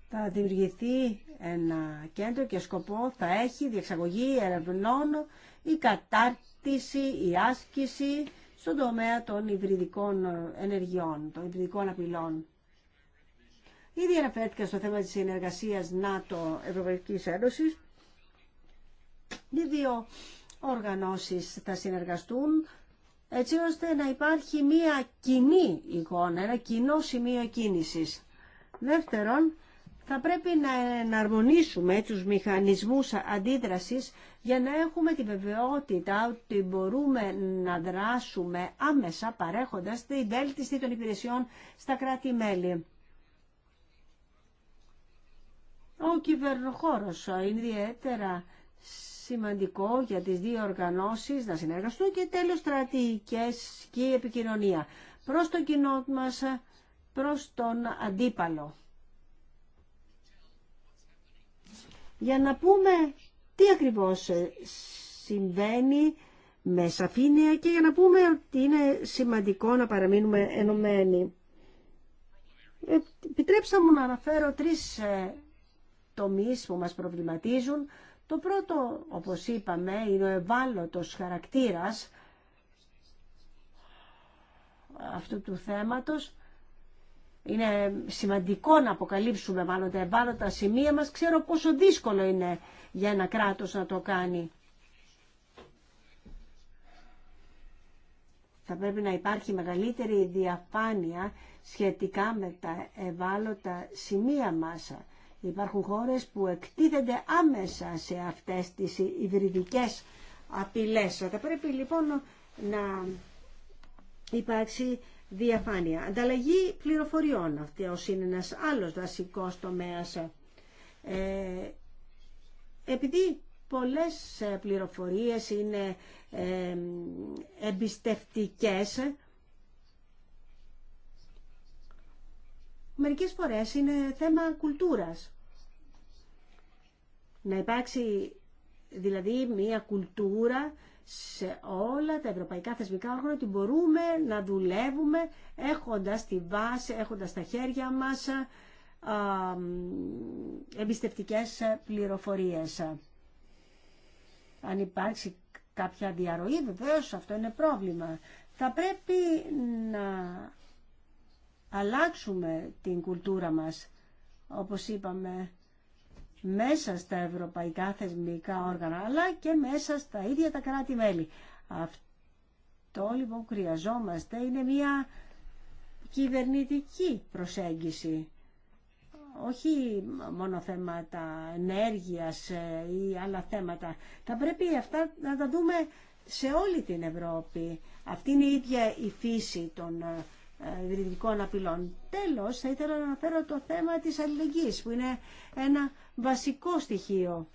Θα δημιουργηθεί ένα κέντρο και σκοπό θα έχει διεξαγωγή ερευνών ή κατάρτιση η άσκηση στον τομέα των υβριδικών ενεργειών, των υβριδικών απειλών. Ήδη αναφέρθηκα στο θέμα της συνεργασίας ΝΑΤΟ-Ευρωπαϊκής Ένωσης. Οι δύο οργανώσεις θα συνεργαστούν έτσι ώστε να υπάρχει μία κοινή εικόνα, ένα κοινό σημείο κίνησης. Δεύτερον, θα πρέπει να εναρμονίσουμε τους μηχανισμούς αντίδρασης για να έχουμε τη βεβαιότητα ότι μπορούμε να δράσουμε άμεσα παρέχοντας τη βέλτιστη των υπηρεσιών στα κράτη-μέλη. Ο κυβερνοχώρος είναι ιδιαίτερα σημαντικό για τις δύο οργανώσεις να συνεργαστούν και τέλος στρατηγικές και επικοινωνία προς το κοινό μας, προς τον αντίπαλο. για να πούμε τι ακριβώς ε, συμβαίνει με σαφήνεια και για να πούμε ότι είναι σημαντικό να παραμείνουμε ενωμένοι. Ε, Επιτρέψα μου να αναφέρω τρεις ε, τομείς που μας προβληματίζουν. Το πρώτο, όπως είπαμε, είναι ο ευάλωτος χαρακτήρας αυτού του θέματος είναι σημαντικό να αποκαλύψουμε μάλλον τα ευάλωτα σημεία μας. Ξέρω πόσο δύσκολο είναι για ένα κράτος να το κάνει. Θα πρέπει να υπάρχει μεγαλύτερη διαφάνεια σχετικά με τα ευάλωτα σημεία μας. Υπάρχουν χώρες που εκτίθενται άμεσα σε αυτές τις υβριδικές απειλές. Θα πρέπει λοιπόν να υπάρξει διαφάνεια. Ανταλλαγή πληροφοριών ως είναι ένας άλλος δασικός τομέας. Ε, επειδή πολλές ε, πληροφορίες είναι ε, εμπιστευτικές, μερικές φορές είναι θέμα κουλτούρας. Να υπάρξει δηλαδή μια κουλτούρα σε όλα τα ευρωπαϊκά θεσμικά όργανα ότι μπορούμε να δουλεύουμε έχοντας τη βάση, έχοντας τα χέρια μας εμπιστευτικές πληροφορίες. Αν υπάρξει κάποια διαρροή, βεβαίω αυτό είναι πρόβλημα. Θα πρέπει να αλλάξουμε την κουλτούρα μας, όπως είπαμε μέσα στα ευρωπαϊκά θεσμικά όργανα αλλά και μέσα στα ίδια τα κράτη-μέλη. Αυτό λοιπόν που χρειαζόμαστε είναι μια κυβερνητική προσέγγιση. Όχι μόνο θέματα ενέργειας ε, ή άλλα θέματα. Θα πρέπει αυτά να τα δούμε σε όλη την Ευρώπη. Αυτή είναι η ίδια η φύση των ε, ιδρυτικών απειλών. Τέλος, θα ήθελα να αναφέρω το θέμα της αλληλεγγύης, που είναι ένα βασικό στοιχείο.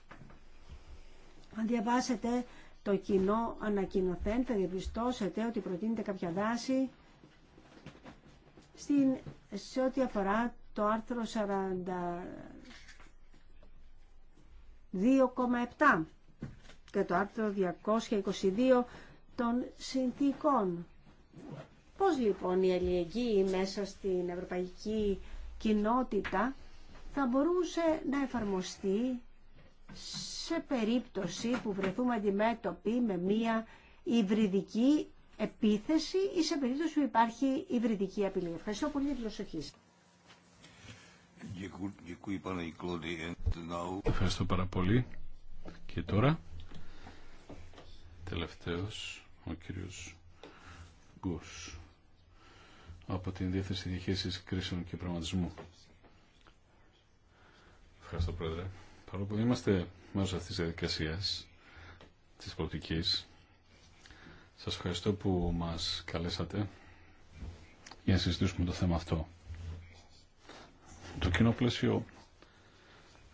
Αν διαβάσετε το κοινό ανακοινωθέν θα διαπιστώσετε ότι προτείνεται κάποια δάση στην, σε ό,τι αφορά το άρθρο 42,7 και το άρθρο 222 των συνθήκων. Πώς λοιπόν η αλληλεγγύη μέσα στην ευρωπαϊκή κοινότητα θα μπορούσε να εφαρμοστεί σε περίπτωση που βρεθούμε αντιμέτωποι με μία υβριδική επίθεση ή σε περίπτωση που υπάρχει υβριδική απειλή. Ευχαριστώ πολύ για την προσοχή Ευχαριστώ πάρα πολύ. Και τώρα, τελευταίος, ο κύριος Γκος από την Διεύθυνση Διαχείρισης Κρίσεων και Πραγματισμού Ευχαριστώ, Πρόεδρε. Παρόλο που είμαστε μέρο αυτής της διαδικασία της πολιτικής, σας ευχαριστώ που μας καλέσατε για να συζητήσουμε το θέμα αυτό. Το κοινό πλαίσιο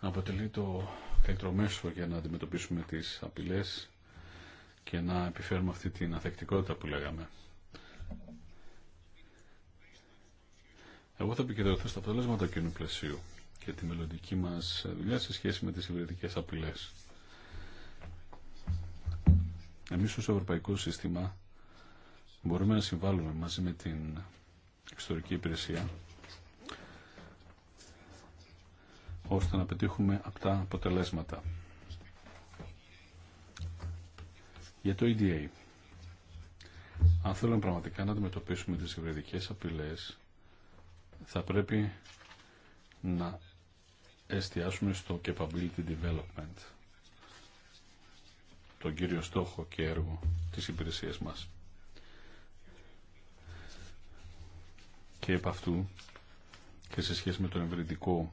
αποτελεί το καλύτερο μέσο για να αντιμετωπίσουμε τις απειλές και να επιφέρουμε αυτή την αθεκτικότητα που λέγαμε. Εγώ θα επικεντρωθώ στα αποτελέσματα του κοινού πλαισίου και τη μελλοντική μας δουλειά σε σχέση με τις υβριδικές απειλές. Εμείς ως Ευρωπαϊκό Σύστημα μπορούμε να συμβάλλουμε μαζί με την Εξωτερική Υπηρεσία ώστε να πετύχουμε αυτά αποτελέσματα. Για το EDA. Αν θέλουμε πραγματικά να αντιμετωπίσουμε τις υβριδικές απειλές θα πρέπει να εστιάσουμε στο capability development, τον κύριο στόχο και έργο της υπηρεσίας μας. Και επ' αυτού και σε σχέση με τον ευρυντικό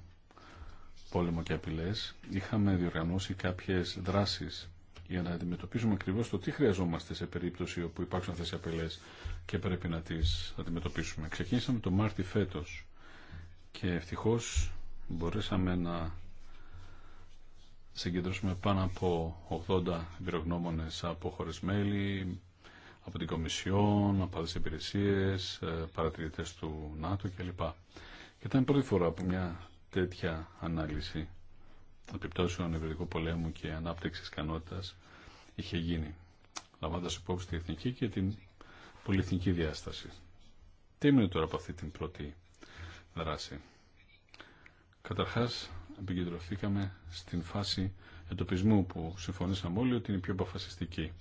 πόλεμο και απειλές, είχαμε διοργανώσει κάποιες δράσεις για να αντιμετωπίσουμε ακριβώς το τι χρειαζόμαστε σε περίπτωση όπου υπάρχουν αυτές οι απειλές και πρέπει να τις αντιμετωπίσουμε. Ξεκίνησαμε το Μάρτι φέτος και ευτυχώς μπορέσαμε να συγκεντρώσουμε πάνω από 80 εμπειρογνώμονες από χώρες μέλη, από την Κομισιόν, από άλλες υπηρεσίες, ε, παρατηρητές του ΝΑΤΟ κλπ. Και ήταν η πρώτη φορά που μια τέτοια ανάλυση επιπτώσεων ευρωτικού πολέμου και ανάπτυξη ικανότητα είχε γίνει, λαμβάνοντα υπόψη την εθνική και την πολυεθνική διάσταση. Τι έμεινε τώρα από αυτή την πρώτη δράση. Καταρχάς, επικεντρωθήκαμε στην φάση εντοπισμού που συμφωνήσαμε όλοι ότι είναι πιο αποφασιστική.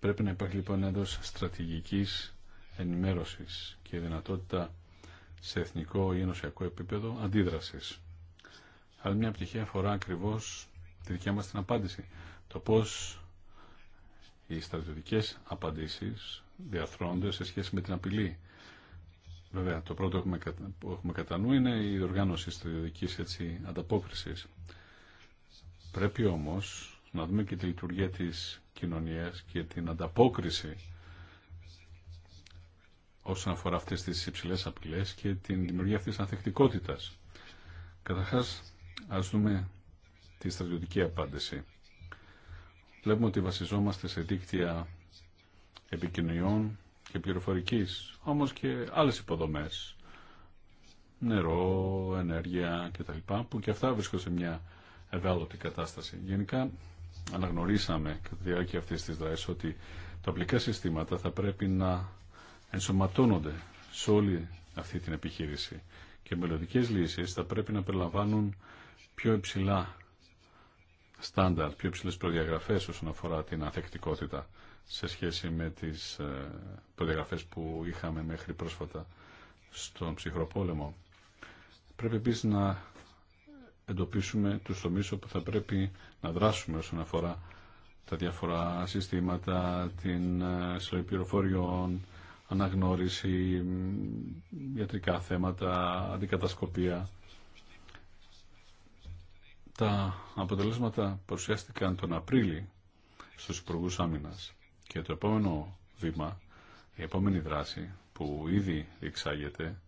Πρέπει να υπάρχει λοιπόν ένα στρατηγικής ενημέρωσης και δυνατότητα σε εθνικό ή ενωσιακό επίπεδο αντίδρασης. Αλλά μια πτυχή αφορά ακριβώς τη δικιά μας την απάντηση. Το πώς οι στρατιωτικές απαντήσεις διαθρώνονται σε σχέση με την απειλή Βέβαια, το πρώτο που έχουμε κατά νου είναι η οργάνωση στρατιωτικής έτσι, ανταπόκρισης. Πρέπει όμως να δούμε και τη λειτουργία της κοινωνίας και την ανταπόκριση όσον αφορά αυτές τις υψηλές απειλές και την δημιουργία αυτής της ανθεκτικότητας. Καταρχάς, ας δούμε τη στρατιωτική απάντηση. Βλέπουμε ότι βασιζόμαστε σε δίκτυα επικοινωνιών και πληροφορικής, όμως και άλλες υποδομές, νερό, ενέργεια κτλ. που και αυτά βρίσκονται σε μια ευάλωτη κατάσταση. Γενικά αναγνωρίσαμε κατά τη διάρκεια αυτής της δράσης ότι τα οπλικά συστήματα θα πρέπει να ενσωματώνονται σε όλη αυτή την επιχείρηση και μελλοντικέ λύσεις θα πρέπει να περιλαμβάνουν πιο υψηλά στάνταρτ, πιο υψηλές προδιαγραφές όσον αφορά την ανθεκτικότητα σε σχέση με τις ε, προδιαγραφές που είχαμε μέχρι πρόσφατα στον ψυχροπόλεμο. Πρέπει επίσης να εντοπίσουμε τους τομείς όπου θα πρέπει να δράσουμε όσον αφορά τα διάφορα συστήματα, την ε, συλλογή πληροφοριών, αναγνώριση, ιατρικά θέματα, αντικατασκοπία. Τα αποτελέσματα παρουσιάστηκαν τον Απρίλη στους Υπουργούς Άμυνας. Και το επόμενο βήμα, η επόμενη δράση που ήδη εξάγεται,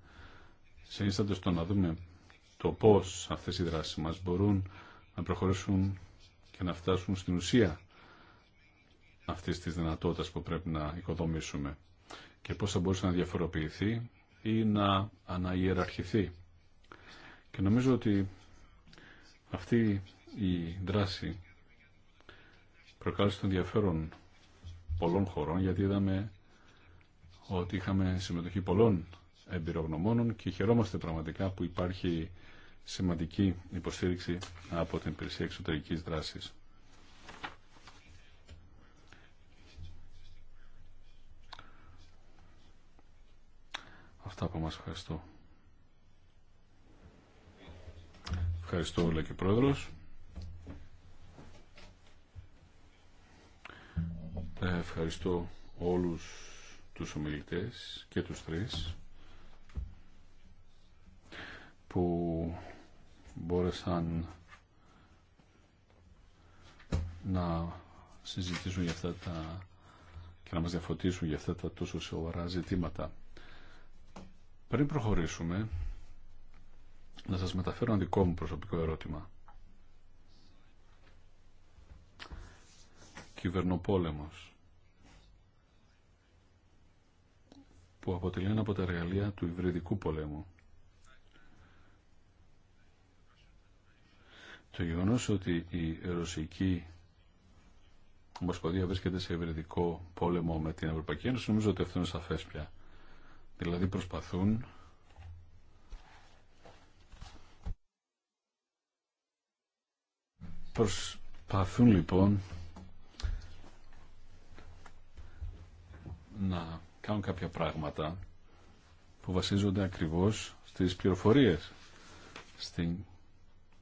συνίσταται στο να δούμε το πώς αυτές οι δράσεις μας μπορούν να προχωρήσουν και να φτάσουν στην ουσία αυτής της δυνατότητας που πρέπει να οικοδομήσουμε και πώς θα μπορούσε να διαφοροποιηθεί ή να αναϊεραρχηθεί. Και νομίζω ότι αυτή η δράση προκάλεσε τον ενδιαφέρον πολλών χωρών, γιατί είδαμε ότι είχαμε συμμετοχή πολλών εμπειρογνωμόνων και χαιρόμαστε πραγματικά που υπάρχει σημαντική υποστήριξη από την υπηρεσία εξωτερικής δράσης. Αυτά από μας ευχαριστώ. Ευχαριστώ, όλα και πρόεδρος. Ε, ευχαριστώ όλους τους ομιλητές και τους τρεις που μπόρεσαν να συζητήσουν για αυτά τα και να μας διαφωτίσουν για αυτά τα τόσο σοβαρά ζητήματα. Πριν προχωρήσουμε, να σας μεταφέρω ένα δικό μου προσωπικό ερώτημα. Κυβερνοπόλεμος. που αποτελεί ένα από τα εργαλεία του υβριδικού πολέμου. Το γεγονό ότι η ρωσική ομοσπονδία βρίσκεται σε υβριδικό πόλεμο με την Ευρωπαϊκή Ένωση νομίζω ότι αυτό είναι σαφέ πια. Δηλαδή προσπαθούν προσπαθούν λοιπόν να κάνουν κάποια πράγματα που βασίζονται ακριβώς στις πληροφορίες, στην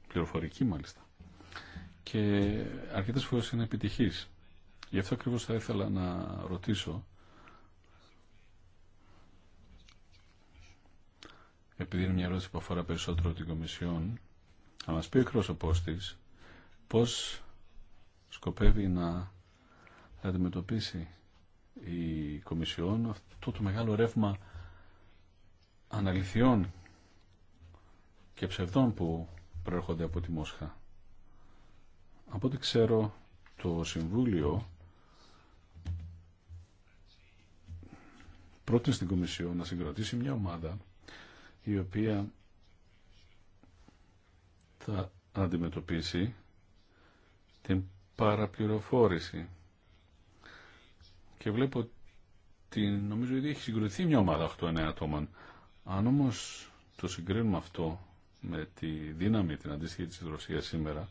πληροφορική μάλιστα. Και αρκετές φορές είναι επιτυχής. Γι' αυτό ακριβώς θα ήθελα να ρωτήσω επειδή είναι μια ερώτηση που αφορά περισσότερο την Κομισιόν, να μας πει ο εκπρόσωπός της πώς σκοπεύει να αντιμετωπίσει η Κομισιόν αυτό το μεγάλο ρεύμα αναλυθιών και ψευδών που προέρχονται από τη Μόσχα. Από ό,τι ξέρω το Συμβούλιο πρότεινε στην Κομισιόν να συγκροτήσει μια ομάδα η οποία θα αντιμετωπίσει την παραπληροφόρηση και βλέπω ότι νομίζω ότι έχει συγκροτηθεί μια ομάδα 8-9 ατόμων. Αν όμω το συγκρίνουμε αυτό με τη δύναμη την αντίστοιχη της Ρωσία σήμερα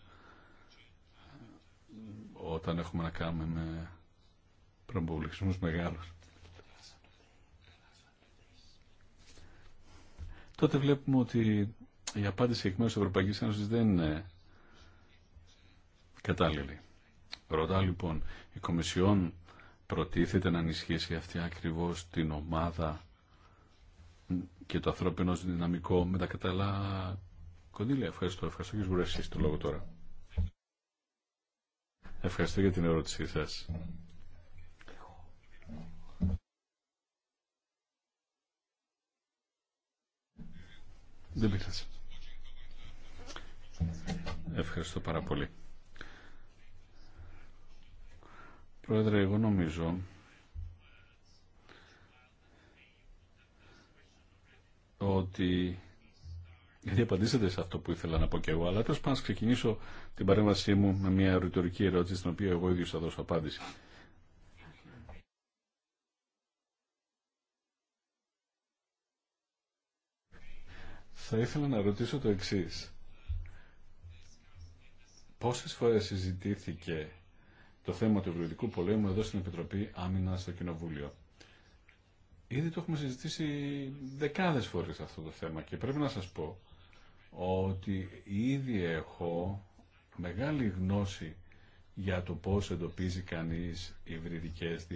όταν έχουμε να κάνουμε με προμπολισμούς μεγάλου. τότε βλέπουμε ότι η απάντηση εκ μέρους της Ευρωπαϊκής Ένωσης δεν είναι κατάλληλη. Ρωτά λοιπόν η Κομισιόν προτίθεται να ενισχύσει αυτή ακριβώς την ομάδα και το ανθρώπινο δυναμικό με τα καταλα κονδύλια. Ευχαριστώ. Ευχαριστώ και Βουρασίς το λόγο τώρα. Ευχαριστώ για την ερώτησή σας. Δεν πειράζει. Ευχαριστώ πάρα πολύ. Πρόεδρε, εγώ νομίζω ότι γιατί απαντήσατε σε αυτό που ήθελα να πω και εγώ, αλλά τέλο να ξεκινήσω την παρέμβασή μου με μια ρητορική ερώτηση, στην οποία εγώ ίδιος θα δώσω απάντηση. Θα ήθελα να ρωτήσω το εξής. Πόσες φορές συζητήθηκε το θέμα του ευρωπαϊκού πολέμου εδώ στην Επιτροπή Άμυνα στο Κοινοβούλιο. Ήδη το έχουμε συζητήσει δεκάδες φορές αυτό το θέμα και πρέπει να σας πω ότι ήδη έχω μεγάλη γνώση για το πώς εντοπίζει κανείς υβριδικές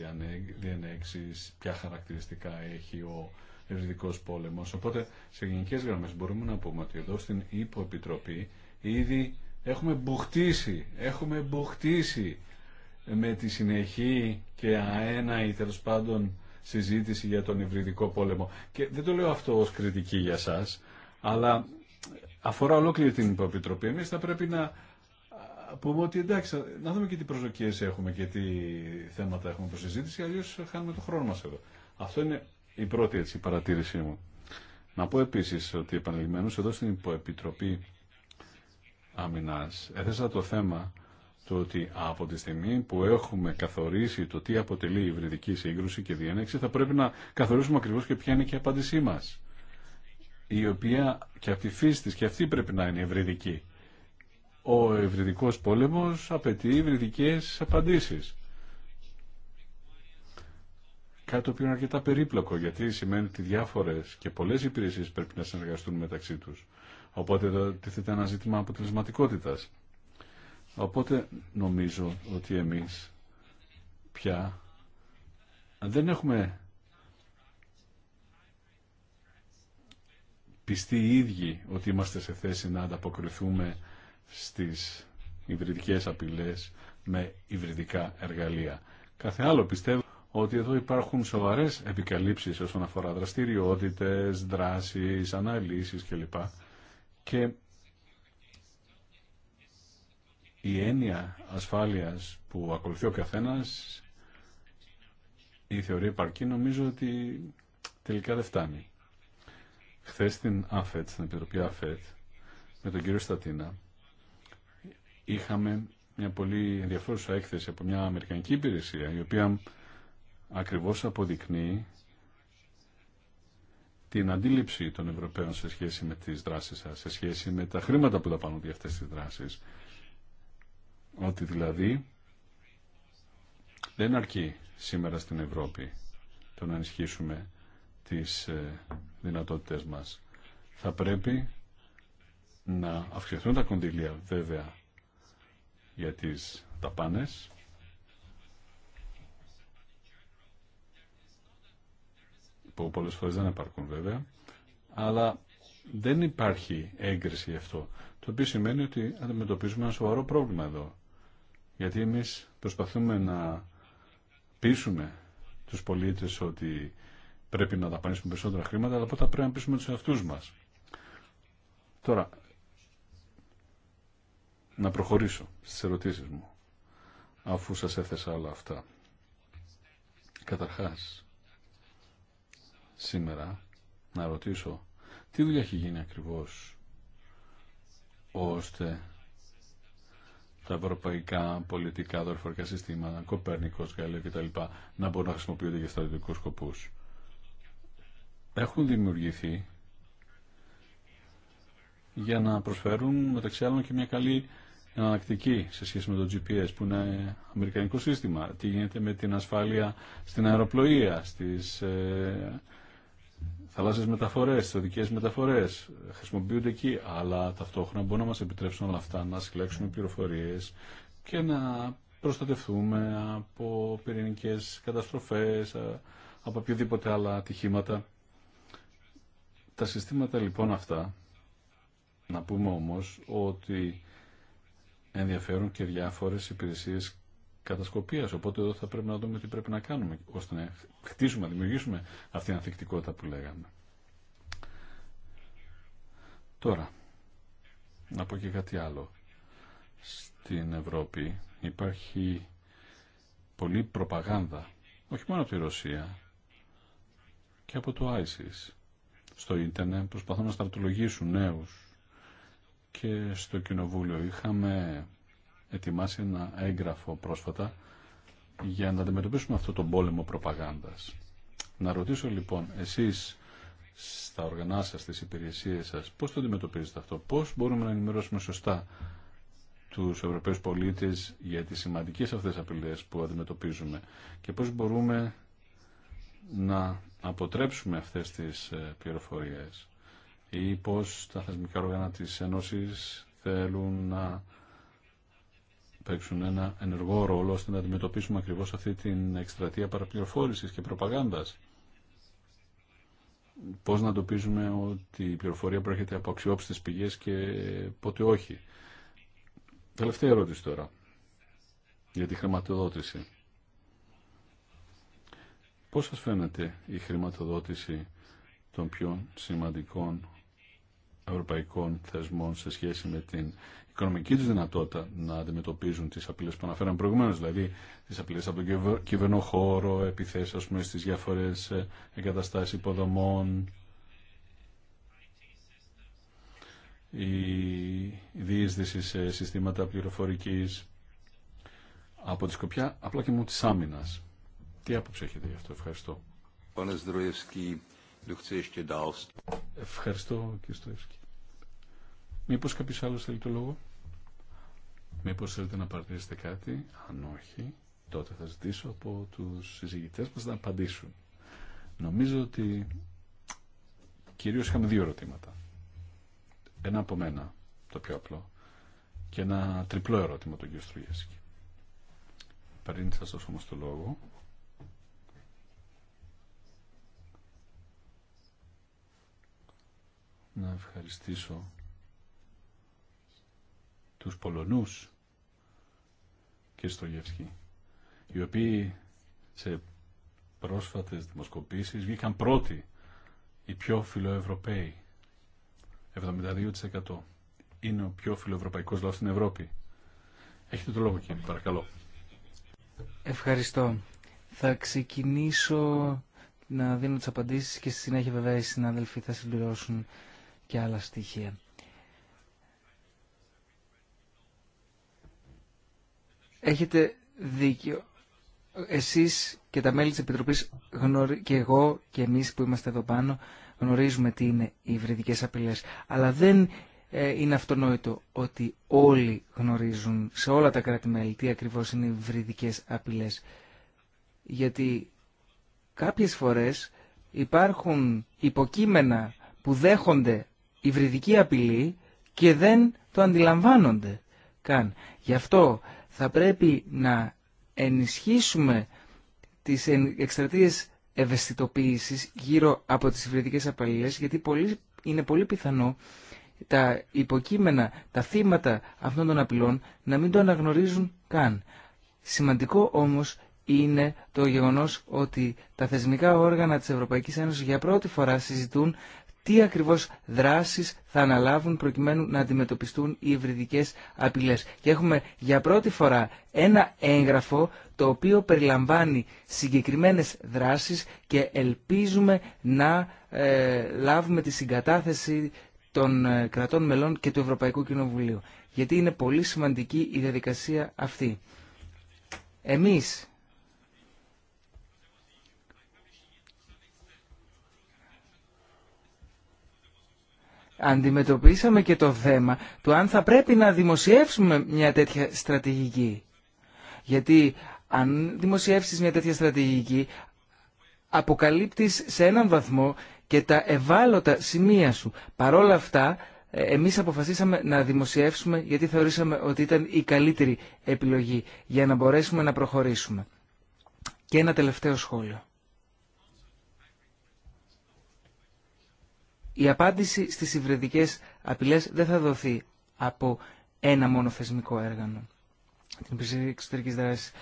διανέξεις, ποια χαρακτηριστικά έχει ο υβριδικός πόλεμος. Οπότε σε γενικέ γραμμές μπορούμε να πούμε ότι εδώ στην υποεπιτροπή ήδη έχουμε μπουχτίσει, έχουμε μπουχτίσει με τη συνεχή και αένα ή τέλο πάντων συζήτηση για τον υβριδικό πόλεμο. Και δεν το λέω αυτό ως κριτική για σας, αλλά αφορά ολόκληρη την υποεπιτροπή. Εμείς θα πρέπει να πούμε ότι εντάξει, να δούμε και τι προσδοκίες έχουμε και τι θέματα έχουμε προς συζήτηση, αλλιώς χάνουμε το χρόνο μας εδώ. Αυτό είναι η πρώτη έτσι, παρατήρησή μου. Να πω επίσης ότι επανειλημμένως εδώ στην υποεπιτροπή Αμυνάς έθεσα το θέμα το ότι από τη στιγμή που έχουμε καθορίσει το τι αποτελεί η υβριδική σύγκρουση και διένεξη θα πρέπει να καθορίσουμε ακριβώς και ποια είναι και η απάντησή μας η οποία και από τη φύση και αυτή πρέπει να είναι ευρυδική. Ο ευρυδικός πόλεμος απαιτεί ευρυδικές απαντήσεις. Κάτι το οποίο είναι αρκετά περίπλοκο γιατί σημαίνει ότι διάφορες και πολλές υπηρεσίες πρέπει να συνεργαστούν μεταξύ τους. Οπότε τίθεται ένα ζήτημα αποτελεσματικότητας. Οπότε νομίζω ότι εμείς πια δεν έχουμε πιστεί οι ίδιοι ότι είμαστε σε θέση να ανταποκριθούμε στις υβριδικές απειλές με υβριδικά εργαλεία. Κάθε άλλο πιστεύω ότι εδώ υπάρχουν σοβαρές επικαλύψεις όσον αφορά δραστηριότητες, δράσεις, αναλύσεις κλπ. Και η έννοια ασφάλειας που ακολουθεί ο καθένας η θεωρία υπαρκή, νομίζω ότι τελικά δεν φτάνει. Χθε στην ΑΦΕΤ, στην Επιτροπή ΑΦΕΤ, με τον κύριο Στατίνα, είχαμε μια πολύ ενδιαφέρουσα έκθεση από μια Αμερικανική υπηρεσία, η οποία ακριβώς αποδεικνύει την αντίληψη των Ευρωπαίων σε σχέση με τις δράσεις σας, σε σχέση με τα χρήματα που δαπανούνται για αυτές τις δράσεις. Ότι δηλαδή δεν αρκεί σήμερα στην Ευρώπη το να ενισχύσουμε τις ε, δυνατότητες μας. Θα πρέπει να αυξηθούν τα κοντιλία βέβαια για τις ταπάνες που πολλές φορές δεν υπάρχουν βέβαια αλλά δεν υπάρχει έγκριση γι' αυτό το οποίο σημαίνει ότι αντιμετωπίζουμε ένα σοβαρό πρόβλημα εδώ γιατί εμείς προσπαθούμε να πείσουμε τους πολίτες ότι πρέπει να δαπανίσουμε περισσότερα χρήματα, αλλά πρώτα πρέπει να πείσουμε τους εαυτούς μας. Τώρα, να προχωρήσω στις ερωτήσεις μου, αφού σας έθεσα όλα αυτά. Καταρχάς, σήμερα να ρωτήσω τι δουλειά έχει γίνει ακριβώς ώστε τα ευρωπαϊκά πολιτικά δορυφορικά συστήματα, Κοπέρνικος, Γαλλίο κτλ. να μπορούν να χρησιμοποιούνται για στρατιωτικούς σκοπούς. Έχουν δημιουργηθεί για να προσφέρουν μεταξύ άλλων και μια καλή εναλλακτική σε σχέση με το GPS που είναι αμερικανικό σύστημα. Τι γίνεται με την ασφάλεια στην αεροπλοεία, στις ε, θαλάσσιες μεταφορές, οδικές μεταφορές χρησιμοποιούνται εκεί, αλλά ταυτόχρονα μπορούν να μας επιτρέψουν όλα αυτά να συλλέξουμε πληροφορίες και να προστατευτούμε από πυρηνικές καταστροφές, από οποιοδήποτε άλλα ατυχήματα. Τα συστήματα λοιπόν αυτά, να πούμε όμως ότι ενδιαφέρουν και διάφορες υπηρεσίες κατασκοπίας. Οπότε εδώ θα πρέπει να δούμε τι πρέπει να κάνουμε ώστε να χτίσουμε, να δημιουργήσουμε αυτή την ανθεκτικότητα που λέγαμε. Τώρα, να πω και κάτι άλλο. Στην Ευρώπη υπάρχει πολλή προπαγάνδα, όχι μόνο από τη Ρωσία και από το ISIS. Στο ίντερνετ προσπαθούν να στρατολογήσουν νέους και στο κοινοβούλιο είχαμε ετοιμάσει ένα έγγραφο πρόσφατα για να αντιμετωπίσουμε αυτό τον πόλεμο προπαγάνδας. Να ρωτήσω λοιπόν, εσείς στα οργανά σας, στις υπηρεσίες σας, πώς το αντιμετωπίζετε αυτό, πώς μπορούμε να ενημερώσουμε σωστά τους Ευρωπαίους πολίτες για τις σημαντικές αυτές απειλές που αντιμετωπίζουμε και πώς μπορούμε να αποτρέψουμε αυτές τις ε, πληροφορίες ή πώς τα θεσμικά όργανα της Ένωσης θέλουν να παίξουν ένα ενεργό ρόλο ώστε να αντιμετωπίσουμε ακριβώς αυτή την εκστρατεία παραπληροφόρησης και προπαγάνδας. Πώς να εντοπίζουμε ότι η πληροφορία προέρχεται από αξιόπιστες πηγές και πότε όχι. Τελευταία ερώτηση τώρα για τη χρηματοδότηση. Πώς σας φαίνεται η χρηματοδότηση των πιο σημαντικών ευρωπαϊκών θεσμών σε σχέση με την οικονομική του δυνατότητα να αντιμετωπίζουν τις απειλές που αναφέραμε προηγουμένως, δηλαδή τις απειλές από τον κυβερνό χώρο, επιθέσεις ας πούμε, στις διάφορες ε, εγκαταστάσεις υποδομών, η διείσδυση σε συστήματα πληροφορικής από τη Σκοπιά, απλά και μόνο της άμυνας. Τι άποψη έχετε γι' αυτό, ευχαριστώ. Ευχαριστώ, κύριε Στοεύσκη. Μήπω κάποιο άλλο θέλει το λόγο. Μήπως θέλετε να παρατηρήσετε κάτι. Αν όχι, τότε θα ζητήσω από τους συζητητέ μα να απαντήσουν. Νομίζω ότι κυρίω είχαμε δύο ερωτήματα. Ένα από μένα, το πιο απλό, και ένα τριπλό ερώτημα τον κ. Στρουγέσκη. Πριν σας δώσω όμω το λόγο, να ευχαριστήσω τους Πολωνούς και στο Γεύσκι, οι οποίοι σε πρόσφατες δημοσκοπήσεις βγήκαν πρώτοι οι πιο φιλοευρωπαίοι. 72% είναι ο πιο φιλοευρωπαϊκός λαός στην Ευρώπη. Έχετε το λόγο κύριε, παρακαλώ. Ευχαριστώ. Θα ξεκινήσω να δίνω τις απαντήσεις και στη συνέχεια βέβαια οι συνάδελφοι θα συμπληρώσουν και άλλα στοιχεία. Έχετε δίκιο. Εσείς και τα μέλη της Επιτροπής και εγώ και εμείς που είμαστε εδώ πάνω γνωρίζουμε τι είναι οι υβριδικές απειλές. Αλλά δεν ε, είναι αυτονόητο ότι όλοι γνωρίζουν σε όλα τα κράτη-μέλη τι ακριβώς είναι οι υβριδικές απειλές. Γιατί κάποιες φορές υπάρχουν υποκείμενα που δέχονται υβριδική απειλή και δεν το αντιλαμβάνονται καν. Γι' αυτό θα πρέπει να ενισχύσουμε τις εκστρατείες ευαισθητοποίησης γύρω από τις υβριδικές απαλληλές γιατί είναι πολύ πιθανό τα υποκείμενα, τα θύματα αυτών των απειλών να μην το αναγνωρίζουν καν. Σημαντικό όμως είναι το γεγονός ότι τα θεσμικά όργανα της Ευρωπαϊκής Ένωσης για πρώτη φορά συζητούν τι ακριβώς δράσεις θα αναλάβουν προκειμένου να αντιμετωπιστούν οι υβριδικές απειλές. Και έχουμε για πρώτη φορά ένα έγγραφο το οποίο περιλαμβάνει συγκεκριμένες δράσεις και ελπίζουμε να ε, λάβουμε τη συγκατάθεση των ε, κρατών μελών και του Ευρωπαϊκού Κοινοβουλίου. Γιατί είναι πολύ σημαντική η διαδικασία αυτή. Εμείς αντιμετωπίσαμε και το θέμα του αν θα πρέπει να δημοσιεύσουμε μια τέτοια στρατηγική. Γιατί αν δημοσιεύσεις μια τέτοια στρατηγική, αποκαλύπτεις σε έναν βαθμό και τα ευάλωτα σημεία σου. Παρόλα αυτά, ε, εμείς αποφασίσαμε να δημοσιεύσουμε γιατί θεωρήσαμε ότι ήταν η καλύτερη επιλογή για να μπορέσουμε να προχωρήσουμε. Και ένα τελευταίο σχόλιο. η απάντηση στις υβριδικές απειλές δεν θα δοθεί από ένα μόνο θεσμικό έργανο, την Υπηρεσία Εξωτερικής Δράσης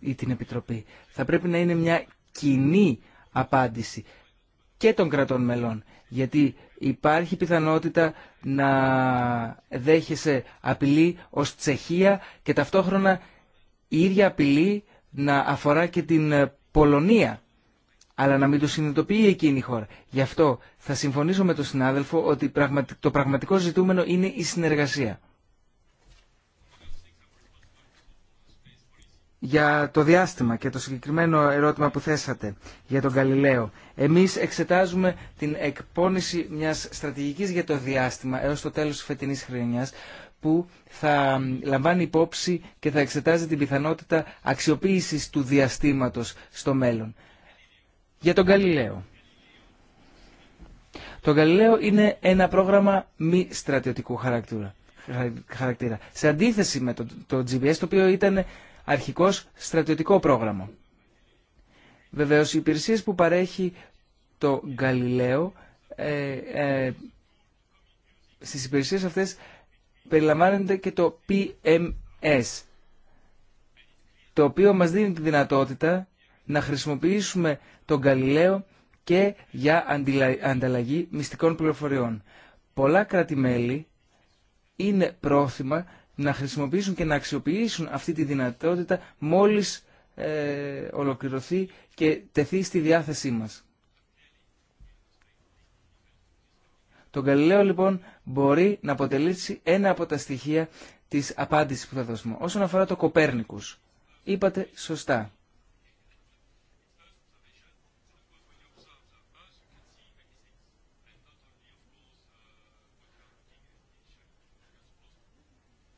ή την Επιτροπή. Θα πρέπει να είναι μια κοινή απάντηση και των κρατών μελών, γιατί υπάρχει πιθανότητα να δέχεσαι απειλή ως Τσεχία και ταυτόχρονα η ίδια απειλή να αφορά και την Πολωνία αλλά να μην το συνειδητοποιεί εκείνη η χώρα. Γι' αυτό θα συμφωνήσω με τον συνάδελφο ότι το πραγματικό ζητούμενο είναι η συνεργασία. Για το διάστημα και το συγκεκριμένο ερώτημα που θέσατε για τον Γαλιλαίο. Εμείς εξετάζουμε την εκπόνηση μιας στρατηγικής για το διάστημα έως το τέλος της φετινής χρονιάς που θα λαμβάνει υπόψη και θα εξετάζει την πιθανότητα αξιοποίησης του διαστήματος στο μέλλον. Για τον Γαλιλαίο. Το Γαλιλαίο είναι ένα πρόγραμμα μη στρατιωτικού χαρακτήρα. χαρακτήρα. Σε αντίθεση με το, το GPS, το οποίο ήταν αρχικός στρατιωτικό πρόγραμμα. Βεβαίως, οι υπηρεσίε που παρέχει το Γαλιλαίο, ε, ε, στις υπηρεσίες αυτές περιλαμβάνεται και το PMS, το οποίο μας δίνει τη δυνατότητα να χρησιμοποιήσουμε τον Γαλιλαίο και για ανταλλαγή μυστικών πληροφοριών. Πολλά κράτη-μέλη είναι πρόθυμα να χρησιμοποιήσουν και να αξιοποιήσουν αυτή τη δυνατότητα μόλις ε, ολοκληρωθεί και τεθεί στη διάθεσή μας. Το Γαλιλαίο λοιπόν μπορεί να αποτελήσει ένα από τα στοιχεία της απάντησης που θα δώσουμε. Όσον αφορά το Κοπέρνικους, είπατε σωστά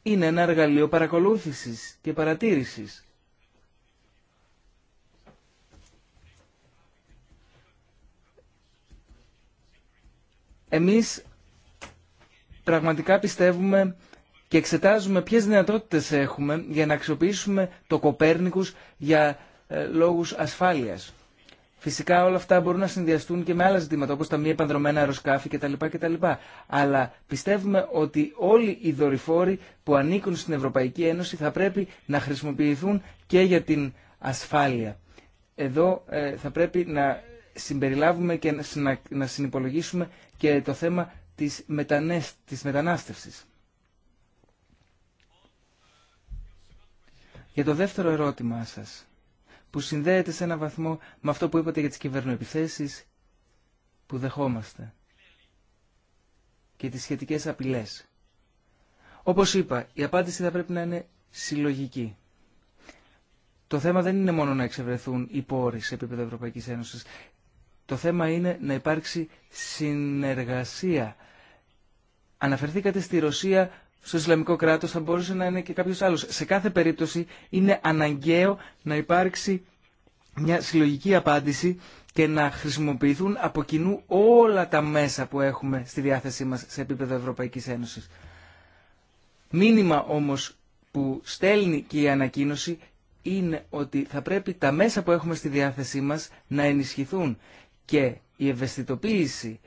είναι ένα εργαλείο παρακολούθησης και παρατήρησης. Εμείς πραγματικά πιστεύουμε και εξετάζουμε ποιες δυνατότητες έχουμε για να αξιοποιήσουμε το Κοπέρνικους για ε, λόγους ασφάλειας. Φυσικά όλα αυτά μπορούν να συνδυαστούν και με άλλα ζητήματα όπως τα μη επανδρομένα αεροσκάφη κτλ. Αλλά πιστεύουμε ότι όλοι οι δορυφόροι που ανήκουν στην Ευρωπαϊκή Ένωση θα πρέπει να χρησιμοποιηθούν και για την ασφάλεια. Εδώ ε, θα πρέπει να συμπεριλάβουμε και να, να συνυπολογίσουμε και το θέμα της, μετανές, της μετανάστευσης. Για το δεύτερο ερώτημά σας που συνδέεται σε ένα βαθμό με αυτό που είπατε για τις κυβερνοεπιθέσεις που δεχόμαστε και τις σχετικές απειλές. Όπως είπα, η απάντηση θα πρέπει να είναι συλλογική. Το θέμα δεν είναι μόνο να εξευρεθούν οι πόροι σε επίπεδο Ευρωπαϊκής Ένωσης. Το θέμα είναι να υπάρξει συνεργασία. Αναφερθήκατε στη Ρωσία στο Ισλαμικό κράτος θα μπορούσε να είναι και κάποιος άλλος. Σε κάθε περίπτωση είναι αναγκαίο να υπάρξει μια συλλογική απάντηση και να χρησιμοποιηθούν από κοινού όλα τα μέσα που έχουμε στη διάθεσή μας σε επίπεδο Ευρωπαϊκής Ένωσης. Μήνυμα όμως που στέλνει και η ανακοίνωση είναι ότι θα πρέπει τα μέσα που έχουμε στη διάθεσή μας να ενισχυθούν και η ευαισθητοποίηση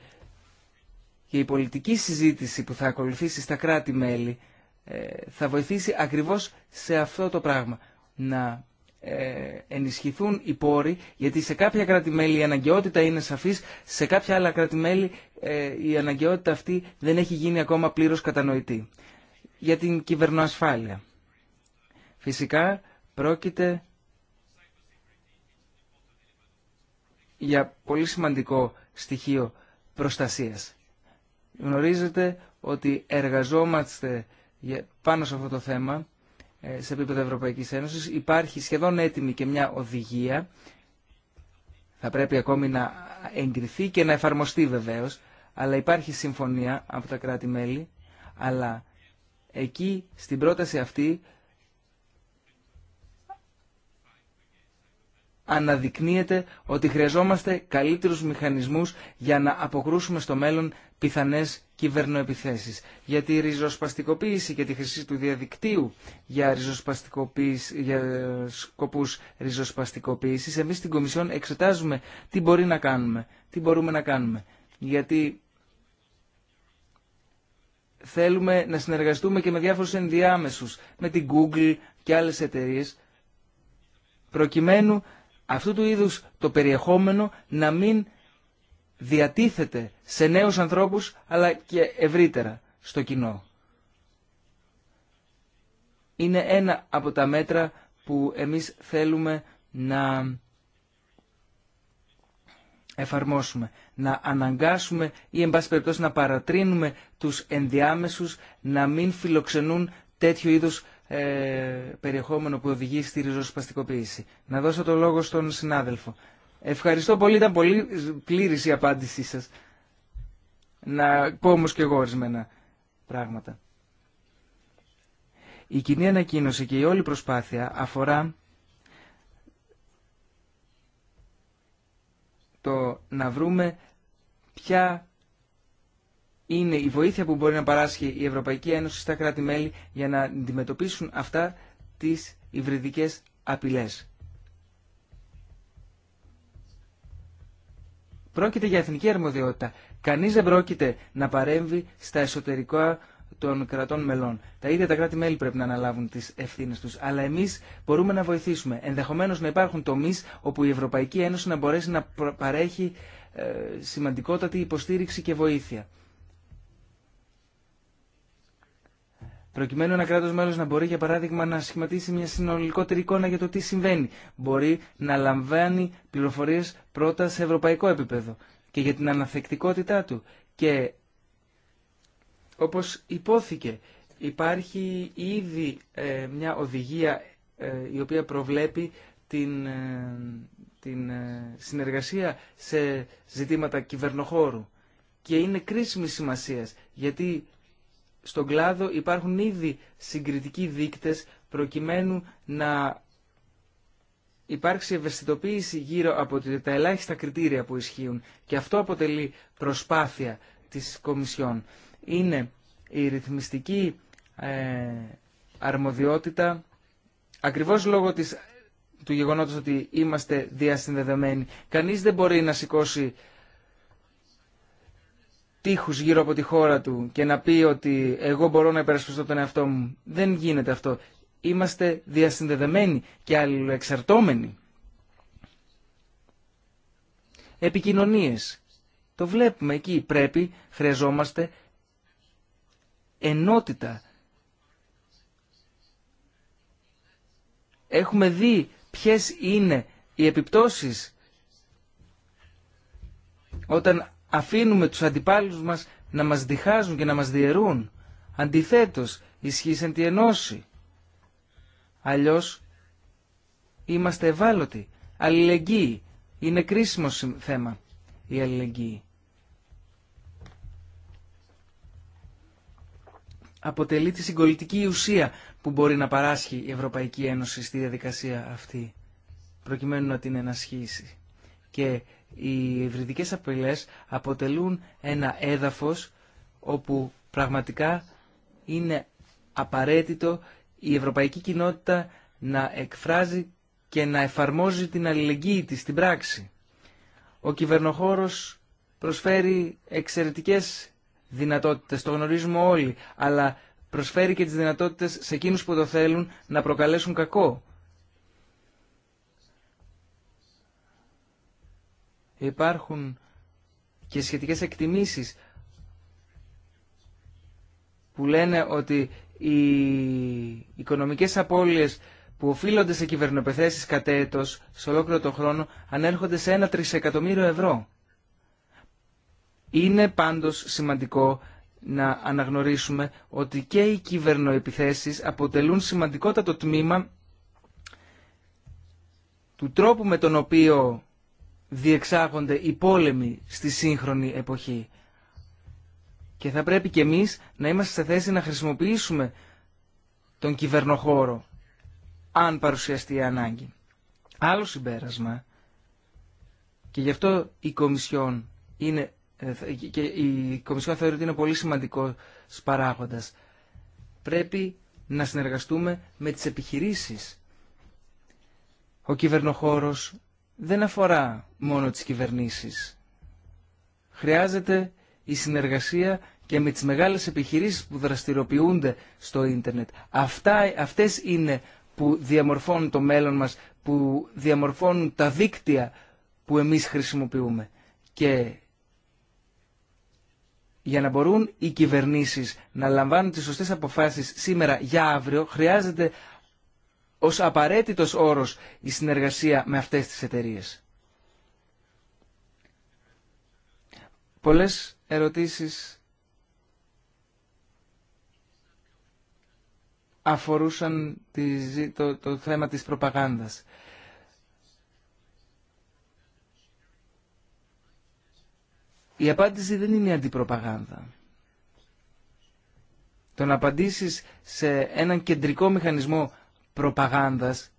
και η πολιτική συζήτηση που θα ακολουθήσει στα κράτη-μέλη ε, θα βοηθήσει ακριβώς σε αυτό το πράγμα. Να ε, ενισχυθούν οι πόροι, γιατί σε κάποια κράτη-μέλη η αναγκαιότητα είναι σαφής, σε κάποια άλλα κράτη-μέλη ε, η αναγκαιότητα αυτή δεν έχει γίνει ακόμα πλήρως κατανοητή. Για την κυβερνοασφάλεια. Φυσικά πρόκειται για πολύ σημαντικό στοιχείο προστασίας. Γνωρίζετε ότι εργαζόμαστε πάνω σε αυτό το θέμα ε, σε επίπεδο Ευρωπαϊκής Ένωσης. Υπάρχει σχεδόν έτοιμη και μια οδηγία. Θα πρέπει ακόμη να εγκριθεί και να εφαρμοστεί βεβαίως. Αλλά υπάρχει συμφωνία από τα κράτη-μέλη. Αλλά εκεί στην πρόταση αυτή αναδεικνύεται ότι χρειαζόμαστε καλύτερους μηχανισμούς για να αποκρούσουμε στο μέλλον πιθανές κυβερνοεπιθέσεις. Για τη ριζοσπαστικοποίηση και τη χρήση του διαδικτύου για, ριζοσπαστικοποίηση, για σκοπούς ριζοσπαστικοποίησης, εμείς στην Κομισιόν εξετάζουμε τι μπορεί να κάνουμε, τι μπορούμε να κάνουμε. Γιατί θέλουμε να συνεργαστούμε και με διάφορους ενδιάμεσους, με την Google και άλλες εταιρείες, προκειμένου αυτού του είδους το περιεχόμενο να μην διατίθεται σε νέους ανθρώπους αλλά και ευρύτερα στο κοινό. Είναι ένα από τα μέτρα που εμείς θέλουμε να εφαρμόσουμε, να αναγκάσουμε ή εν πάση περιπτώσει να παρατρύνουμε τους ενδιάμεσους να μην φιλοξενούν τέτοιου είδους ε, περιεχόμενο που οδηγεί στη ριζοσπαστικοποίηση. Να δώσω το λόγο στον συνάδελφο. Ευχαριστώ πολύ, ήταν πολύ πλήρη η απάντησή σας. Να πω όμως και εγώ ορισμένα πράγματα. Η κοινή ανακοίνωση και η όλη προσπάθεια αφορά το να βρούμε ποια είναι η βοήθεια που μπορεί να παράσχει η Ευρωπαϊκή Ένωση στα κράτη-μέλη για να αντιμετωπίσουν αυτά τις υβριδικές απειλές. Πρόκειται για εθνική αρμοδιότητα. Κανείς δεν πρόκειται να παρέμβει στα εσωτερικά των κρατών μελών. Τα ίδια τα κράτη-μέλη πρέπει να αναλάβουν τις ευθύνες τους. Αλλά εμείς μπορούμε να βοηθήσουμε. Ενδεχομένως να υπάρχουν τομεί όπου η Ευρωπαϊκή Ένωση να μπορέσει να παρέχει ε, σημαντικότατη υποστήριξη και βοήθεια. Προκειμένου ένα κράτο μέλο να μπορεί, για παράδειγμα, να σχηματίσει μια συνολικότερη εικόνα για το τι συμβαίνει. Μπορεί να λαμβάνει πληροφορίε πρώτα σε ευρωπαϊκό επίπεδο και για την αναθεκτικότητά του. Και όπω υπόθηκε, υπάρχει ήδη ε, μια οδηγία ε, η οποία προβλέπει την, ε, την συνεργασία σε ζητήματα κυβερνοχώρου. Και είναι κρίσιμη σημασία γιατί στον κλάδο υπάρχουν ήδη συγκριτικοί δείκτες προκειμένου να υπάρξει ευαισθητοποίηση γύρω από τα ελάχιστα κριτήρια που ισχύουν και αυτό αποτελεί προσπάθεια της Κομισιόν. Είναι η ρυθμιστική ε, αρμοδιότητα ακριβώς λόγω της, του γεγονότος ότι είμαστε διασυνδεδεμένοι. Κανείς δεν μπορεί να σηκώσει τείχου γύρω από τη χώρα του και να πει ότι εγώ μπορώ να υπερασπιστώ τον εαυτό μου. Δεν γίνεται αυτό. Είμαστε διασυνδεδεμένοι και αλληλοεξαρτώμενοι. Επικοινωνίες. Το βλέπουμε εκεί. Πρέπει, χρειαζόμαστε ενότητα. Έχουμε δει ποιες είναι οι επιπτώσεις όταν αφήνουμε τους αντιπάλους μας να μας διχάζουν και να μας διαιρούν. Αντιθέτως, ισχύσεν τη ενώση. Αλλιώς, είμαστε ευάλωτοι. Αλληλεγγύη. Είναι κρίσιμο θέμα η αλληλεγγύη. Αποτελεί τη συγκολητική ουσία που μπορεί να παράσχει η Ευρωπαϊκή Ένωση στη διαδικασία αυτή, προκειμένου να την ενασχίσει. Και οι ευρυδικές απειλές αποτελούν ένα έδαφος όπου πραγματικά είναι απαραίτητο η ευρωπαϊκή κοινότητα να εκφράζει και να εφαρμόζει την αλληλεγγύη της στην πράξη. Ο κυβερνοχώρος προσφέρει εξαιρετικές δυνατότητες, το γνωρίζουμε όλοι, αλλά προσφέρει και τις δυνατότητες σε εκείνους που το θέλουν να προκαλέσουν κακό. υπάρχουν και σχετικές εκτιμήσεις που λένε ότι οι οικονομικές απώλειες που οφείλονται σε κυβερνοπεθέσεις κατ' έτος, σε ολόκληρο τον χρόνο, ανέρχονται σε ένα τρισεκατομμύριο ευρώ. Είναι πάντως σημαντικό να αναγνωρίσουμε ότι και οι κυβερνοεπιθέσεις αποτελούν σημαντικότατο τμήμα του τρόπου με τον οποίο διεξάγονται οι πόλεμοι στη σύγχρονη εποχή. Και θα πρέπει και εμείς να είμαστε σε θέση να χρησιμοποιήσουμε τον κυβερνοχώρο, αν παρουσιαστεί η ανάγκη. Άλλο συμπέρασμα, και γι' αυτό η Κομισιόν, είναι, ε, και η Κομισιόν θεωρεί ότι είναι πολύ σημαντικό παράγοντας. Πρέπει να συνεργαστούμε με τις επιχειρήσεις. Ο κυβερνοχώρος δεν αφορά μόνο τις κυβερνήσεις. Χρειάζεται η συνεργασία και με τις μεγάλες επιχειρήσεις που δραστηριοποιούνται στο ίντερνετ. Αυτά, αυτές είναι που διαμορφώνουν το μέλλον μας, που διαμορφώνουν τα δίκτυα που εμείς χρησιμοποιούμε. Και για να μπορούν οι κυβερνήσεις να λαμβάνουν τις σωστές αποφάσεις σήμερα για αύριο, χρειάζεται ως απαραίτητος όρος η συνεργασία με αυτές τις εταιρείες. Πολλές ερωτήσεις αφορούσαν το, θέμα της προπαγάνδας. Η απάντηση δεν είναι αντιπροπαγάνδα. Το να απαντήσεις σε έναν κεντρικό μηχανισμό προπαγάνδας.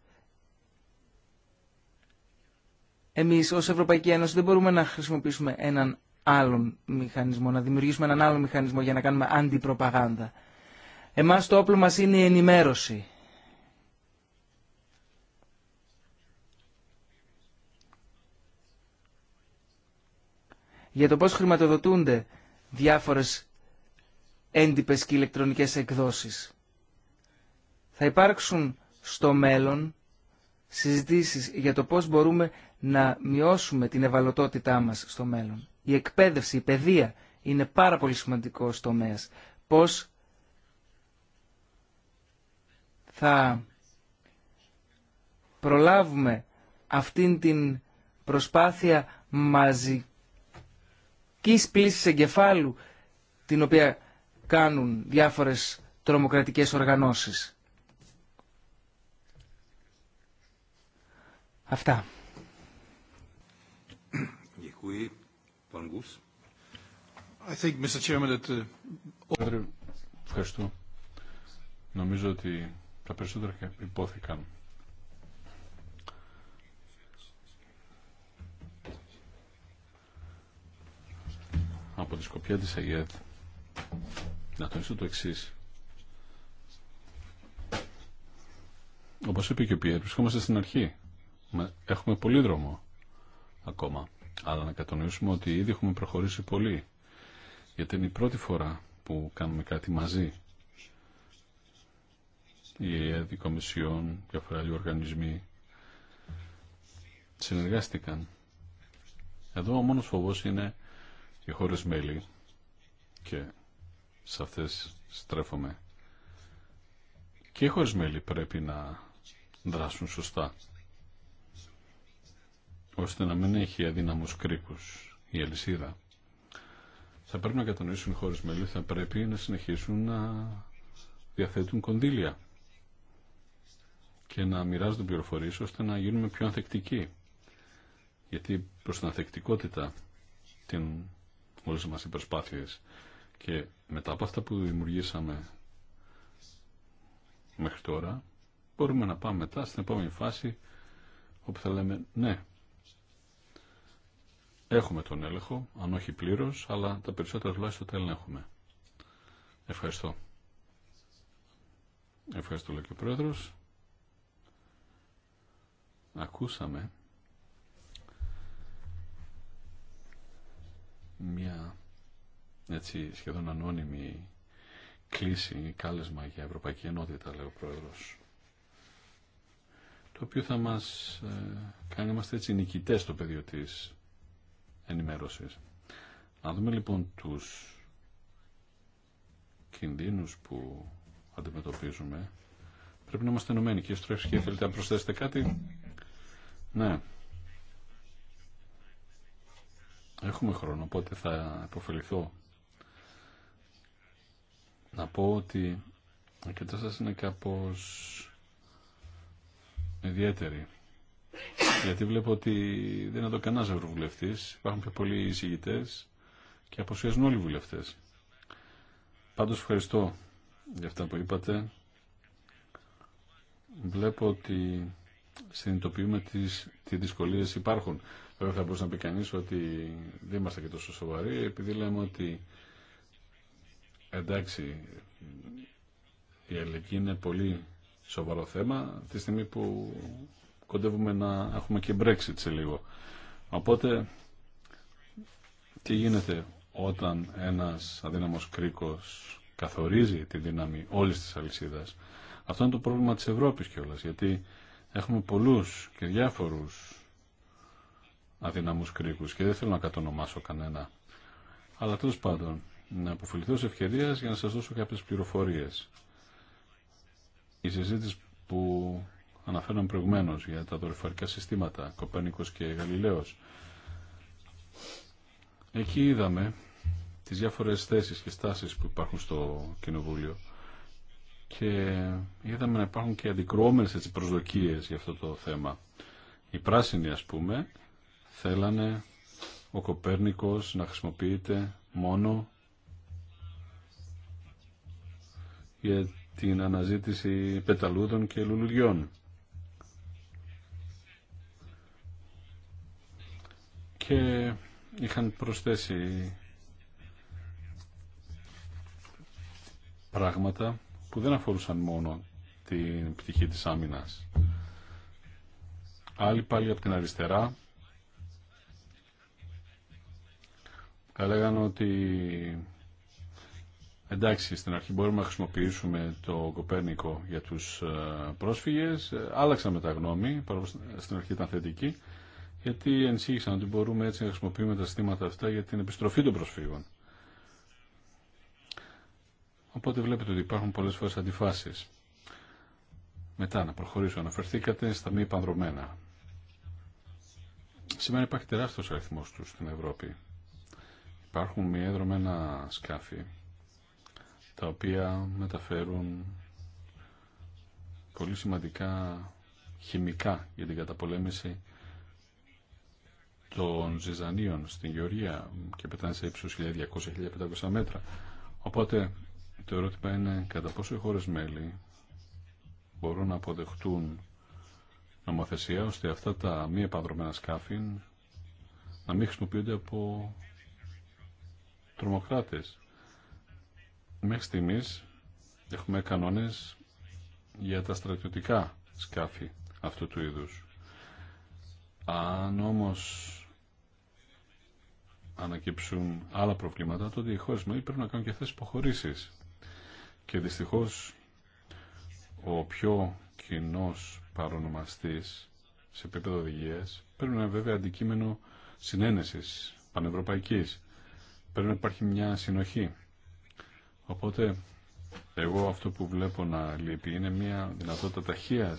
Εμείς ως Ευρωπαϊκή Ένωση δεν μπορούμε να χρησιμοποιήσουμε έναν άλλον μηχανισμό, να δημιουργήσουμε έναν άλλον μηχανισμό για να κάνουμε αντιπροπαγάνδα. Εμάς το όπλο μας είναι η ενημέρωση. Για το πώς χρηματοδοτούνται διάφορες έντυπες και ηλεκτρονικές εκδόσεις. Θα υπάρξουν στο μέλλον συζητήσεις για το πώς μπορούμε να μειώσουμε την ευαλωτότητά μας στο μέλλον. Η εκπαίδευση, η παιδεία είναι πάρα πολύ στο τομέας. Πώς θα προλάβουμε αυτήν την προσπάθεια μαζικής πλήσης εγκεφάλου την οποία κάνουν διάφορες τρομοκρατικές οργανώσεις. Αυτά. Uh, ευχαριστώ. Νομίζω ότι τα περισσότερα υπόθηκαν. Από τη σκοπιά της ΑΓΕΤ να τονίσω το εξή. Όπως είπε και ο Πιέρ, βρισκόμαστε στην αρχή Έχουμε πολύ δρόμο ακόμα. Αλλά να κατανοήσουμε ότι ήδη έχουμε προχωρήσει πολύ. Γιατί είναι η πρώτη φορά που κάνουμε κάτι μαζί. Η ΕΕΔ, η Κομισιόν, διάφορα οργανισμοί συνεργάστηκαν. Εδώ ο μόνος φοβός είναι οι χώρες μέλη και σε αυτές στρέφομαι. Και οι χώρες μέλη πρέπει να δράσουν σωστά ώστε να μην έχει αδύναμους κρίκους η αλυσίδα. Θα πρέπει να κατανοήσουν οι χώρες μέλη, θα πρέπει να συνεχίσουν να διαθέτουν κονδύλια και να μοιράζονται πληροφορίες ώστε να γίνουμε πιο ανθεκτικοί. Γιατί προς την ανθεκτικότητα την όλες μας οι προσπάθειες και μετά από αυτά που δημιουργήσαμε μέχρι τώρα μπορούμε να πάμε μετά στην επόμενη φάση όπου θα λέμε ναι, Έχουμε τον έλεγχο, αν όχι πλήρω, αλλά τα περισσότερα τουλάχιστον τα ελέγχουμε. Ευχαριστώ. Ευχαριστώ, λέει και ο Πρόεδρος. Ακούσαμε μια έτσι σχεδόν ανώνυμη κλίση, κάλεσμα για Ευρωπαϊκή Ενότητα, λέει ο Πρόεδρος. Το οποίο θα μας ε, κάνει να είμαστε έτσι νικητές στο πεδίο της ενημέρωσης. Να δούμε λοιπόν τους κινδύνους που αντιμετωπίζουμε. Πρέπει να είμαστε ενωμένοι. Κύριε Στρέφη, ναι. θέλετε να προσθέσετε κάτι. Ναι. Έχουμε χρόνο, οπότε θα υποφεληθώ. Να πω ότι η κατάσταση είναι κάπως ιδιαίτερη. Γιατί βλέπω ότι δεν είναι εδώ κανένα ευρωβουλευτή. Υπάρχουν πιο πολλοί εισηγητέ και αποσιάζουν όλοι οι βουλευτέ. Πάντω ευχαριστώ για αυτά που είπατε. Βλέπω ότι συνειδητοποιούμε τις, τι δυσκολίε υπάρχουν. Βέβαια θα μπορούσε να πει κανεί ότι δεν είμαστε και τόσο σοβαροί, επειδή λέμε ότι εντάξει, η αλληλεγγύη είναι πολύ σοβαρό θέμα, τη στιγμή που κοντεύουμε να έχουμε και Brexit σε λίγο. Οπότε, τι γίνεται όταν ένας αδύναμος κρίκος καθορίζει τη δύναμη όλης της αλυσίδας. Αυτό είναι το πρόβλημα της Ευρώπης κιόλας, γιατί έχουμε πολλούς και διάφορους αδύναμους κρίκους και δεν θέλω να κατονομάσω κανένα. Αλλά τέλο πάντων, να αποφεληθώ σε ευκαιρία για να σας δώσω κάποιες πληροφορίες. Η συζήτηση που αναφέραμε προηγουμένω για τα δορυφορικά συστήματα, Κοπέρνικος και Γαλιλαίος. Εκεί είδαμε τις διάφορε θέσει και στάσεις που υπάρχουν στο Κοινοβούλιο και είδαμε να υπάρχουν και αντικρουόμενε προσδοκίε για αυτό το θέμα. Οι πράσινοι α πούμε θέλανε ο Κοπέρνικος να χρησιμοποιείται μόνο για την αναζήτηση πεταλούδων και λουλουδιών. και είχαν προσθέσει πράγματα που δεν αφορούσαν μόνο την πτυχή της άμυνας. Άλλοι πάλι από την αριστερά έλεγαν ότι εντάξει στην αρχή μπορούμε να χρησιμοποιήσουμε το Κοπέρνικο για τους ε, πρόσφυγες άλλαξαν με τα γνώμη, στην αρχή ήταν θετική γιατί ενσύγησαν ότι μπορούμε έτσι να χρησιμοποιούμε τα συστήματα αυτά για την επιστροφή των προσφύγων. Οπότε βλέπετε ότι υπάρχουν πολλές φορές αντιφάσεις. Μετά να προχωρήσω. Αναφερθήκατε στα μη πανδρομένα. Σήμερα υπάρχει τεράστιος αριθμός τους στην Ευρώπη. Υπάρχουν μη έδρομενα σκάφη τα οποία μεταφέρουν πολύ σημαντικά χημικά για την καταπολέμηση των ζυζανίων στην Γεωργία και πετάνε σε ύψος 1200-1500 μέτρα. Οπότε το ερώτημα είναι κατά πόσο οι χώρες μέλη μπορούν να αποδεχτούν νομοθεσία ώστε αυτά τα μη επανδρομένα σκάφη να μην χρησιμοποιούνται από τρομοκράτες. Μέχρι στιγμής έχουμε κανόνες για τα στρατιωτικά σκάφη αυτού του είδους. Αν όμως ανακύψουν άλλα προβλήματα, τότε οι χώρε πρέπει να κάνουν και αυτές υποχωρήσει. Και δυστυχώς ο πιο κοινό παρονομαστής σε επίπεδο οδηγία πρέπει να είναι βέβαια αντικείμενο συνένεσης πανευρωπαϊκής. Πρέπει να υπάρχει μια συνοχή. Οπότε εγώ αυτό που βλέπω να λείπει είναι μια δυνατότητα ταχεία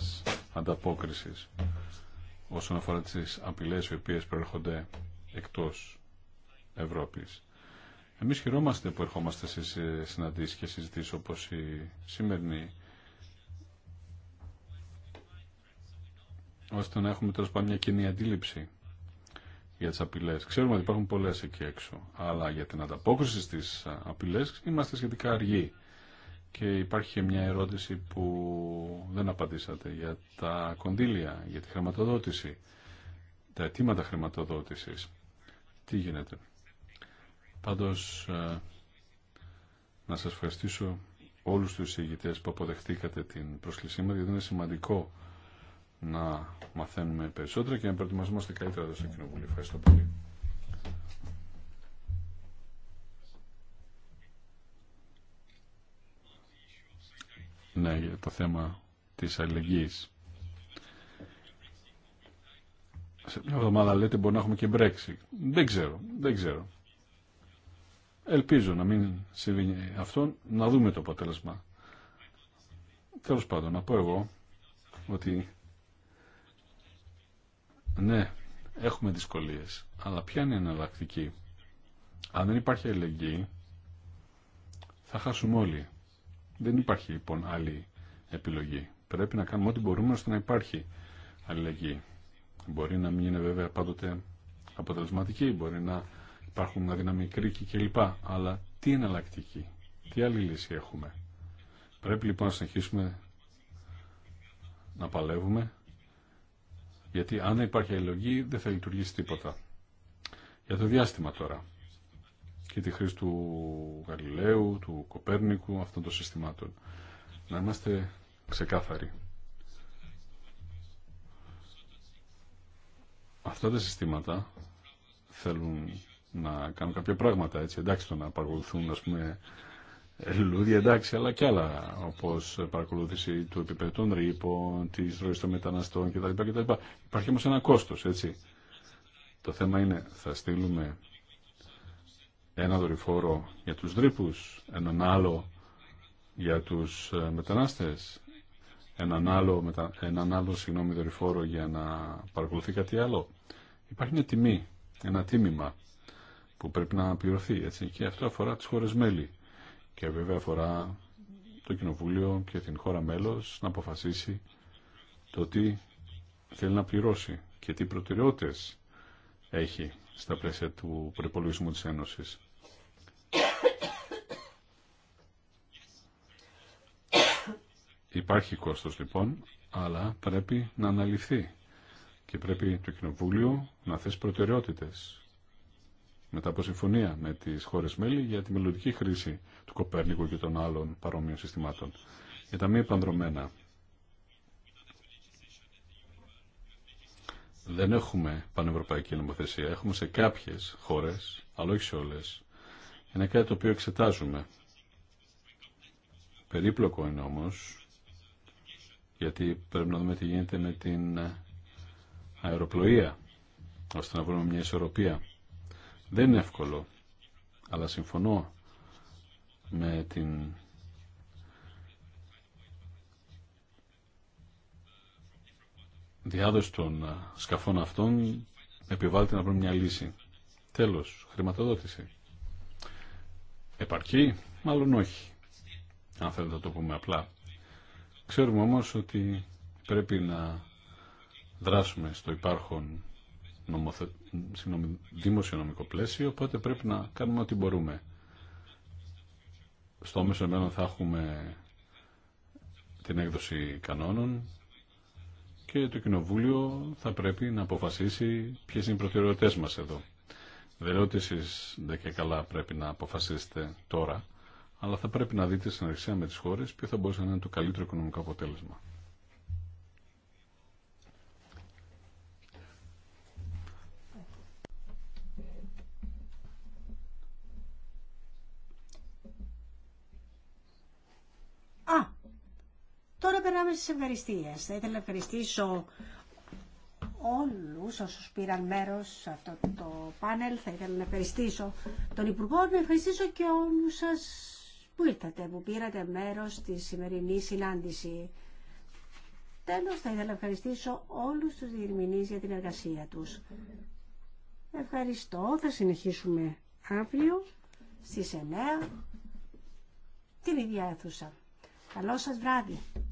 ανταπόκρισης όσον αφορά τις απειλές οι οποίες προέρχονται εκτός Ευρώπης. Εμείς χαιρόμαστε που ερχόμαστε σε συναντήσεις και συζητήσεις όπως η σημερινή ώστε να έχουμε τέλο πάντων μια κοινή αντίληψη για τι απειλέ. Ξέρουμε ότι υπάρχουν πολλέ εκεί έξω, αλλά για την ανταπόκριση στι απειλέ είμαστε σχετικά αργοί. Και υπάρχει και μια ερώτηση που δεν απαντήσατε για τα κονδύλια, για τη χρηματοδότηση, τα αιτήματα χρηματοδότηση. Τι γίνεται. Πάντως, ε, να σας ευχαριστήσω όλους τους ηγητές που αποδεχτήκατε την πρόσκλησή μας, γιατί είναι σημαντικό να μαθαίνουμε περισσότερα και να προετοιμαζόμαστε καλύτερα εδώ στο Κοινοβούλιο. Ευχαριστώ πολύ. Ναι, για το θέμα της αλληλεγγύης. Σε μια εβδομάδα λέτε μπορεί να έχουμε και Brexit. Δεν ξέρω, δεν ξέρω. Ελπίζω να μην συμβεί αυτό, να δούμε το αποτέλεσμα. Τέλος πάντων, να πω εγώ ότι ναι, έχουμε δυσκολίες, αλλά ποια είναι η εναλλακτική. Αν δεν υπάρχει αλληλεγγύη θα χάσουμε όλοι. Δεν υπάρχει λοιπόν άλλη επιλογή. Πρέπει να κάνουμε ό,τι μπορούμε ώστε να υπάρχει αλληλεγγύη. Μπορεί να μην είναι βέβαια πάντοτε αποτελεσματική, μπορεί να υπάρχουν και κλπ. Αλλά τι είναι εναλλακτική, τι άλλη λύση έχουμε. Πρέπει λοιπόν να συνεχίσουμε να παλεύουμε, γιατί αν δεν υπάρχει αλληλογή δεν θα λειτουργήσει τίποτα. Για το διάστημα τώρα και τη χρήση του Γαλιλαίου, του Κοπέρνικου, αυτών των συστημάτων. Να είμαστε ξεκάθαροι. Αυτά τα συστήματα θέλουν να κάνουν κάποια πράγματα. Έτσι, εντάξει το να παρακολουθούν ας πούμε, λουλούδια, εντάξει, αλλά και άλλα όπως παρακολούθηση του επίπεδου των ρήπων, της ροής των μεταναστών κτλ. κτλ. Υπάρχει όμως ένα κόστος, έτσι. Το θέμα είναι θα στείλουμε ένα δορυφόρο για τους δρύπους, έναν άλλο για τους ε, μετανάστες, έναν άλλο, μετα... έναν άλλο συγγνώμη, δορυφόρο για να παρακολουθεί κάτι άλλο. Υπάρχει μια τιμή, ένα τίμημα που πρέπει να πληρωθεί. Έτσι. Και αυτό αφορά τις χώρες μέλη. Και βέβαια αφορά το Κοινοβούλιο και την χώρα μέλος να αποφασίσει το τι θέλει να πληρώσει και τι προτεραιότητες έχει στα πλαίσια του προπολογισμού της Ένωσης. Υπάρχει κόστος λοιπόν, αλλά πρέπει να αναλυθεί και πρέπει το Κοινοβούλιο να θέσει προτεραιότητες μετά από συμφωνία με τις χώρε μέλη για τη μελλοντική χρήση του Κοπέρνικου και των άλλων παρόμοιων συστημάτων. Για τα μη επανδρομένα. Δεν έχουμε πανευρωπαϊκή νομοθεσία. Έχουμε σε κάποιες χώρες, αλλά όχι σε όλες. Είναι κάτι το οποίο εξετάζουμε. Περίπλοκο είναι όμω, γιατί πρέπει να δούμε τι γίνεται με την αεροπλοεία, ώστε να βρούμε μια ισορροπία δεν είναι εύκολο, αλλά συμφωνώ με την διάδοση των σκαφών αυτών επιβάλλεται να βρούμε μια λύση. Τέλος, χρηματοδότηση. Επαρκεί, μάλλον όχι, αν θέλετε να το πούμε απλά. Ξέρουμε όμως ότι πρέπει να δράσουμε στο υπάρχον νομοθε... Συγγνώμη, δημοσιονομικό πλαίσιο, οπότε πρέπει να κάνουμε ό,τι μπορούμε. Στο μέσο μέλλον θα έχουμε την έκδοση κανόνων και το Κοινοβούλιο θα πρέπει να αποφασίσει ποιες είναι οι προτεραιότητες μας εδώ. Δεν λέω ότι εσείς δεν και καλά πρέπει να αποφασίσετε τώρα, αλλά θα πρέπει να δείτε συνεργασία με τις χώρες ποιο θα μπορούσε να είναι το καλύτερο οικονομικό αποτέλεσμα. περάμε στις Θα ήθελα να ευχαριστήσω όλους όσους πήραν μέρος σε αυτό το πάνελ. Θα ήθελα να ευχαριστήσω τον Υπουργό, να ευχαριστήσω και όλους σας που ήρθατε, που πήρατε μέρος στη σημερινή συνάντηση. Τέλος, θα ήθελα να ευχαριστήσω όλους τους διερμηνείς για την εργασία τους. Ευχαριστώ. Θα συνεχίσουμε αύριο στις 9 την ίδια αίθουσα. Καλό σας βράδυ.